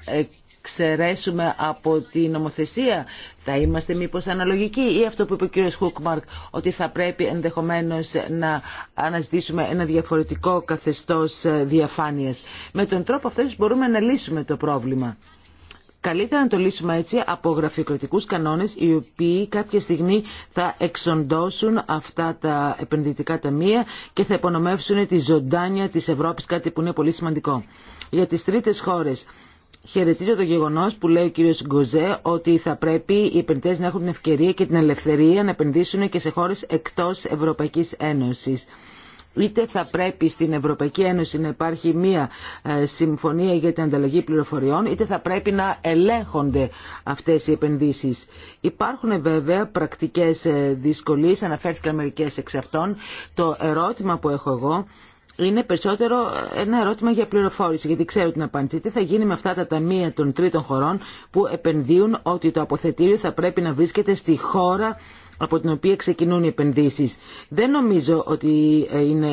Ξερέσουμε από την νομοθεσία. Θα είμαστε μήπως αναλογικοί ή αυτό που είπε ο κύριος Χουκμαρκ ότι θα πρέπει ενδεχομένως να αναζητήσουμε ένα διαφορετικό καθεστώς ε, διαφάνειας. Με τον τρόπο αυτό μπορούμε να λύσουμε το πρόβλημα. Καλύτερα να το λύσουμε έτσι από γραφειοκρατικού κανόνε, οι οποίοι κάποια στιγμή θα εξοντώσουν αυτά τα επενδυτικά ταμεία και θα υπονομεύσουν τη ζωντάνια τη Ευρώπη, κάτι που είναι πολύ σημαντικό. Για τι τρίτε χώρε, Χαιρετίζω το γεγονό που λέει ο κύριο Γκοζέ ότι θα πρέπει οι επενδυτέ να έχουν την ευκαιρία και την ελευθερία να επενδύσουν και σε χώρε εκτό Ευρωπαϊκή Ένωση. Είτε θα πρέπει στην Ευρωπαϊκή Ένωση να υπάρχει μία ε, συμφωνία για την ανταλλαγή πληροφοριών, είτε θα πρέπει να ελέγχονται αυτές οι επενδύσεις. Υπάρχουν βέβαια πρακτικές ε, δυσκολίες, αναφέρθηκαν μερικές εξ αυτών. Το ερώτημα που έχω εγώ είναι περισσότερο ένα ερώτημα για πληροφόρηση, γιατί ξέρω την απάντηση. Τι θα γίνει με αυτά τα ταμεία των τρίτων χωρών που επενδύουν ότι το αποθετήριο θα πρέπει να βρίσκεται στη χώρα από την οποία ξεκινούν οι επενδύσεις. Δεν νομίζω ότι ε, είναι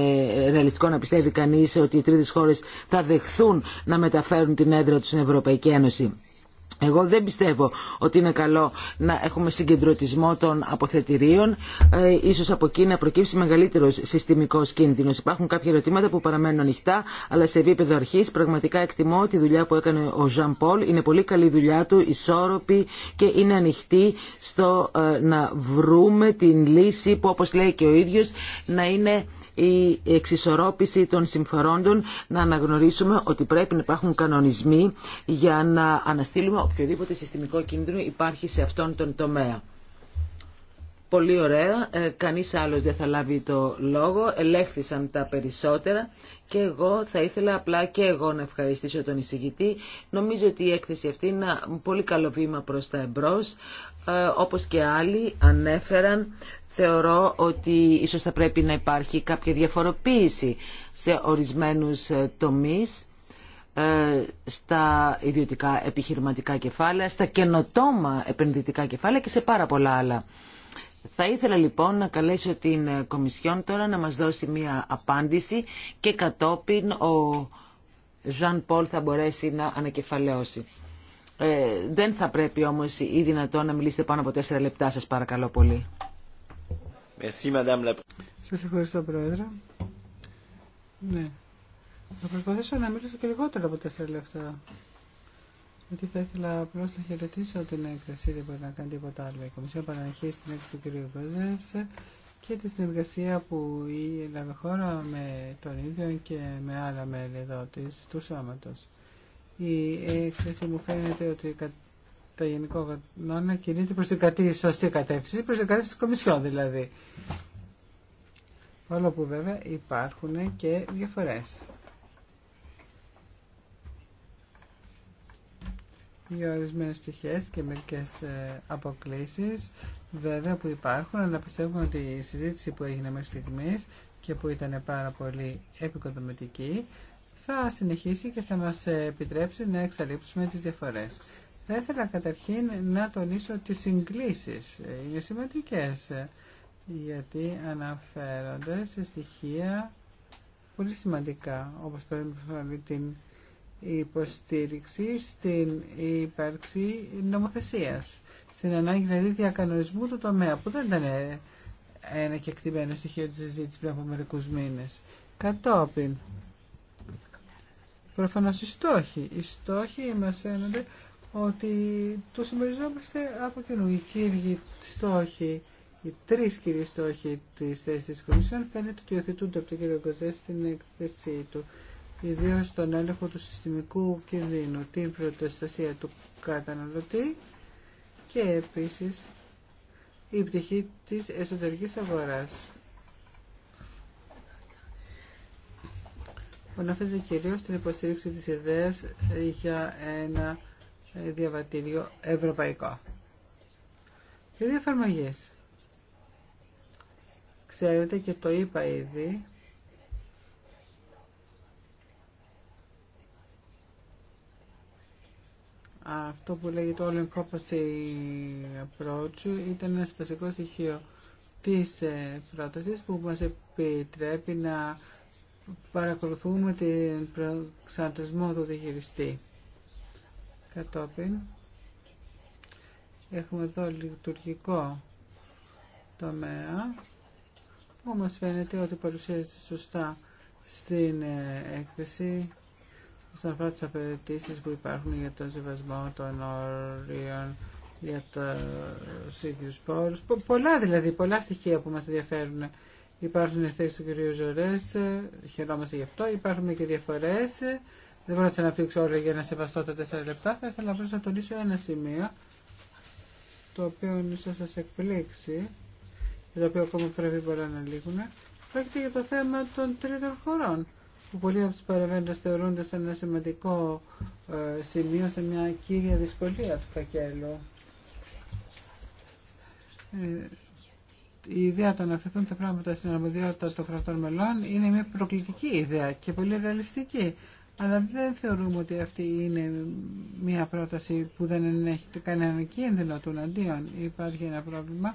ρεαλιστικό να πιστεύει κανείς ότι οι τρίτες χώρες θα δεχθούν να μεταφέρουν την έδρα τους στην Ευρωπαϊκή Ένωση. Εγώ δεν πιστεύω ότι είναι καλό να έχουμε συγκεντρωτισμό των αποθετηρίων. Ε, ίσως από εκεί να προκύψει μεγαλύτερο συστημικό κίνδυνο. Υπάρχουν κάποια ερωτήματα που παραμένουν ανοιχτά, αλλά σε επίπεδο αρχή, πραγματικά εκτιμώ τη δουλειά που έκανε ο Ζαν Πολ. Είναι πολύ καλή δουλειά του, ισόρροπη και είναι ανοιχτή στο ε, να βρούμε την λύση που όπω λέει και ο ίδιο να είναι η εξισορρόπηση των συμφερόντων να αναγνωρίσουμε ότι πρέπει να υπάρχουν κανονισμοί για να αναστείλουμε οποιοδήποτε συστημικό κίνδυνο υπάρχει σε αυτόν τον τομέα. Πολύ ωραία. Ε, κανείς άλλος δεν θα λάβει το λόγο. ελέχθησαν τα περισσότερα και εγώ θα ήθελα απλά και εγώ να ευχαριστήσω τον εισηγητή. Νομίζω ότι η έκθεση αυτή είναι ένα πολύ καλό βήμα προς τα εμπρός. Ε, όπως και άλλοι ανέφεραν θεωρώ ότι ίσως θα πρέπει να υπάρχει κάποια διαφοροποίηση σε ορισμένους ε, τομείς ε, στα ιδιωτικά επιχειρηματικά κεφάλαια, στα καινοτόμα επενδυτικά κεφάλαια και σε πάρα πολλά άλλα. Θα ήθελα λοιπόν να καλέσω την ε, Κομισιόν τώρα να μας δώσει μία απάντηση και κατόπιν ο Ζαν Πολ θα μπορέσει να ανακεφαλαιώσει. Ε, δεν θα πρέπει όμως ή δυνατόν να μιλήσετε πάνω από τέσσερα λεπτά σας παρακαλώ πολύ. Σας ευχαριστώ, Πρόεδρε. Ναι. Θα προσπαθήσω να μιλήσω και λιγότερο από τέσσερα λεπτά. Γιατί θα ήθελα απλώ να χαιρετήσω την έκθεση, δεν μπορεί να κάνει τίποτα άλλο. Η Κομισιόν παρανοχή στην έκθεση του κ. Κόζε και τη συνεργασία που η Ελλάδα χώρα με τον ίδιο και με άλλα μέλη εδώ της, του σώματο. Η έκθεση μου φαίνεται ότι το γενικό κανόνα κινείται προς την κατή, σωστή κατεύθυνση, προς την κατεύθυνση της Κομισιόν δηλαδή. Όλο που βέβαια υπάρχουν και διαφορές. για ορισμένες πτυχές και μερικές ε, αποκλήσεις βέβαια που υπάρχουν αλλά πιστεύω ότι η συζήτηση που έγινε μέχρι στιγμής και που ήταν πάρα πολύ επικοδομητική θα συνεχίσει και θα μας επιτρέψει να εξαλείψουμε τις διαφορές. Θα ήθελα καταρχήν να τονίσω τις συγκλήσεις, είναι σημαντικές, γιατί αναφέρονται σε στοιχεία πολύ σημαντικά, όπως πρέπει την υποστήριξη στην ύπαρξη νομοθεσίας, στην ανάγκη δηλαδή διακανονισμού του τομέα, που δεν ήταν ε, ένα κεκτημένο στοιχείο της συζήτηση πριν από μερικούς μήνες. Κατόπιν, προφανώς οι στόχοι. Οι στόχοι μας φαίνονται ότι το συμμεριζόμαστε από καινού. Οι κύριοι στόχοι, οι τρεις κύριοι στόχοι της θέσης της Κομισιόν φαίνεται ότι οθετούνται από τον κύριο Κοζέ στην έκθεσή του. Ιδίω στον έλεγχο του συστημικού κινδύνου, την προτεστασία του καταναλωτή και επίσης η πτυχή της εσωτερικής αγορά. Αναφέρεται κυρίω στην υποστήριξη τη ιδέας για ένα διαβατήριο ευρωπαϊκό. δύο εφαρμογέ. Ξέρετε και το είπα ήδη. Αυτό που λέγεται All Encompassing Approach ήταν ένα βασικό στοιχείο της ε, πρότασης που μας επιτρέπει να παρακολουθούμε την εξαντλησμό του διχειριστή. Κατόπιν έχουμε εδώ λειτουργικό τομέα που μας φαίνεται ότι παρουσιάζεται σωστά στην ε, έκθεση όσον αφορά τις απαιτήσεις που υπάρχουν για τον ζεβασμό των όριων, για τους ίδιους πόρους. Πολλά δηλαδή, πολλά στοιχεία που μας ενδιαφέρουν. Υπάρχουν θέσεις του κυρίου Ζωρές, ε, χαιρόμαστε γι' αυτό. Υπάρχουν και διαφορές ε, δεν μπορώ να τι αναπτύξω όλα για να σεβαστώ τα τέσσερα λεπτά. Θα ήθελα απλώ να τονίσω ένα σημείο το οποίο ίσω σα εκπλήξει, και το οποίο ακόμα πρέπει μπορεί να λύγουν. Πρόκειται για το θέμα των τρίτων χωρών, που πολλοί από του παρεμβαίνοντε θεωρούνται σαν ένα σημαντικό ε, σημείο σε μια κύρια δυσκολία του φακέλου. Ε, η ιδέα των να αφαιθούν τα πράγματα στην αρμοδιότητα των κρατών μελών είναι μια προκλητική ιδέα και πολύ ρεαλιστική. Αλλά δεν θεωρούμε ότι αυτή είναι μια πρόταση που δεν έχει κανένα κίνδυνο του αντίον. Υπάρχει ένα πρόβλημα.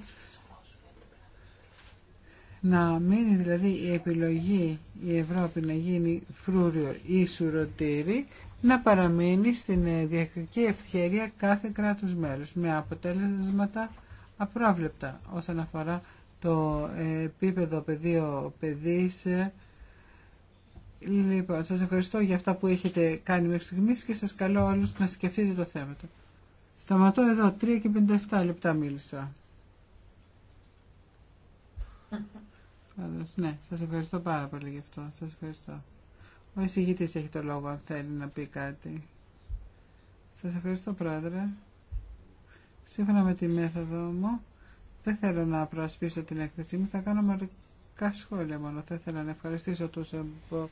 Να μείνει δηλαδή η επιλογή η Ευρώπη να γίνει φρούριο ή σουρωτήρι, να παραμείνει στην ε, διακριτική ευχαίρεια κάθε κράτους μέλους, με αποτέλεσματα απρόβλεπτα όσον αφορά το ε, επίπεδο πεδίο παιδής, ε, Λοιπόν, σας ευχαριστώ για αυτά που έχετε κάνει μέχρι στιγμής και σας καλώ όλους να σκεφτείτε το θέμα του. Σταματώ εδώ, 3 και 57 λεπτά μίλησα. ναι, σας ευχαριστώ πάρα πολύ γι' αυτό. Σας ευχαριστώ. Ο εισηγητής έχει το λόγο αν θέλει να πει κάτι. Σας ευχαριστώ πρόεδρε. Σύμφωνα με τη μέθοδο μου, δεν θέλω να προασπίσω την έκθεσή μου, θα κάνω μερικά σχόλια μόνο. Θα ήθελα να ευχαριστήσω τους εμπο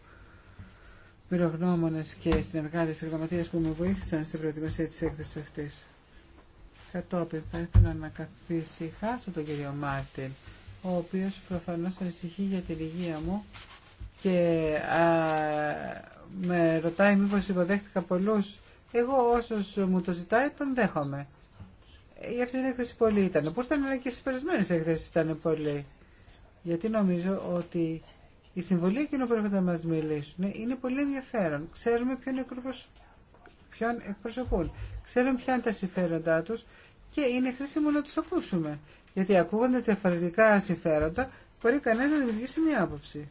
πυρογνώμονε και συνεργάτε τη γραμματεία που με βοήθησαν στην προετοιμασία τη έκθεση αυτή. Κατόπιν θα ήθελα να καθησυχάσω τον κύριο Μάρτιν, ο οποίο προφανώ ανησυχεί για την υγεία μου και α, με ρωτάει μήπω υποδέχτηκα πολλού, Εγώ όσου μου το ζητάει τον δέχομαι. Για αυτή την έκθεση πολλοί ήταν. Πού ήταν αλλά και στι περασμένε έκθεσει ήταν πολλοί. Γιατί νομίζω ότι η συμβολή εκείνο που έρχονται να μας μιλήσουν είναι πολύ ενδιαφέρον. Ξέρουμε ποιον, ποιον εκπροσωπούν, ξέρουμε ποια είναι τα συμφέροντά τους και είναι χρήσιμο να τους ακούσουμε. Γιατί ακούγοντας διαφορετικά συμφέροντα μπορεί κανένας να δημιουργήσει μια άποψη.